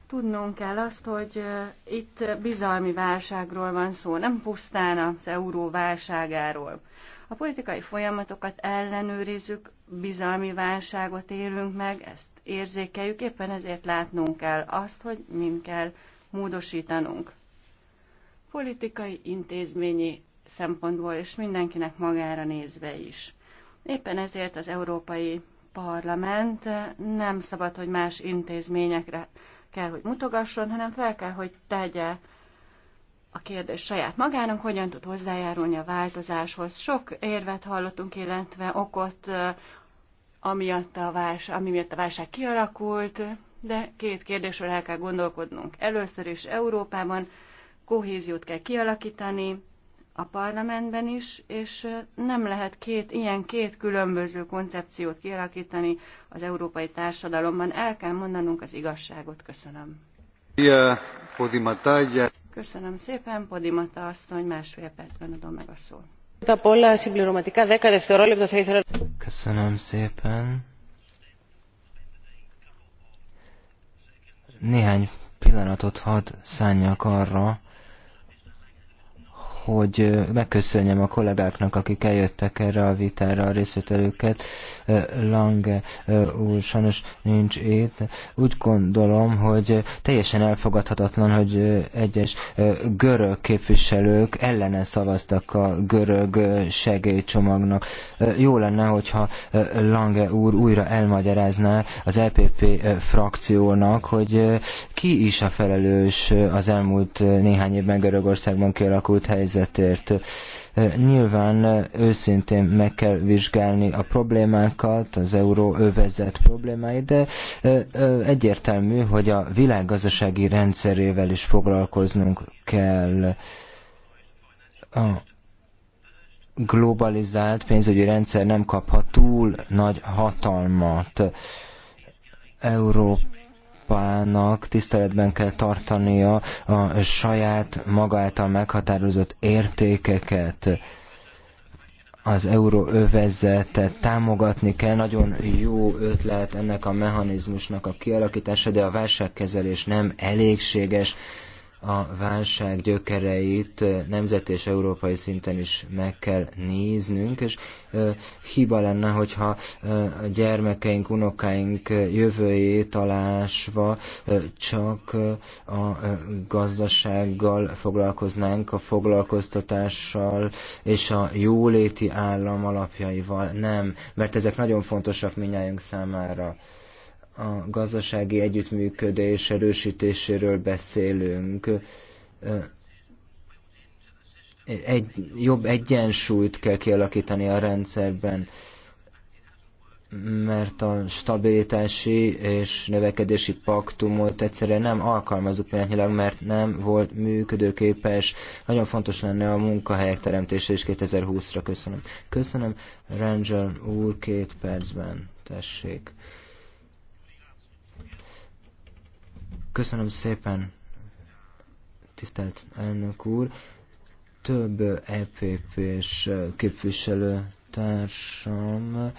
tudnunk kell azt, hogy itt bizalmi válságról van szó, nem pusztán az euró válságáról. A politikai folyamatokat ellenőrizzük, bizalmi válságot élünk meg, ezt érzékeljük, éppen ezért látnunk kell azt, hogy mind kell módosítanunk. Politikai, intézményi szempontból, és mindenkinek magára nézve is. Éppen ezért az Európai Parlament nem szabad, hogy más intézményekre kell, hogy mutogasson, hanem fel kell, hogy tegye a kérdés saját magának, hogyan tud hozzájárulni a változáshoz. Sok érvet hallottunk, illetve okot, amiatt a válság, ami miatt a válság kialakult, de két kérdésről el kell gondolkodnunk. Először is Európában kohéziót kell kialakítani, a parlamentben is, és nem lehet két, ilyen két különböző koncepciót kialakítani az európai társadalomban. El kell mondanunk az igazságot. Köszönöm. Köszönöm szépen, Podimata asszony, másfél percben adom meg a szót. Köszönöm szépen. Néhány pillanatot hadd szánjak arra, hogy megköszönjem a kollégáknak, akik eljöttek erre a vitára a részvételőket. Lange úr sajnos nincs itt. Úgy gondolom, hogy teljesen elfogadhatatlan, hogy egyes görög képviselők ellene szavaztak a görög segélycsomagnak. Jó lenne, hogyha Lange úr újra elmagyarázná az EPP frakciónak, hogy ki is a felelős az elmúlt néhány évben Görögországban kialakult helyzet helyzetért. Nyilván őszintén meg kell vizsgálni a problémákat, az euróövezet problémáit, de egyértelmű, hogy a világgazdasági rendszerével is foglalkoznunk kell. A globalizált pénzügyi rendszer nem kaphat túl nagy hatalmat. Európa Európának tiszteletben kell tartania a saját maga által meghatározott értékeket az euróövezetet támogatni kell. Nagyon jó ötlet ennek a mechanizmusnak a kialakítása, de a válságkezelés nem elégséges a válság gyökereit nemzeti és európai szinten is meg kell néznünk, és hiba lenne, hogyha a gyermekeink, unokáink jövőjét alásva csak a gazdasággal foglalkoznánk, a foglalkoztatással és a jóléti állam alapjaival. Nem, mert ezek nagyon fontosak minnyájunk számára a gazdasági együttműködés erősítéséről beszélünk, egy, jobb egyensúlyt kell kialakítani a rendszerben, mert a stabilitási és növekedési paktumot egyszerűen nem alkalmazunk pillanatnyilag, mert nem volt működőképes. Nagyon fontos lenne a munkahelyek teremtése is 2020-ra. Köszönöm. Köszönöm, Rangel úr, két percben. Tessék. Köszönöm szépen, tisztelt elnök úr. Több EPP-s képviselő társam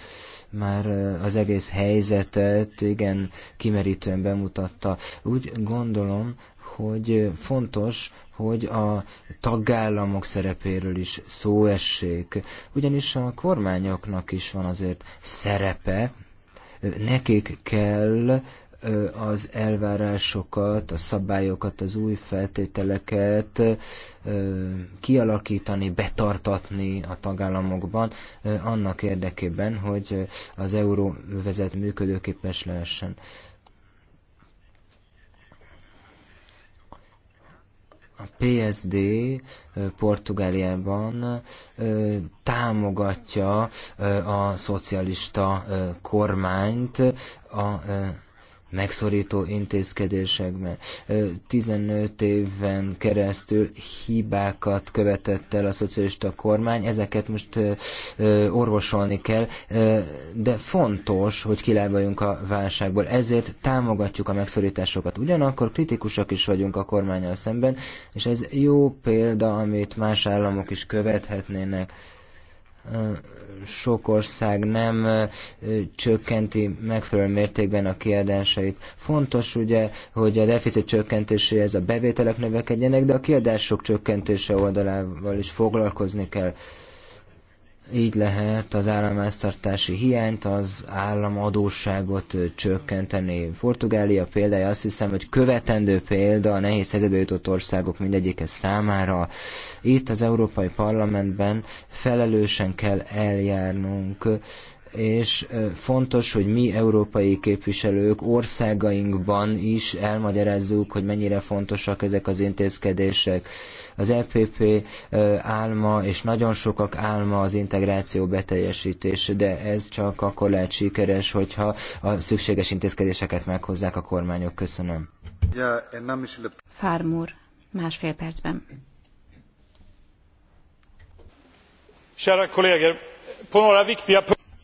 már az egész helyzetet igen kimerítően bemutatta. Úgy gondolom, hogy fontos, hogy a tagállamok szerepéről is szó essék, ugyanis a kormányoknak is van azért szerepe, nekik kell az elvárásokat, a szabályokat, az új feltételeket kialakítani, betartatni a tagállamokban annak érdekében, hogy az euróvezet működőképes lehessen. a PSD Portugáliában támogatja a szocialista kormányt a megszorító intézkedésekben. 15 éven keresztül hibákat követett el a szocialista kormány, ezeket most orvosolni kell, de fontos, hogy kilábaljunk a válságból. Ezért támogatjuk a megszorításokat. Ugyanakkor kritikusak is vagyunk a kormányal szemben, és ez jó példa, amit más államok is követhetnének sok ország nem csökkenti megfelelő mértékben a kiadásait. Fontos ugye, hogy a deficit csökkentéséhez a bevételek növekedjenek, de a kiadások csökkentése oldalával is foglalkozni kell. Így lehet az államháztartási hiányt, az államadósságot csökkenteni. Portugália példája azt hiszem, hogy követendő példa a nehéz helyzetbe jutott országok mindegyike számára. Itt az Európai Parlamentben felelősen kell eljárnunk, és fontos, hogy mi európai képviselők országainkban is elmagyarázzuk, hogy mennyire fontosak ezek az intézkedések. Az EPP álma, és nagyon sokak álma az integráció beteljesítése, de ez csak akkor lehet sikeres, hogyha a szükséges intézkedéseket meghozzák a kormányok. Köszönöm. Fármúr, másfél percben. Kära kolléger, på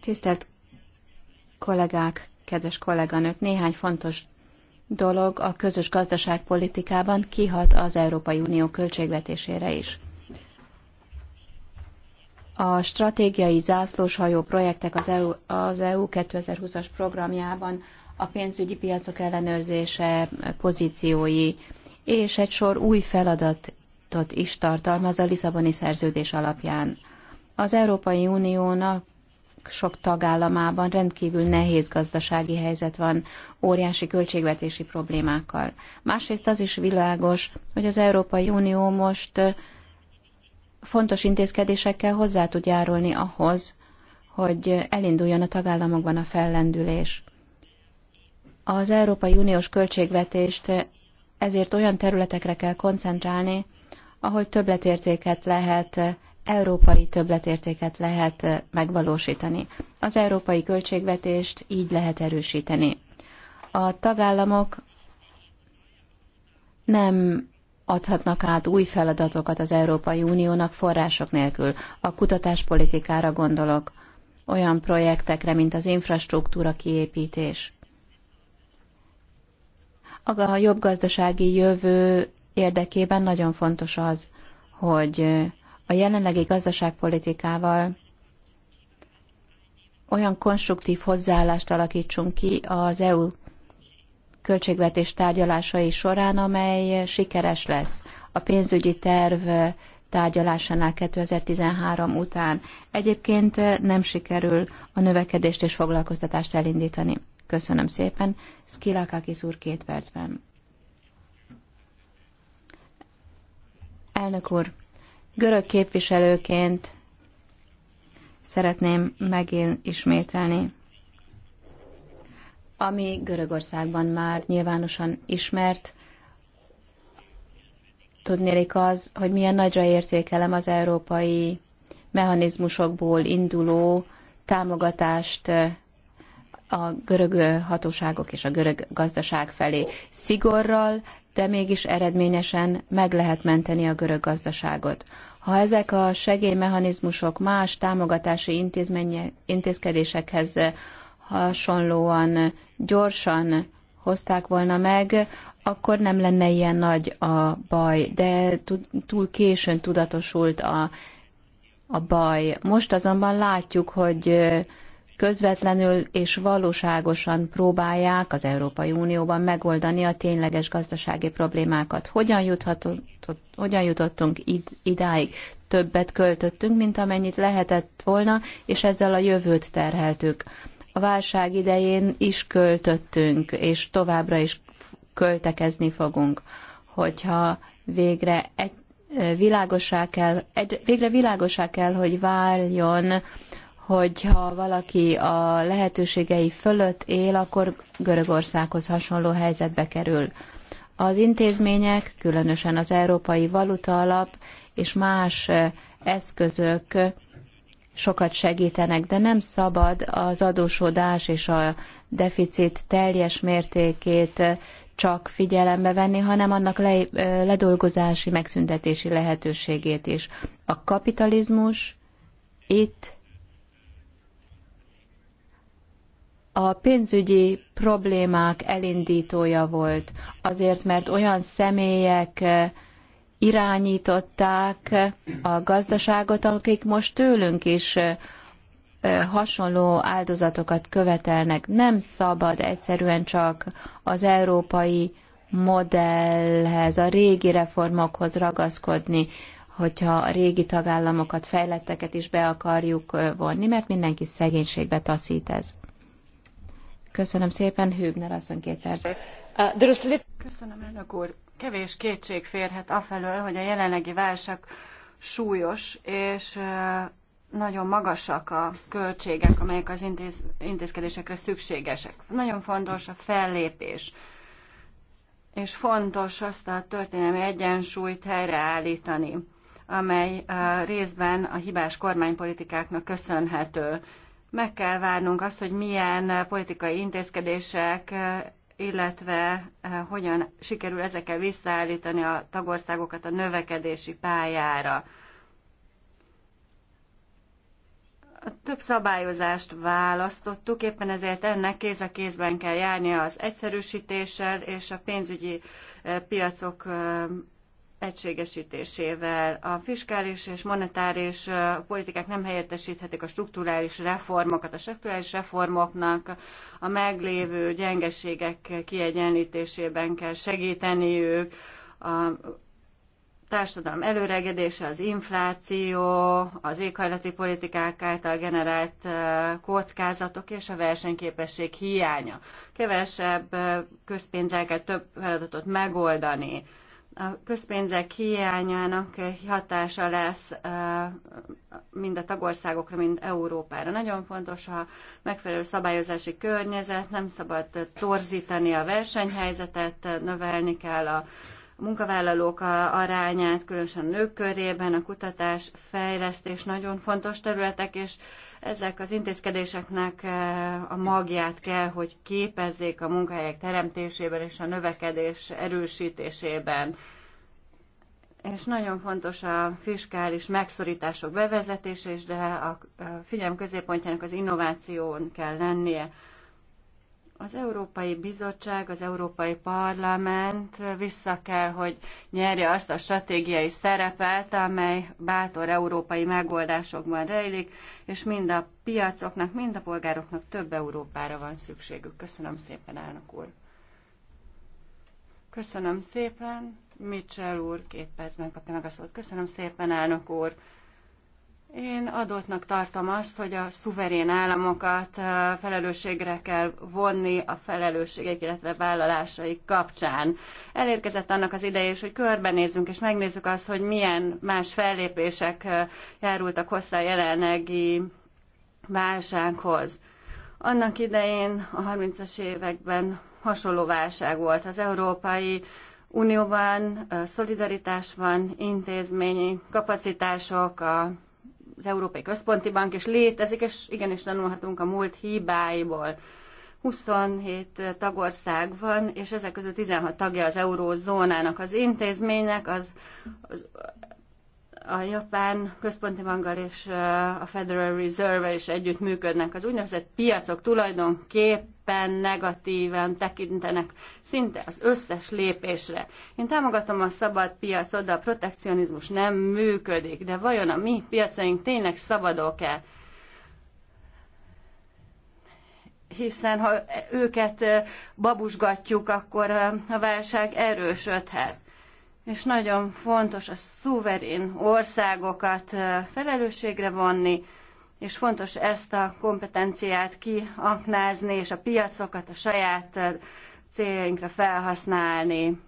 Tisztelt kollégák, kedves kolléganők, néhány fontos dolog a közös gazdaságpolitikában kihat az Európai Unió költségvetésére is. A stratégiai zászlóshajó projektek az EU, az EU 2020-as programjában a pénzügyi piacok ellenőrzése pozíciói és egy sor új feladatot is tartalmaz a Lisszaboni szerződés alapján. Az Európai Uniónak sok tagállamában rendkívül nehéz gazdasági helyzet van, óriási költségvetési problémákkal. Másrészt az is világos, hogy az Európai Unió most fontos intézkedésekkel hozzá tud járulni ahhoz, hogy elinduljon a tagállamokban a fellendülés. Az Európai Uniós költségvetést ezért olyan területekre kell koncentrálni, ahol többletértéket lehet európai többletértéket lehet megvalósítani. Az európai költségvetést így lehet erősíteni. A tagállamok nem adhatnak át új feladatokat az Európai Uniónak források nélkül. A kutatáspolitikára gondolok, olyan projektekre, mint az infrastruktúra kiépítés. A jobb gazdasági jövő érdekében nagyon fontos az, hogy a jelenlegi gazdaságpolitikával olyan konstruktív hozzáállást alakítsunk ki az EU költségvetés tárgyalásai során, amely sikeres lesz a pénzügyi terv tárgyalásánál 2013 után. Egyébként nem sikerül a növekedést és foglalkoztatást elindítani. Köszönöm szépen. Skilakakis úr két percben. Elnök úr, Görög képviselőként szeretném megint ismételni, ami Görögországban már nyilvánosan ismert, tudnélik az, hogy milyen nagyra értékelem az európai mechanizmusokból induló támogatást a görög hatóságok és a görög gazdaság felé szigorral, de mégis eredményesen meg lehet menteni a görög gazdaságot. Ha ezek a segélymechanizmusok más támogatási intézkedésekhez hasonlóan gyorsan hozták volna meg, akkor nem lenne ilyen nagy a baj, de túl későn tudatosult a, a baj. Most azonban látjuk, hogy közvetlenül és valóságosan próbálják az Európai Unióban megoldani a tényleges gazdasági problémákat. Hogyan, hogyan jutottunk id, idáig? Többet költöttünk, mint amennyit lehetett volna, és ezzel a jövőt terheltük. A válság idején is költöttünk, és továbbra is költekezni fogunk, hogyha végre egy világosá kell, egy, végre világosá kell, hogy váljon hogy ha valaki a lehetőségei fölött él, akkor Görögországhoz hasonló helyzetbe kerül. Az intézmények, különösen az Európai Valuta Alap és más eh, eszközök sokat segítenek, de nem szabad az adósodás és a deficit teljes mértékét eh, csak figyelembe venni, hanem annak le, eh, ledolgozási, megszüntetési lehetőségét is. A kapitalizmus itt a pénzügyi problémák elindítója volt, azért mert olyan személyek eh, irányították eh, a gazdaságot, akik most tőlünk is eh, hasonló áldozatokat követelnek. Nem szabad egyszerűen csak az európai modellhez, a régi reformokhoz ragaszkodni, hogyha a régi tagállamokat, fejletteket is be akarjuk vonni, mert mindenki szegénységbe taszít ez. Köszönöm szépen, Hübner asszony két perc. Köszönöm, elnök úr. Kevés kétség férhet afelől, hogy a jelenlegi válság súlyos, és nagyon magasak a költségek, amelyek az intéz, intézkedésekre szükségesek. Nagyon fontos a fellépés, és fontos azt a történelmi egyensúlyt helyreállítani, amely részben a hibás kormánypolitikáknak köszönhető meg kell várnunk azt, hogy milyen politikai intézkedések, illetve eh, hogyan sikerül ezekkel visszaállítani a tagországokat a növekedési pályára. A több szabályozást választottuk, éppen ezért ennek kéz a kézben kell járnia az egyszerűsítéssel és a pénzügyi eh, piacok eh, egységesítésével. A fiskális és monetáris politikák nem helyettesíthetik a strukturális reformokat. A strukturális reformoknak a meglévő gyengeségek kiegyenlítésében kell segíteniük. A társadalom előregedése, az infláció, az éghajlati politikák által generált kockázatok és a versenyképesség hiánya. Kevesebb közpénzzel kell több feladatot megoldani a közpénzek hiányának hatása lesz mind a tagországokra, mind Európára. Nagyon fontos a megfelelő szabályozási környezet, nem szabad torzítani a versenyhelyzetet, növelni kell a munkavállalók arányát, különösen nők körében, a kutatás, fejlesztés nagyon fontos területek, és ezek az intézkedéseknek eh, a magját kell, hogy képezzék a munkahelyek teremtésében és a növekedés erősítésében. És nagyon fontos a fiskális megszorítások bevezetése és de a figyelem középpontjának az innováción kell lennie. Az Európai Bizottság, az Európai Parlament vissza kell, hogy nyerje azt a stratégiai szerepet, amely bátor európai megoldásokban rejlik, és mind a piacoknak, mind a polgároknak több Európára van szükségük. Köszönöm szépen, elnök úr. Köszönöm szépen, Mitchell úr, két percben kapja meg a szót. Köszönöm szépen, elnök úr. Én adottnak tartom azt, hogy a szuverén államokat felelősségre kell vonni a felelősségek, illetve vállalásaik kapcsán. Elérkezett annak az ideje is, hogy körbenézzünk és megnézzük azt, hogy milyen más fellépések járultak hozzá a jelenlegi válsághoz. Annak idején a 30-as években hasonló válság volt. Az Európai Unióban szolidaritás van, intézményi kapacitások, a az Európai Központi Bank is létezik, és igenis tanulhatunk a múlt hibáiból. 27 tagország van, és ezek közül 16 tagja az eurózónának, az intézménynek, az, az a Japán Központi Bankkal és a Federal Reserve is együtt működnek. Az úgynevezett piacok tulajdonképpen negatíven tekintenek szinte az összes lépésre. Én támogatom a szabad piacot, de a protekcionizmus nem működik. De vajon a mi piacaink tényleg szabadok-e? hiszen ha őket babusgatjuk, akkor a válság erősödhet és nagyon fontos a szuverén országokat felelősségre vonni, és fontos ezt a kompetenciát kiaknázni, és a piacokat a saját céljainkra felhasználni.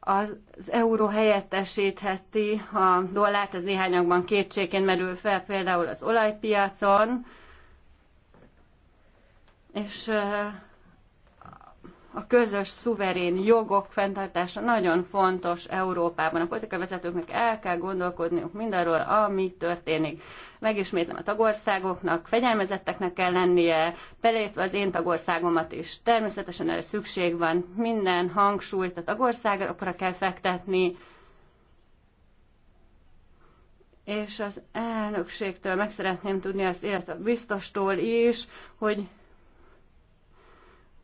Az, euró helyettesítheti a dollárt, ez néhányakban kétségként merül fel, például az olajpiacon, és a közös szuverén jogok fenntartása nagyon fontos Európában. A politikai vezetőknek el kell gondolkodniuk mindarról, ami történik. Megismétlem a tagországoknak, fegyelmezetteknek kell lennie, belétve az én tagországomat is. Természetesen erre szükség van, minden hangsúlyt a tagországokra kell fektetni, és az elnökségtől meg szeretném tudni azt, illetve biztostól is, hogy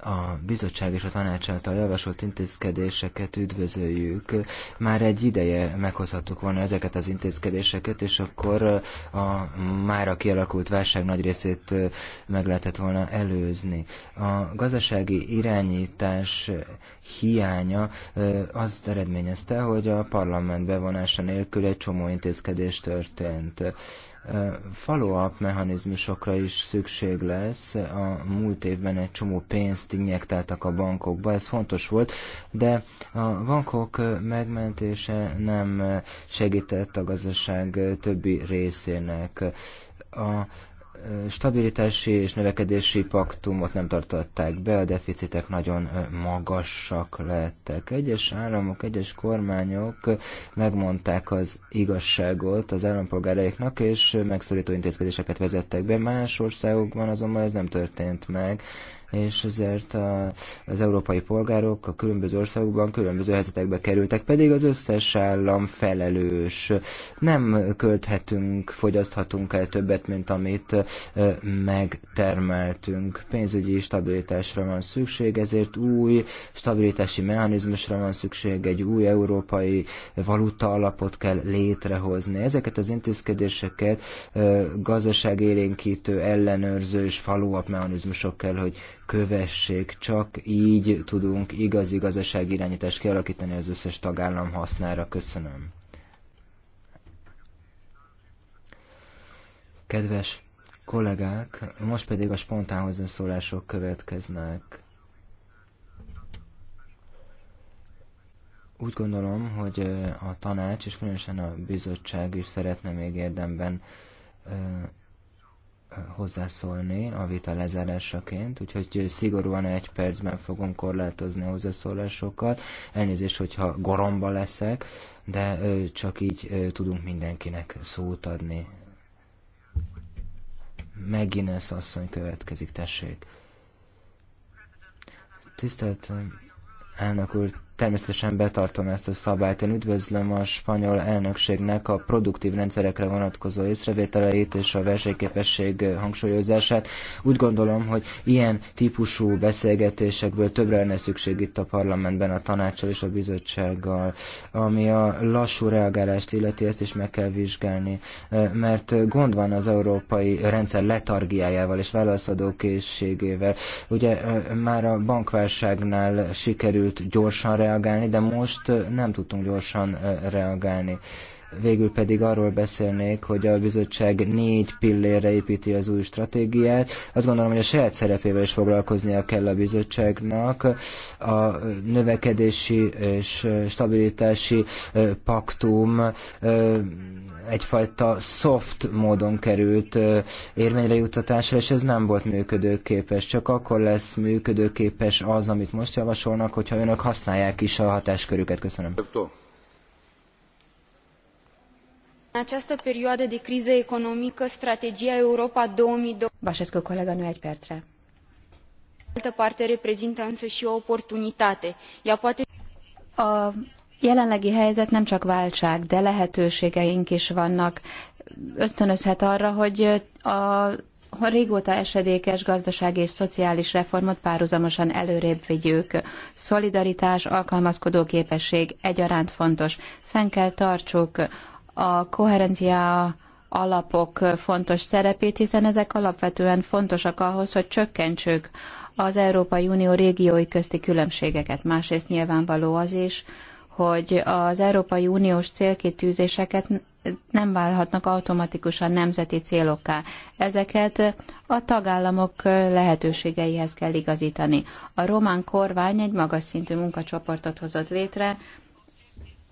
a bizottság és a tanács által javasolt intézkedéseket üdvözöljük. Már egy ideje meghozhattuk volna ezeket az intézkedéseket, és akkor uh, a már a kialakult válság nagy részét uh, meg lehetett volna előzni. A gazdasági irányítás hiánya uh, az eredményezte, hogy a parlament bevonása nélkül egy csomó intézkedés történt follow-up mechanizmusokra is szükség lesz. A múlt évben egy csomó pénzt injektáltak a bankokba, ez fontos volt, de a bankok megmentése nem segített a gazdaság többi részének. A stabilitási és növekedési paktumot nem tartották be, a deficitek nagyon magasak lettek. Egyes államok, egyes kormányok megmondták az igazságot az állampolgáraiknak, és megszorító intézkedéseket vezettek be. Más országokban azonban ez nem történt meg, és ezért a, az európai polgárok a különböző országokban különböző helyzetekbe kerültek, pedig az összes állam felelős. Nem költhetünk, fogyaszthatunk el többet, mint amit megtermeltünk. Pénzügyi stabilitásra van szükség, ezért új stabilitási mechanizmusra van szükség, egy új európai valuta alapot kell létrehozni. Ezeket az intézkedéseket gazdaságélénkítő, ellenőrző és follow-up mechanizmusok kell, hogy kövessék, csak így tudunk igazi irányítást kialakítani az összes tagállam hasznára. Köszönöm. Kedves kollégák, most pedig a spontán hozzászólások következnek. Úgy gondolom, hogy a tanács és különösen a bizottság is szeretne még érdemben hozzászólni a vita lezárásaként, úgyhogy szigorúan egy percben fogom korlátozni a hozzászólásokat. Elnézést, hogyha goromba leszek, de csak így tudunk mindenkinek szót adni. Megines asszony következik, tessék. Tisztelt elnök úr, Természetesen betartom ezt a szabályt. Én üdvözlöm a spanyol elnökségnek a produktív rendszerekre vonatkozó észrevételeit és a versenyképesség hangsúlyozását. Úgy gondolom, hogy ilyen típusú beszélgetésekből többre lenne szükség itt a parlamentben, a tanácssal és a bizottsággal. Ami a lassú reagálást illeti, ezt is meg kell vizsgálni, eh, mert gond van az európai rendszer letargiájával és válaszadókészségével. Ugye eh, már a bankválságnál sikerült gyorsan reagálni, de most nem tudtunk gyorsan reagálni. Végül pedig arról beszélnék, hogy a bizottság négy pillérre építi az új stratégiát. Azt gondolom, hogy a saját szerepével is foglalkoznia kell a bizottságnak. A növekedési és stabilitási paktum egyfajta soft módon került érvényre juttatásra, és ez nem volt működőképes. Csak akkor lesz működőképes az, amit most javasolnak, hogyha önök használják is a hatáskörüket. Köszönöm. În această perioadă de criză economică, strategia Europa 2020 Basescu, colegă, nu ai pertre. Altă parte reprezintă însă și o oportunitate. Ea poate... A jelenlegi helyzet nem csak váltság, de lehetőségeink is vannak. Ösztönözhet arra, hogy a a régóta esedékes gazdasági és szociális reformot párhuzamosan előrébb vigyük. Szolidaritás, alkalmazkodó képesség egyaránt fontos. Fenn kell tartsuk a koherencia alapok fontos szerepét, hiszen ezek alapvetően fontosak ahhoz, hogy csökkentsük az Európai Unió régiói közti különbségeket. Másrészt nyilvánvaló az is, hogy az Európai Uniós célkitűzéseket nem válhatnak automatikusan nemzeti célokká. Ezeket a tagállamok lehetőségeihez kell igazítani. A román kormány egy magas szintű munkacsoportot hozott létre,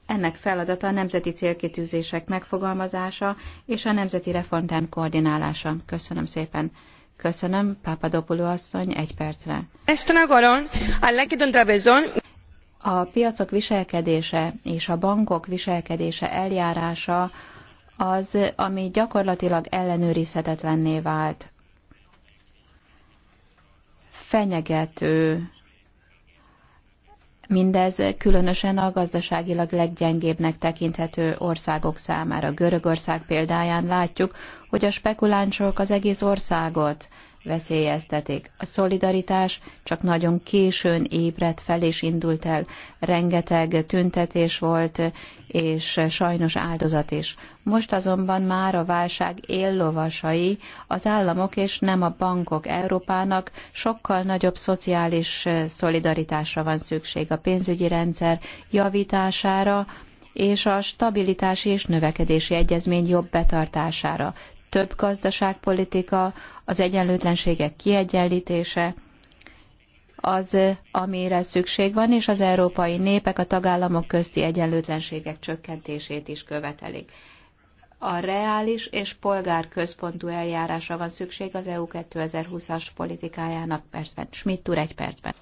ennek feladata a nemzeti célkitűzések megfogalmazása és a nemzeti reformterm koordinálása. Köszönöm szépen. Köszönöm, Pápadopoulou asszony, egy percre. Ezt a nagoron, a a piacok viselkedése és a bankok viselkedése eljárása az, ami gyakorlatilag ellenőrizhetetlenné vált. Fenyegető Mindez különösen a gazdaságilag leggyengébbnek tekinthető országok számára. Görögország példáján látjuk, hogy a spekulánsok az egész országot veszélyeztetik. A szolidaritás csak nagyon későn ébredt fel és indult el. Rengeteg tüntetés volt, és sajnos áldozat is. Most azonban már a válság éllovasai az államok és nem a bankok Európának sokkal nagyobb szociális szolidaritásra van szükség a pénzügyi rendszer javítására, és a stabilitási és növekedési egyezmény jobb betartására több gazdaságpolitika, az egyenlőtlenségek kiegyenlítése, az, amire szükség van, és az európai népek a tagállamok közti egyenlőtlenségek csökkentését is követelik. A reális és polgárközpontú eljárásra van szükség az EU 2020-as politikájának percben. Schmidt úr, egy percben.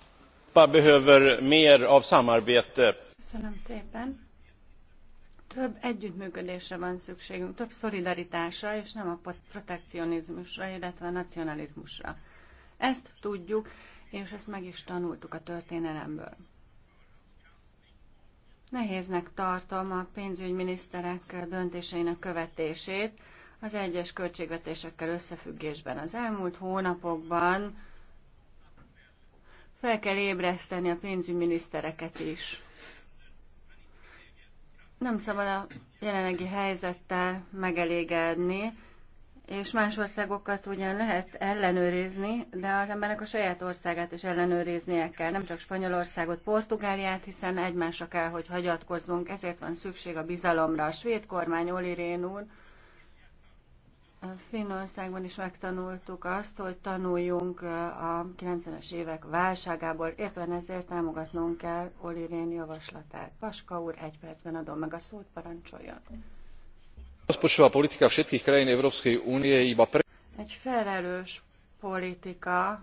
Köszönöm szépen. Több együttműködésre van szükségünk, több szolidaritásra, és nem a protekcionizmusra, illetve a nacionalizmusra. Ezt tudjuk, és ezt meg is tanultuk a történelemből. Nehéznek tartom a pénzügyminiszterek döntéseinek követését az egyes költségvetésekkel összefüggésben. Az elmúlt hónapokban fel kell ébreszteni a pénzügyminisztereket is nem szabad a jelenlegi helyzettel megelégedni, és más országokat ugyan lehet ellenőrizni, de az embernek a saját országát is ellenőriznie kell, nem csak Spanyolországot, Portugáliát, hiszen egymásra kell, hogy hagyatkozzunk, ezért van szükség a bizalomra. A svéd kormány Oli Rén úr Finnországban is megtanultuk azt, hogy tanuljunk a 90-es évek válságából, éppen ezért támogatnunk kell Rén javaslatát. Paska úr, egy percben adom meg a szót, parancsoljon. politika všetkých krajín Európskej únie iba pre... Egy felelős politika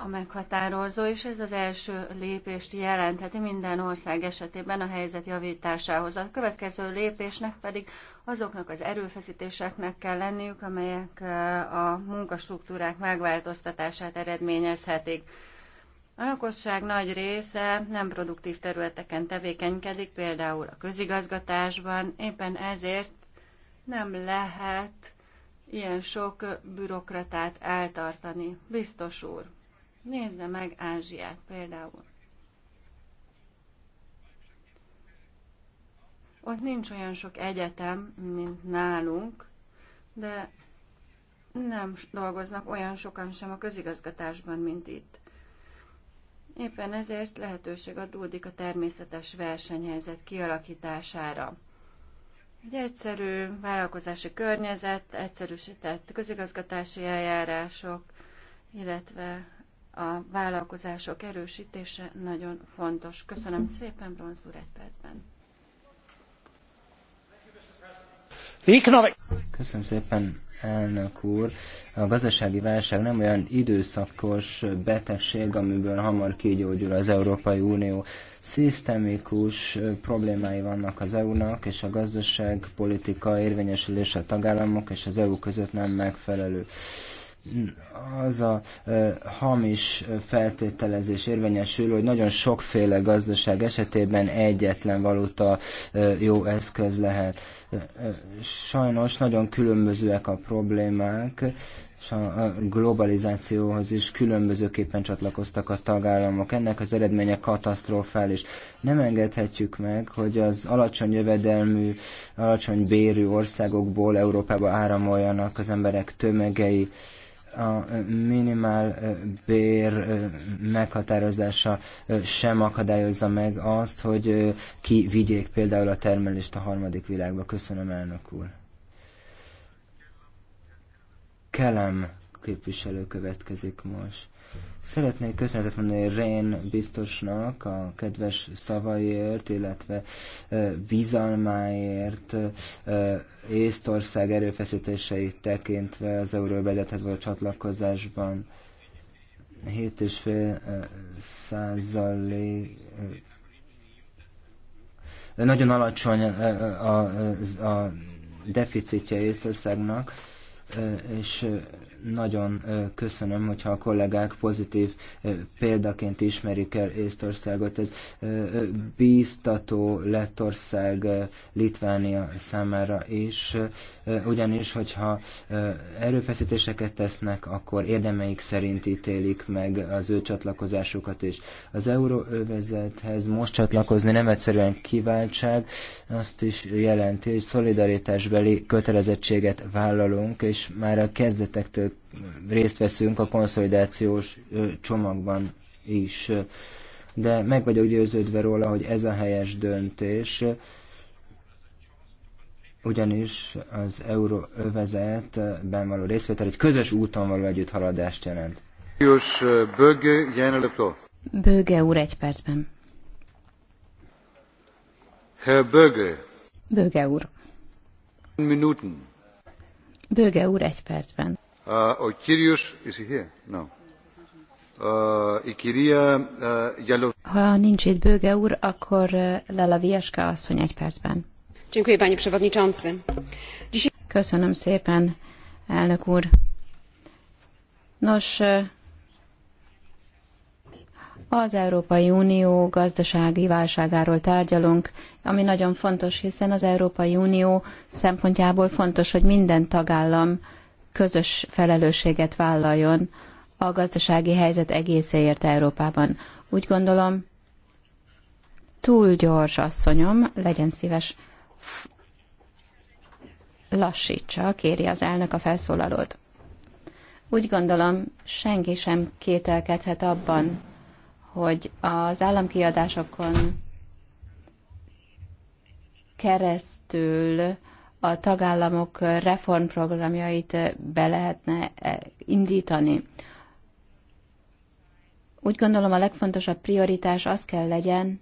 a meghatározó, és ez az első lépést jelentheti minden ország esetében a helyzet javításához. A következő lépésnek pedig azoknak az erőfeszítéseknek kell lenniük, amelyek a munkastruktúrák megváltoztatását eredményezhetik. A lakosság nagy része nem produktív területeken tevékenykedik, például a közigazgatásban, éppen ezért nem lehet ilyen sok bürokratát eltartani. Biztos úr! Nézze meg Ázsiát például. Ott nincs olyan sok egyetem, mint nálunk, de nem dolgoznak olyan sokan sem a közigazgatásban, mint itt. Éppen ezért lehetőség adódik a természetes versenyhelyzet kialakítására. Egy egyszerű vállalkozási környezet, egyszerűsített közigazgatási eljárások, illetve a vállalkozások erősítése nagyon fontos. Köszönöm szépen, Bronz úr, egy percben. Köszönöm szépen, elnök úr. A gazdasági válság nem olyan időszakos betegség, amiből hamar kigyógyul az Európai Unió. Szisztemikus problémái vannak az EU-nak, és a gazdaságpolitika érvényesülése a tagállamok és az EU között nem megfelelő az a hamis feltételezés érvényesül, hogy nagyon sokféle gazdaság esetében egyetlen valuta jó eszköz lehet. Sajnos nagyon különbözőek a problémák, és a globalizációhoz is különbözőképpen csatlakoztak a tagállamok. Ennek az eredménye katasztrofális. Nem engedhetjük meg, hogy az alacsony jövedelmű, alacsony bérű országokból Európába áramoljanak az emberek tömegei. A minimál bér meghatározása sem akadályozza meg azt, hogy ki vigyék például a termelést a harmadik világba. Köszönöm, elnök úr. Kelem képviselő következik most. Szeretnék köszönetet mondani Rén biztosnak a kedves szavaiért, illetve bizalmáért, Észtország erőfeszítéseit tekintve az euróvezethez való csatlakozásban. 7,5 százalék nagyon alacsony a, a, a deficitje Észtországnak és nagyon köszönöm, hogyha a kollégák pozitív példaként ismerik el Észtországot. Ez bíztató Lettország, Litvánia számára is, ugyanis, hogyha erőfeszítéseket tesznek, akkor érdemeik szerint ítélik meg az ő csatlakozásukat is. Az euróövezethez most csatlakozni nem egyszerűen kiváltság, azt is jelenti, hogy szolidaritásbeli kötelezettséget vállalunk, és már a kezdetektől részt veszünk a konszolidációs csomagban is. De meg vagyok győződve róla, hogy ez a helyes döntés, ugyanis az euróövezetben való részvétel egy közös úton való együtthaladást jelent. Böge úr egy percben. Herr Böge. Böge úr. Minuten. Böge úr egy percben. Ha nincs itt Bőge úr, akkor Lala Vieska asszony egy percben. Köszönöm szépen, elnök úr. Nos, e, az Európai Unió gazdasági válságáról tárgyalunk, ami nagyon fontos, hiszen az Európai Unió szempontjából fontos, hogy minden tagállam közös felelősséget vállaljon a gazdasági helyzet egészéért Európában. Úgy gondolom, túl gyors asszonyom, legyen szíves, lassítsa, kéri az elnök a felszólalót. Úgy gondolom, senki sem kételkedhet abban, hogy az államkiadásokon keresztül a tagállamok reformprogramjait be lehetne eh, indítani. Úgy gondolom a legfontosabb prioritás az kell legyen,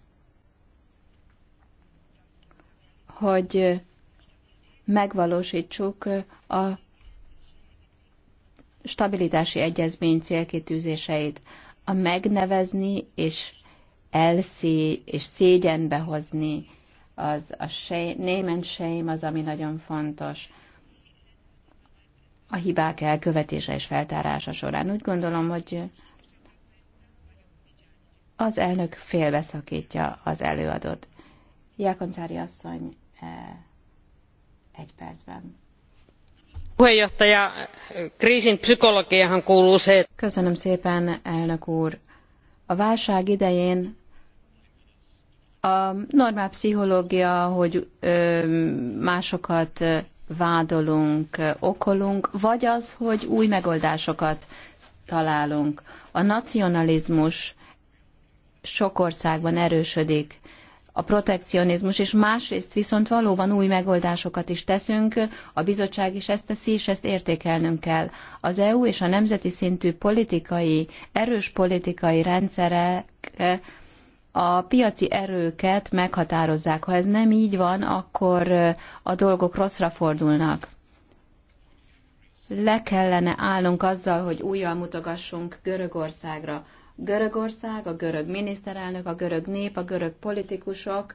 hogy megvalósítsuk a stabilitási egyezmény célkitűzéseit, a megnevezni és elszé és szégyenbe hozni az a shame, name and shame az, ami nagyon fontos a hibák elkövetése és feltárása során. Úgy gondolom, hogy az elnök félbeszakítja az előadót. Jákoncári asszony e, egy percben. Puheenjohtaja, kriisin pszichológiáhan kuuluu se, Köszönöm szépen, elnök úr. A válság idején a normál pszichológia, hogy másokat vádolunk, okolunk, vagy az, hogy új megoldásokat találunk. A nacionalizmus sok országban erősödik, a protekcionizmus, és másrészt viszont valóban új megoldásokat is teszünk, a bizottság is ezt teszi, és ezt értékelnünk kell. Az EU és a nemzeti szintű politikai, erős politikai rendszerek a piaci erőket meghatározzák. Ha ez nem így van, akkor a dolgok rosszra fordulnak. Le kellene állnunk azzal, hogy újjal mutogassunk Görögországra. Görögország, a görög miniszterelnök, a görög nép, a görög politikusok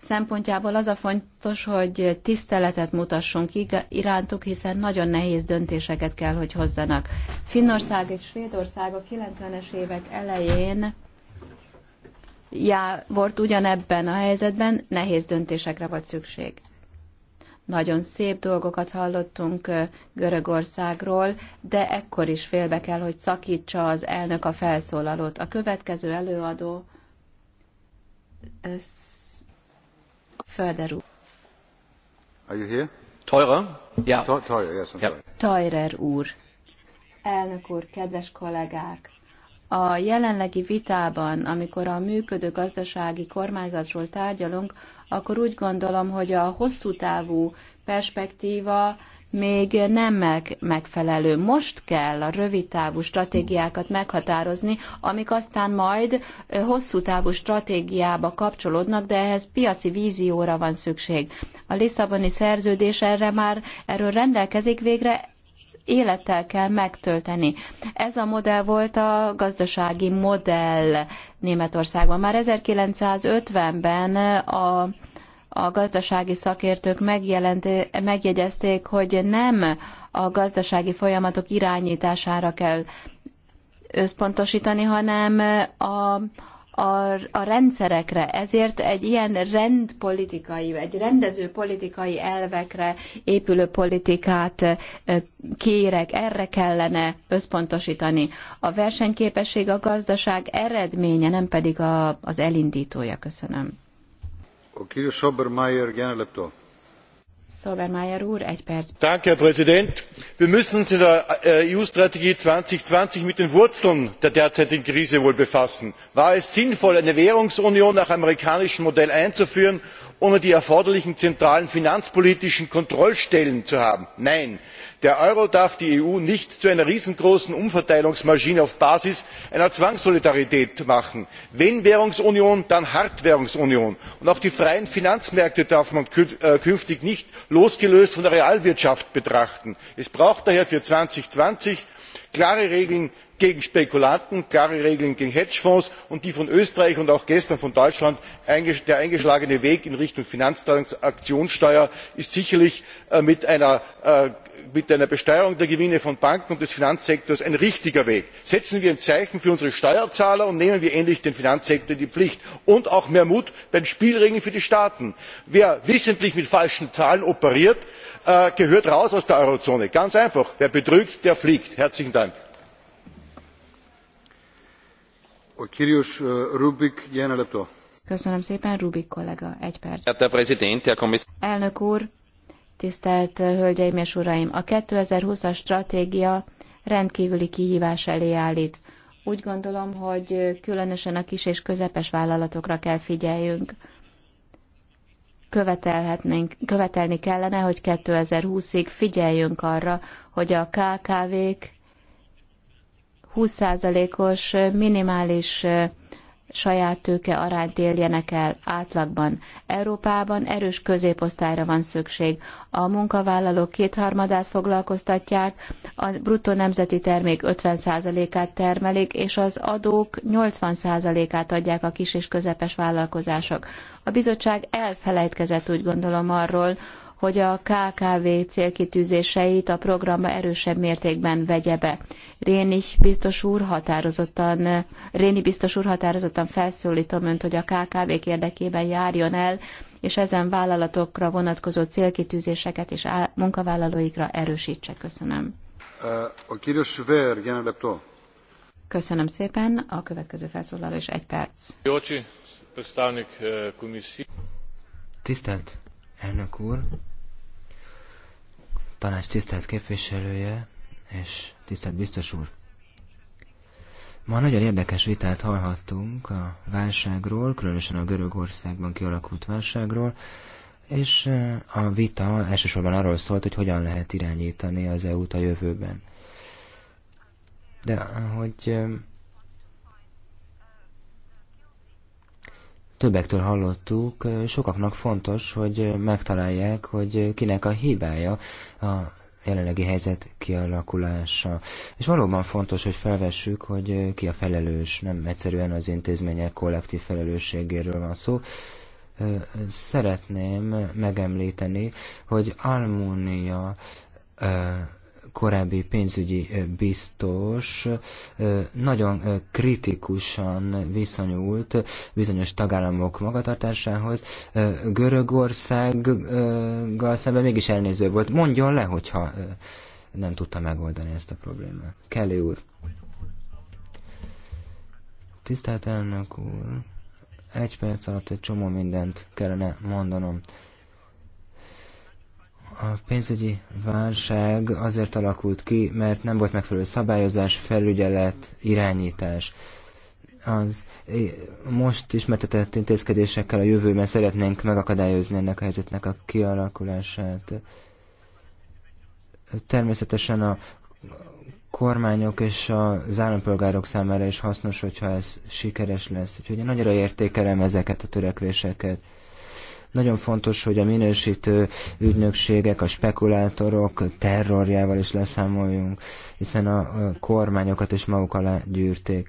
szempontjából az a fontos, hogy tiszteletet mutassunk irántuk, hiszen nagyon nehéz döntéseket kell, hogy hozzanak. Finnország és Svédország a 90-es évek elején já, volt ugyanebben a helyzetben, nehéz döntésekre volt szükség. Nagyon szép dolgokat hallottunk Görögországról, de ekkor is félbe kell, hogy szakítsa az elnök a felszólalót. A következő előadó Földer úr. Are you here? Teurer? Yeah. Teurer, yes, I'm sorry. Teurer úr. Elnök úr, kedves kollégák! A jelenlegi vitában, amikor a működő gazdasági kormányzatról tárgyalunk, akkor úgy gondolom, hogy a hosszú távú perspektíva még nem megfelelő. Most kell a rövid távú stratégiákat meghatározni, amik aztán majd hosszú távú stratégiába kapcsolódnak, de ehhez piaci vízióra van szükség. A Lisszaboni szerződés erre már erről rendelkezik végre, élettel kell megtölteni. Ez a modell volt a gazdasági modell Németországban. Már 1950-ben a a gazdasági szakértők megjegyezték, hogy nem a gazdasági folyamatok irányítására kell összpontosítani, hanem a, a, a rendszerekre, ezért egy ilyen rendpolitikai, egy rendező politikai elvekre épülő politikát kérek, erre kellene összpontosítani. A versenyképesség a gazdaság eredménye, nem pedig a, az elindítója. Köszönöm. A Herr Präsident. Wir müssen uns in der äh, EU-Strategie zweitausendzwanzig mit den Wurzeln der derzeitigen Krise befassen. War es sinnvoll, eine Währungsunion nach amerikanischem Modell einzuführen ohne die erforderlichen zentralen finanzpolitischen kontrollstellen zu haben. nein der euro darf die eu nicht zu einer riesengroßen umverteilungsmaschine auf basis einer zwangssolidarität machen. wenn währungsunion dann hart währungsunion! und auch die freien finanzmärkte darf man äh, künftig nicht losgelöst von der realwirtschaft betrachten. es braucht daher für zweitausendzwanzig klare regeln gegen spekulanten klare regeln gegen hedgefonds und der von österreich und auch gestern von deutschland eingeschlagene weg in richtung finanztransaktionssteuer ist sicherlich äh, äh, mit einer besteuerung der gewinne von banken und des finanzsektors ein richtiger weg. setzen wir ein zeichen für unsere steuerzahler und nehmen wir endlich den finanzsektor in die pflicht und auch mehr mut bei den spielregeln für die staaten! wer wissentlich mit falschen zahlen operiert äh, gehört raus aus der eurozone ganz einfach. wer betrügt der fliegt! Rubik, Köszönöm szépen, Rubik kollega, egy perc. Elnök úr, tisztelt Hölgyeim és Uraim! A 2020-as stratégia rendkívüli kihívás elé állít. Úgy gondolom, hogy különösen a kis és közepes vállalatokra kell figyeljünk. Követelhetnénk, követelni kellene, hogy 2020-ig figyeljünk arra, hogy a KKV-k 20%-os minimális saját tőke arányt éljenek el átlagban. Európában erős középosztályra van szükség. A munkavállalók kétharmadát foglalkoztatják, a bruttó nemzeti termék 50%-át termelik, és az adók 80%-át adják a kis és közepes vállalkozások. A bizottság elfelejtkezett úgy gondolom arról, hogy a KKV célkitűzéseit a programba erősebb mértékben vegye be. Réni biztos úr határozottan, Réni biztos úr határozottan felszólítom önt, hogy a kkv érdekében járjon el, és ezen vállalatokra vonatkozó célkitűzéseket és munkavállalóikra erősítse. Köszönöm. Uh, a ver, Köszönöm szépen. A következő felszólaló is egy perc. Uh, Tisztelt elnök úr, tanács tisztelt képviselője és tisztelt biztos úr. Ma nagyon érdekes vitát hallhattunk a válságról, különösen a Görögországban kialakult válságról, és eh, a vita elsősorban arról szólt, hogy hogyan lehet irányítani az EU-t a jövőben. De hogy eh, Többektől hallottuk, sokaknak fontos, hogy megtalálják, hogy kinek a hibája a jelenlegi helyzet kialakulása. És valóban fontos, hogy felvessük, hogy ki a felelős, nem egyszerűen az intézmények kollektív felelősségéről van szó. Szeretném megemlíteni, hogy Almunia korábbi pénzügyi biztos nagyon kritikusan viszonyult bizonyos tagállamok magatartásához. Görögországgal szemben mégis elnéző volt. Mondjon le, hogyha nem tudta megoldani ezt a problémát. Kelly úr. Tisztelt elnök úr, egy perc alatt egy csomó mindent kellene mondanom. A pénzügyi válság azért alakult ki, mert nem volt megfelelő szabályozás, felügyelet, irányítás. Az most ismertetett intézkedésekkel a jövőben szeretnénk megakadályozni ennek a helyzetnek a kialakulását. Természetesen a kormányok és az állampolgárok számára is hasznos, hogyha ez sikeres lesz. Úgyhogy én nagyra értékelem ezeket a törekvéseket. Nagyon fontos, hogy a minősítő ügynökségek, a spekulátorok terrorjával is leszámoljunk, hiszen a kormányokat is maguk alá gyűrték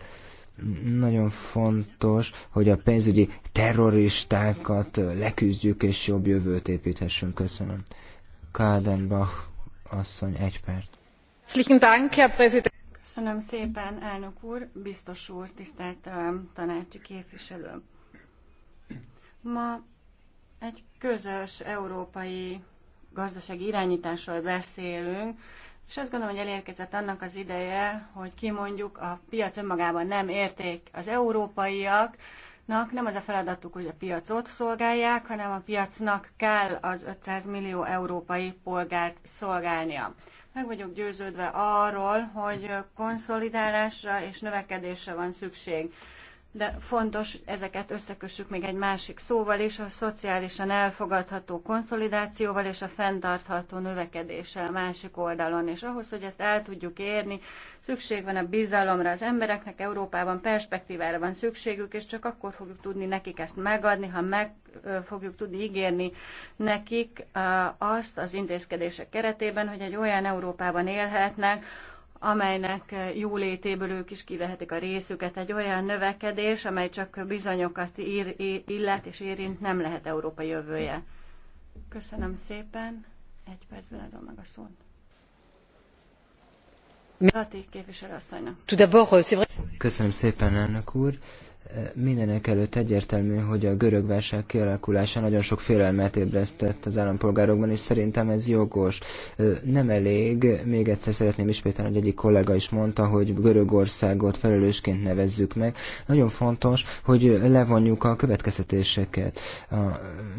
nagyon fontos, hogy a pénzügyi terroristákat leküzdjük és jobb jövőt építhessünk. Köszönöm. Kádenbach asszony, egy perc. Köszönöm szépen, elnök úr, biztos úr, tisztelt tanácsi képviselő. Ma egy közös európai gazdasági irányításról beszélünk, és azt gondolom, hogy elérkezett annak az ideje, hogy kimondjuk, a piac önmagában nem érték az európaiaknak, nem az a feladatuk, hogy a piacot szolgálják, hanem a piacnak kell az 500 millió európai polgárt szolgálnia. Meg vagyok győződve arról, hogy konszolidálásra és növekedésre van szükség de fontos ezeket összekössük még egy másik szóval is, a szociálisan elfogadható konszolidációval és a fenntartható növekedéssel a másik oldalon. És ahhoz, hogy ezt el tudjuk érni, szükség van a bizalomra. Az embereknek Európában perspektívára van szükségük, és csak akkor fogjuk tudni nekik ezt megadni, ha meg fogjuk tudni ígérni nekik azt az intézkedések keretében, hogy egy olyan Európában élhetnek, amelynek jólétéből ők is kivehetik a részüket. Egy olyan növekedés, amely csak bizonyokat ír, illet és érint, nem lehet Európa jövője. Köszönöm szépen. Egy percben adom meg a szót. Euh, Köszönöm szépen, elnök úr. Mindenek előtt egyértelmű, hogy a görög válság kialakulása nagyon sok félelmet ébresztett az állampolgárokban, és szerintem ez jogos. Nem elég, még egyszer szeretném ismételni, hogy egyik kollega is mondta, hogy Görögországot felelősként nevezzük meg. Nagyon fontos, hogy levonjuk a következtetéseket, a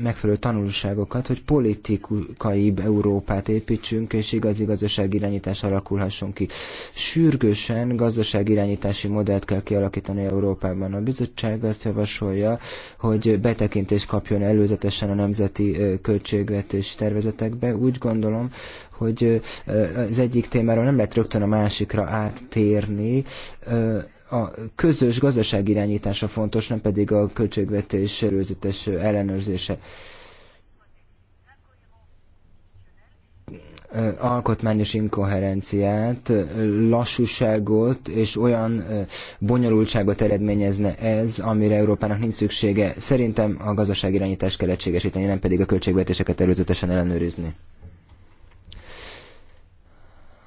megfelelő tanulságokat, hogy politikai, Európát építsünk, és igazi irányítás alakulhasson ki. Sürgősen gazdaságirányítási modellt kell kialakítani Európában. A bizottság azt javasolja, hogy betekintést kapjon előzetesen a nemzeti költségvetés tervezetekbe. Úgy gondolom, hogy az egyik témáról nem lehet rögtön a másikra áttérni, a közös gazdaságirányítása fontos, nem pedig a költségvetés előzetes ellenőrzése. alkotmányos inkoherenciát, lassúságot és olyan bonyolultságot eredményezne ez, amire Európának nincs szüksége. Szerintem a gazdaságirányítást kell egységesíteni, nem pedig a költségvetéseket előzetesen ellenőrizni.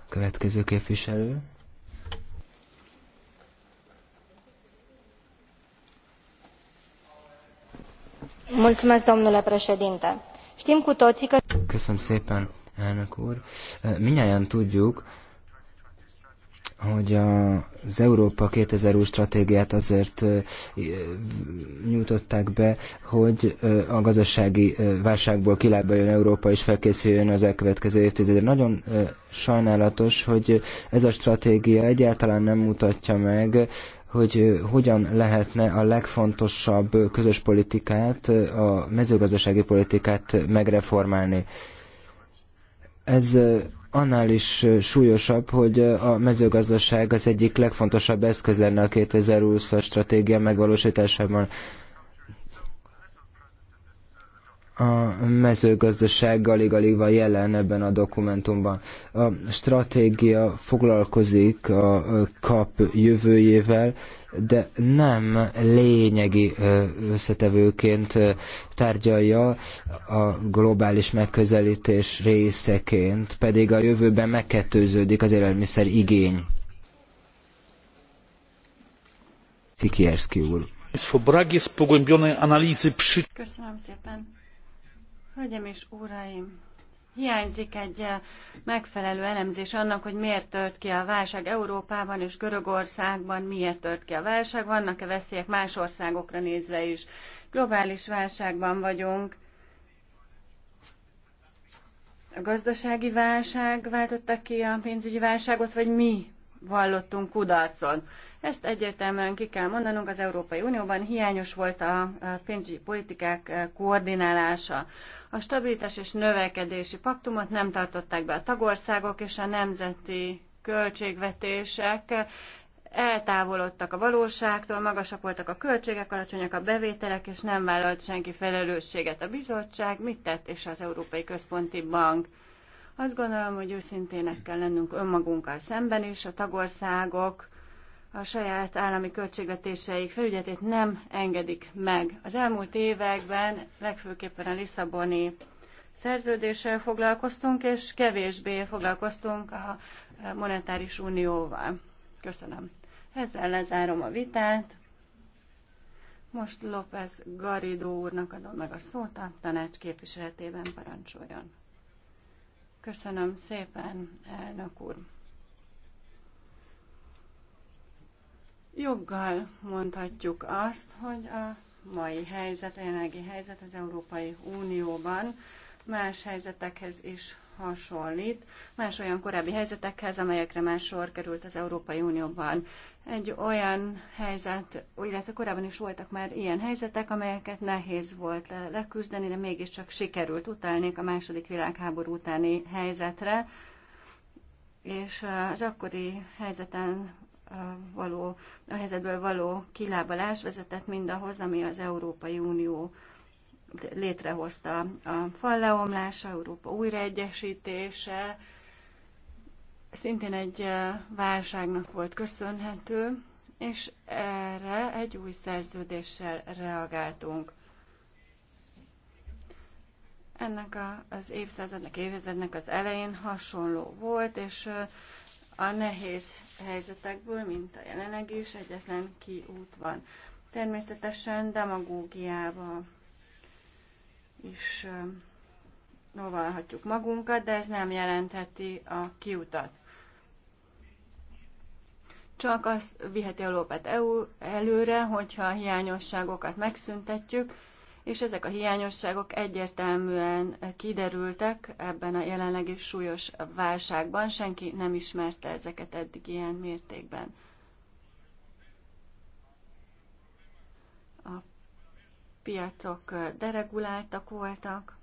Következő képviselő. Mulțumesc, domnule președinte. Știm cu toții că... Köszönöm szépen, elnök úr. Mindjárt tudjuk, hogy a, az Európa új stratégiát azért nyújtották be, hogy a gazdasági válságból kilábaljon Európa és felkészüljön az elkövetkező évtizedre. Nagyon sajnálatos, hogy ez a stratégia egyáltalán nem mutatja meg, hogy hogyan lehetne a legfontosabb közös politikát, a mezőgazdasági politikát megreformálni. Ez annál is súlyosabb, hogy a mezőgazdaság az egyik legfontosabb eszköz lenne a 2020-as stratégia megvalósításában a mezőgazdasággal alig van jelen ebben a dokumentumban. A stratégia foglalkozik a kap jövőjével, de nem lényegi összetevőként tárgyalja a globális megközelítés részeként, pedig a jövőben megkettőződik az élelmiszer igény. Szikierszki úr. Köszönöm szépen Hölgyem és uraim, hiányzik egy eh, megfelelő elemzés annak, hogy miért tört ki a válság Európában és Görögországban, miért tört ki a válság, vannak-e veszélyek más országokra nézve is. Globális válságban vagyunk, a gazdasági válság váltotta ki a pénzügyi válságot, vagy mi vallottunk kudarcon. Ezt egyértelműen ki kell mondanunk, az Európai Unióban hiányos volt a pénzügyi politikák e, koordinálása. A stabilitás és növekedési paktumot nem tartották be a tagországok, és a nemzeti költségvetések eltávolodtak a valóságtól, magasak voltak a költségek, alacsonyak a bevételek, és nem vállalt senki felelősséget a bizottság, mit tett és az Európai Központi Bank. Azt gondolom, hogy őszintének kell lennünk önmagunkkal szemben is, a tagországok a saját állami költségvetéseik felügyetét nem engedik meg. Az elmúlt években legfőképpen a Lisszaboni szerződéssel foglalkoztunk, és kevésbé foglalkoztunk a monetáris unióval. Köszönöm. Ezzel lezárom a vitát. Most López Garidó úrnak adom meg a szót, a tanács képviseletében parancsoljon. Köszönöm szépen, elnök úr. Joggal mondhatjuk azt, hogy a mai helyzet, a jelenlegi helyzet az Európai Unióban más helyzetekhez is hasonlít, más olyan korábbi helyzetekhez, amelyekre már sor került az Európai Unióban. Egy olyan helyzet, illetve korábban is voltak már ilyen helyzetek, amelyeket nehéz volt leküzdeni, de mégiscsak sikerült utalnék a második világháború utáni helyzetre, és eh, az akkori helyzeten való, a helyzetből való kilábalás vezetett mindahhoz, ami az Európai Unió létrehozta a falleomlás, Európa újraegyesítése, szintén egy válságnak volt köszönhető, és erre egy új szerződéssel reagáltunk. Ennek a, az évszázadnak, évezrednek az elején hasonló volt, és a nehéz helyzetekből, mint a jelenlegi is, egyetlen kiút van. Természetesen demagógiába is novalhatjuk magunkat, de ez nem jelentheti a kiutat. Csak az viheti a lópet előre, hogyha a hiányosságokat megszüntetjük, és ezek a hiányosságok egyértelműen kiderültek ebben a jelenlegi súlyos válságban, senki nem ismerte ezeket eddig ilyen mértékben. A piacok dereguláltak voltak,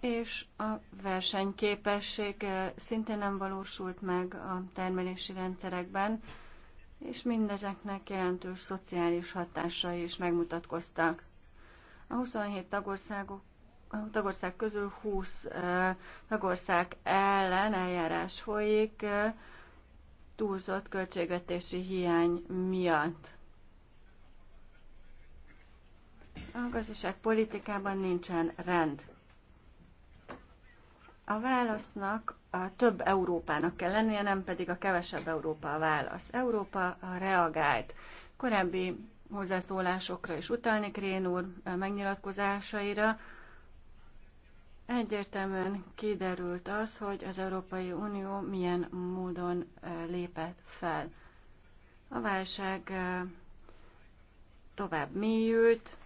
és a versenyképesség szintén nem valósult meg a termelési rendszerekben, és mindezeknek jelentős szociális hatásai is megmutatkoztak. A 27 tagországok a tagország közül 20 tagország ellen eljárás folyik túlzott költségvetési hiány miatt. A gazdaságpolitikában nincsen rend. A válasznak a több Európának kell lennie, nem pedig a kevesebb Európa a válasz. Európa reagált. Korábbi hozzászólásokra is utalni Krén úr megnyilatkozásaira. Egyértelműen kiderült az, hogy az Európai Unió milyen módon lépett fel. A válság tovább mélyült,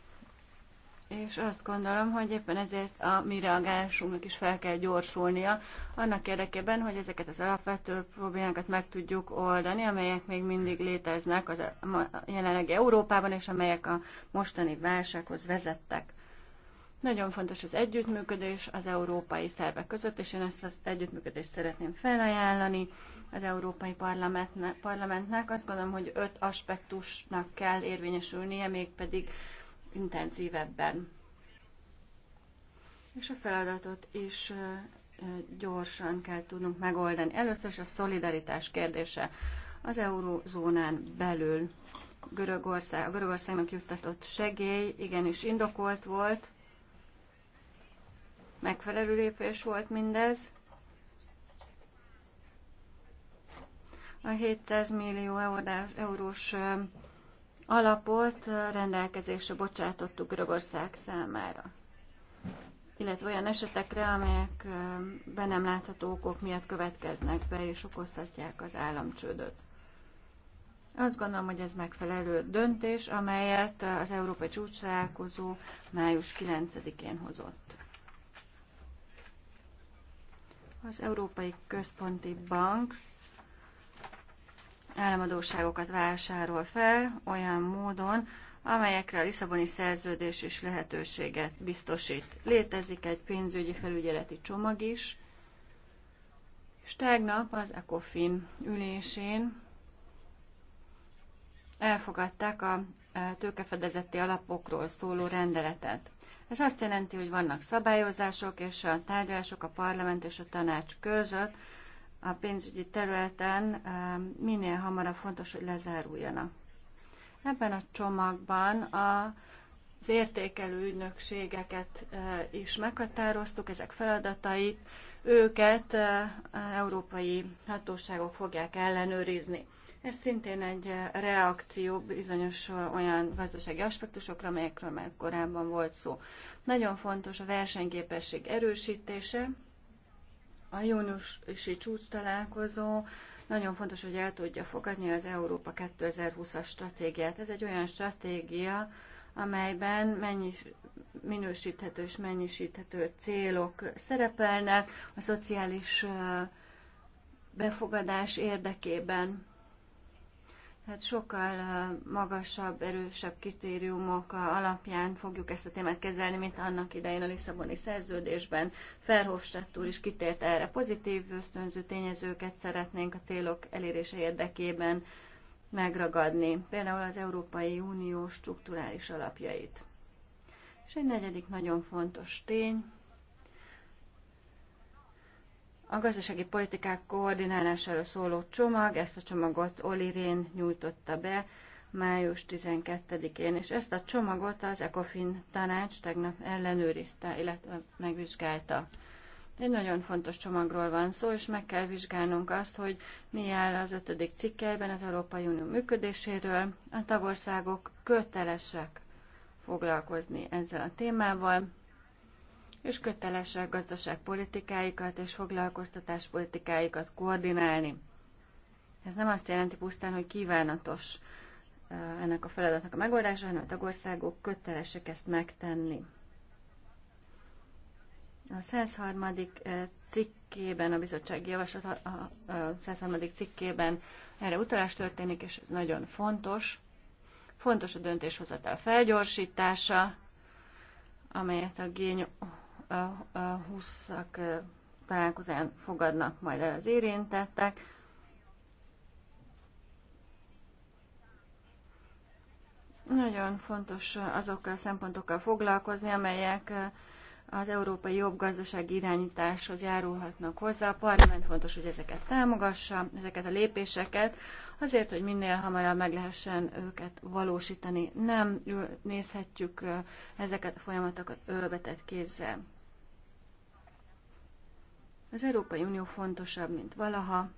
és azt gondolom, hogy éppen ezért a mi reagálásunknak is fel kell gyorsulnia, annak érdekében, hogy ezeket az alapvető problémákat meg tudjuk oldani, amelyek még mindig léteznek az jelenleg Európában, és amelyek a mostani válsághoz vezettek. Nagyon fontos az együttműködés az európai szervek között, és én ezt az együttműködést szeretném felajánlani az Európai Parlamentnek. parlamentnek. Azt gondolom, hogy öt aspektusnak kell érvényesülnie, mégpedig pedig intenzívebben. És a feladatot is gyorsan kell tudnunk megoldani. Először is a szolidaritás kérdése az eurózónán belül. Görögország, a Görögországnak juttatott segély igenis indokolt volt, megfelelő lépés volt mindez. A 700 millió eurós alapot rendelkezésre bocsátottuk Görögország számára illetve olyan esetekre, amelyek be nem látható okok miatt következnek be és okozhatják az államcsődöt. Azt gondolom, hogy ez megfelelő döntés, amelyet az Európai Csúcsrálkozó május 9-én hozott. Az Európai Központi Bank államadóságokat vásárol fel olyan módon, amelyekre a Lisszaboni szerződés is lehetőséget biztosít. Létezik egy pénzügyi felügyeleti csomag is, és tegnap az ECOFIN ülésén elfogadták a e, tőkefedezeti alapokról szóló rendeletet. Ez azt jelenti, hogy vannak szabályozások, és a tárgyalások a parlament és a tanács között a pénzügyi területen minél hamarabb fontos, hogy lezáruljanak. Ebben a csomagban a az értékelő ügynökségeket is meghatároztuk, ezek feladatait, őket európai hatóságok fogják ellenőrizni. Ez szintén egy reakció bizonyos olyan gazdasági aspektusokra, amelyekről már korábban volt szó. Nagyon fontos a versenyképesség erősítése, a júniusi csúcs találkozó nagyon fontos, hogy el tudja fogadni az Európa 2020-as stratégiát. Ez egy olyan stratégia, amelyben mennyis, minősíthető és mennyisíthető célok szerepelnek a szociális befogadás érdekében. Tehát sokkal magasabb, erősebb kritériumok alapján fogjuk ezt a témát kezelni, mint annak idején a Lisszaboni szerződésben. Ferhofstadt úr is kitért erre. Pozitív ösztönző tényezőket szeretnénk a célok elérése érdekében megragadni, például az Európai Unió strukturális alapjait. És egy negyedik nagyon fontos tény, a gazdasági politikák koordinálásáról szóló csomag, ezt a csomagot Oli Rén nyújtotta be május 12-én, és ezt a csomagot az ECOFIN tanács tegnap ellenőrizte, illetve megvizsgálta. Egy nagyon fontos csomagról van szó, és meg kell vizsgálnunk azt, hogy mi áll az ötödik cikkelyben az Európai Unió működéséről. A tagországok kötelesek foglalkozni ezzel a témával és kötelesek gazdaságpolitikáikat és foglalkoztatáspolitikáikat koordinálni. Ez nem azt jelenti pusztán, hogy kívánatos ennek a feladatnak a megoldása, hanem a tagországok kötelesek ezt megtenni. A 103. cikkében, a bizottsági javaslat a 103. cikkében erre utalás történik, és ez nagyon fontos. Fontos a döntéshozatal felgyorsítása, amelyet a G8 a 20 találkozán fogadnak majd el az érintettek. Nagyon fontos azokkal a szempontokkal foglalkozni, amelyek az európai jobb gazdasági irányításhoz járulhatnak hozzá. A parlament fontos, hogy ezeket támogassa, ezeket a lépéseket, azért, hogy minél hamarabb meg lehessen őket valósítani. Nem nézhetjük ezeket a folyamatokat ölbetett kézzel. Az Európai Unió fontosabb, mint valaha.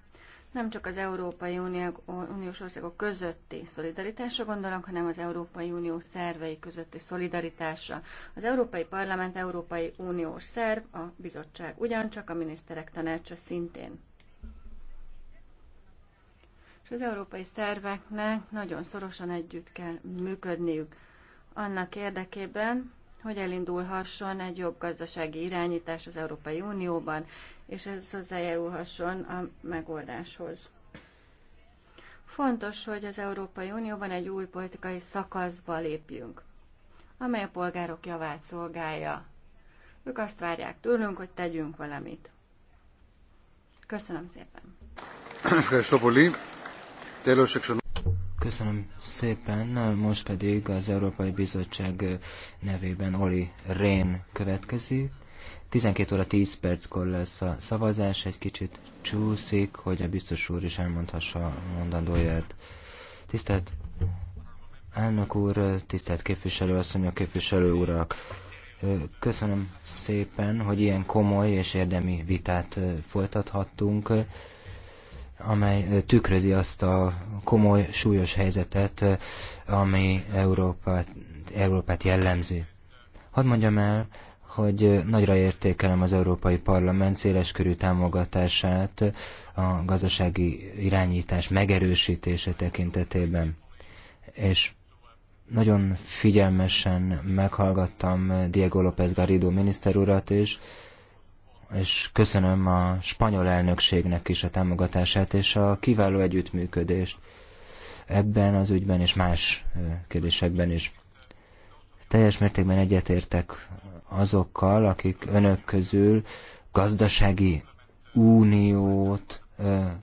Nem csak az Európai Unió, Uniós országok közötti szolidaritásra gondolok, hanem az Európai Unió szervei közötti szolidaritásra. Az Európai Parlament Európai Uniós szerv, a bizottság ugyancsak, a miniszterek tanácsa szintén. És az európai szerveknek nagyon szorosan együtt kell működniük annak érdekében, hogy elindulhasson egy jobb gazdasági irányítás az Európai Unióban, és ez hozzájárulhasson a megoldáshoz. Fontos, hogy az Európai Unióban egy új politikai szakaszba lépjünk, amely a polgárok javát szolgálja. Ők azt várják tőlünk, hogy tegyünk valamit. Köszönöm szépen! Köszönöm szépen, most pedig az Európai Bizottság nevében Oli Rén következik. 12 óra 10 perckor lesz a szavazás, egy kicsit csúszik, hogy a biztos úr is elmondhassa mondandóját. Tisztelt elnök úr, tisztelt képviselő asszonyok, képviselő urak! Köszönöm szépen, hogy ilyen komoly és érdemi vitát folytathattunk amely tükrözi azt a komoly, súlyos helyzetet, ami Európát, Európát jellemzi. Hadd mondjam el, hogy nagyra értékelem az Európai Parlament széleskörű támogatását a gazdasági irányítás megerősítése tekintetében. És nagyon figyelmesen meghallgattam Diego López Garrido miniszter urat, és és köszönöm a spanyol elnökségnek is a támogatását és a kiváló együttműködést ebben az ügyben és más kérdésekben is. Teljes mértékben egyetértek azokkal, akik önök közül gazdasági uniót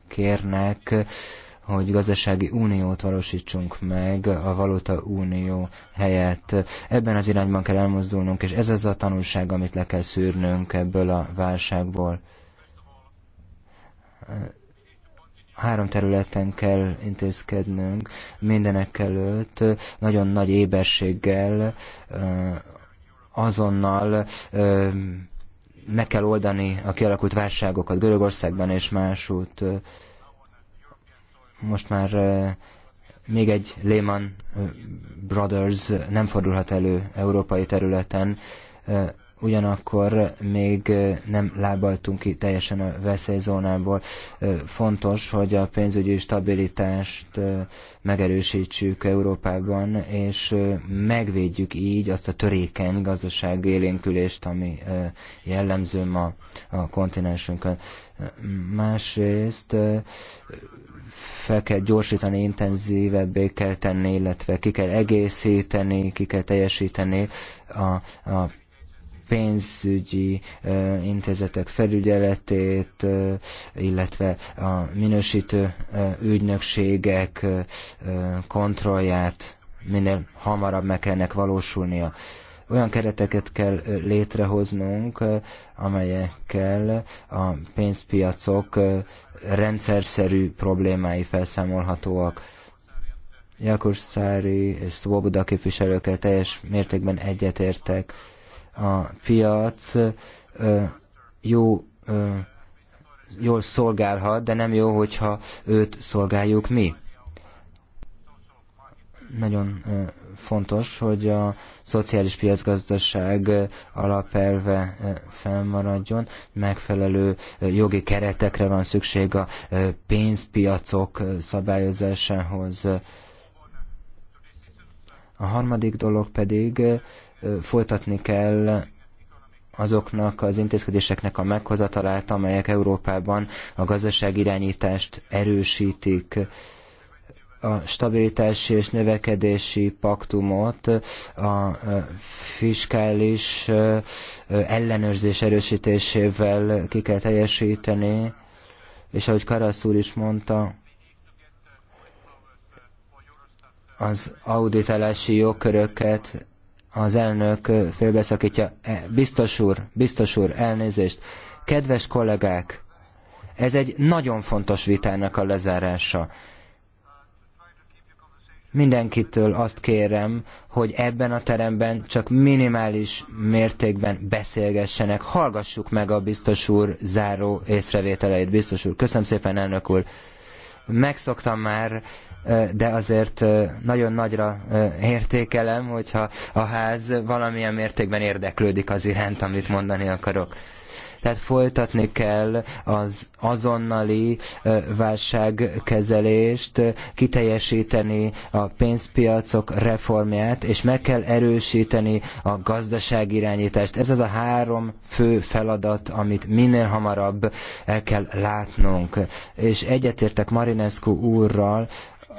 kérnek, hogy gazdasági uniót valósítsunk meg a valuta unió helyett. Ebben az irányban kell elmozdulnunk, és ez az a tanulság, amit le kell szűrnünk ebből a válságból. Három területen kell intézkednünk, mindenek előtt nagyon nagy éberséggel, azonnal meg kell oldani a kialakult válságokat Görögországban és másút most már még egy Lehman Brothers nem fordulhat elő európai területen, ugyanakkor még nem lábaltunk ki teljesen a veszélyzónából. Fontos, hogy a pénzügyi stabilitást megerősítsük Európában, és megvédjük így azt a törékeny gazdaság élénkülést, ami jellemző ma a kontinensünkön. Másrészt fel kell gyorsítani, intenzívebbé kell tenni, illetve ki kell egészíteni, ki kell teljesíteni a, a pénzügyi ö, intézetek felügyeletét, ö, illetve a minősítő ö, ügynökségek ö, kontrollját minél hamarabb meg kellnek valósulnia. Olyan kereteket kell létrehoznunk, amelyekkel a pénzpiacok rendszerszerű problémái felszámolhatóak. Jakos Szári és Szoboda képviselőkkel teljes mértékben egyetértek. A piac jó jól szolgálhat, de nem jó, hogyha őt szolgáljuk mi. Nagyon fontos, hogy a szociális piacgazdaság alapelve eh, felmaradjon, megfelelő eh, jogi keretekre van szükség a eh, pénzpiacok szabályozásához. A harmadik dolog pedig folytatni kell azoknak az intézkedéseknek a meghozatalát, amelyek Európában a irányítást erősítik a stabilitási és növekedési paktumot a fiskális ellenőrzés erősítésével ki kell teljesíteni, és ahogy Karasz úr is mondta, az auditálási jogköröket az elnök félbeszakítja. E, biztos úr, biztos úr, elnézést. Kedves kollégák, ez egy nagyon fontos vitának a lezárása. Mindenkitől azt kérem, hogy ebben a teremben csak minimális mértékben beszélgessenek. Hallgassuk meg a biztos úr záró észrevételeit. Biztos úr, köszönöm szépen, elnök úr. Megszoktam már, de azért nagyon nagyra értékelem, hogyha a ház valamilyen mértékben érdeklődik az iránt, amit mondani akarok. Tehát folytatni kell az azonnali válságkezelést, kiteljesíteni a pénzpiacok reformját, és meg kell erősíteni a gazdaságirányítást. Ez az a három fő feladat, amit minél hamarabb el kell látnunk. És egyetértek Marinescu úrral,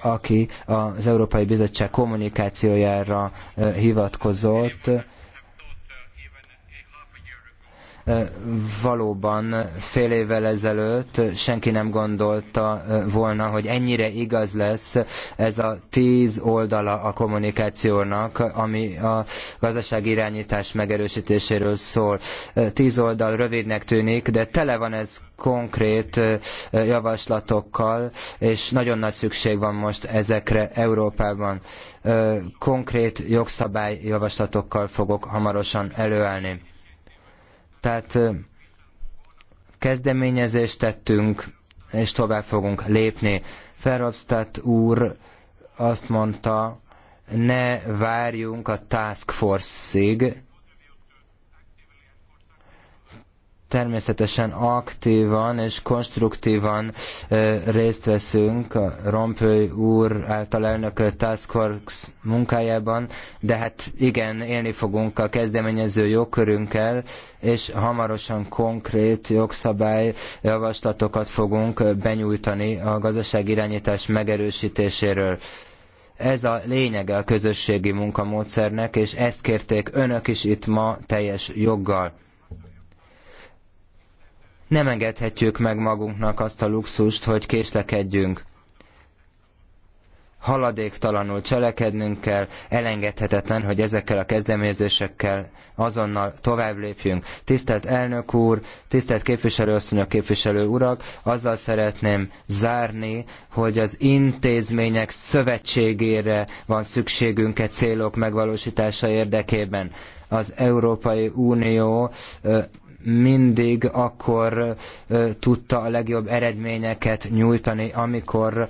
aki az Európai Bizottság kommunikációjára hivatkozott, Valóban fél évvel ezelőtt senki nem gondolta volna, hogy ennyire igaz lesz ez a tíz oldala a kommunikációnak, ami a gazdasági irányítás megerősítéséről szól. Tíz oldal rövidnek tűnik, de tele van ez konkrét javaslatokkal, és nagyon nagy szükség van most ezekre Európában. Konkrét jogszabályjavaslatokkal fogok hamarosan előállni. Tehát kezdeményezést tettünk, és tovább fogunk lépni. Ferrovstadt úr azt mondta, ne várjunk a task force-ig, természetesen aktívan és konstruktívan részt veszünk a Rompuy úr által elnökölt Task Force munkájában, de hát igen, élni fogunk a kezdeményező jogkörünkkel, és hamarosan konkrét jogszabály javaslatokat fogunk benyújtani a gazdaság irányítás megerősítéséről ez a lényege a közösségi munkamódszernek, és ezt kérték önök is itt ma teljes joggal. Nem engedhetjük meg magunknak azt a luxust, hogy késlekedjünk. Haladéktalanul cselekednünk kell, elengedhetetlen, hogy ezekkel a kezdeményezésekkel azonnal tovább lépjünk. Tisztelt elnök úr, tisztelt képviselőasszonyok, képviselő urak, azzal szeretném zárni, hogy az intézmények szövetségére van szükségünk e célok megvalósítása érdekében. Az Európai Unió mindig akkor tudta a legjobb eredményeket nyújtani, amikor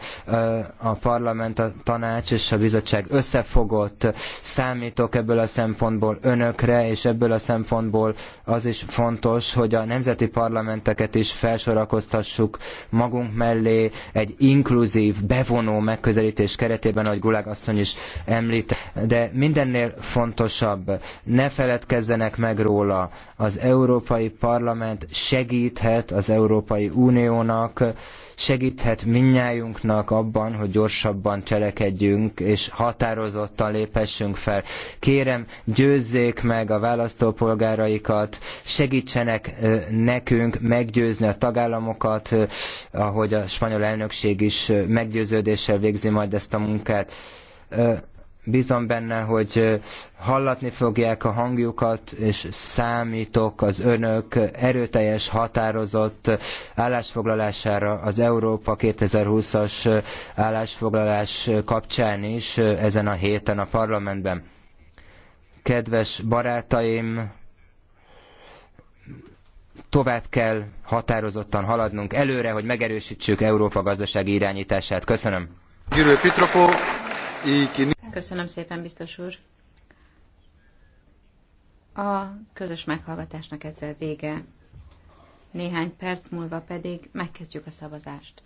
a parlament, a tanács és a bizottság összefogott. Számítok ebből a szempontból önökre, és ebből a szempontból az is fontos, hogy a nemzeti parlamenteket is felsorakoztassuk magunk mellé egy inkluzív, bevonó megközelítés keretében, ahogy Gulág asszony is említ. De mindennél fontosabb, ne feledkezzenek meg róla az európai Európai Parlament segíthet az Európai Uniónak, segíthet minnyájunknak abban, hogy gyorsabban cselekedjünk és határozottan léphessünk fel. Kérem, győzzék meg a választópolgáraikat, segítsenek nekünk meggyőzni a tagállamokat, ahogy a spanyol elnökség is meggyőződéssel végzi majd ezt a munkát Bízom benne, hogy hallatni fogják a hangjukat, és számítok az önök erőteljes, határozott állásfoglalására az Európa 2020-as állásfoglalás kapcsán is ezen a héten a parlamentben. Kedves barátaim, tovább kell határozottan haladnunk előre, hogy megerősítsük Európa gazdasági irányítását. Köszönöm. Gyűrő Pitropó, Köszönöm szépen, biztos úr. A közös meghallgatásnak ezzel vége. Néhány perc múlva pedig megkezdjük a szavazást.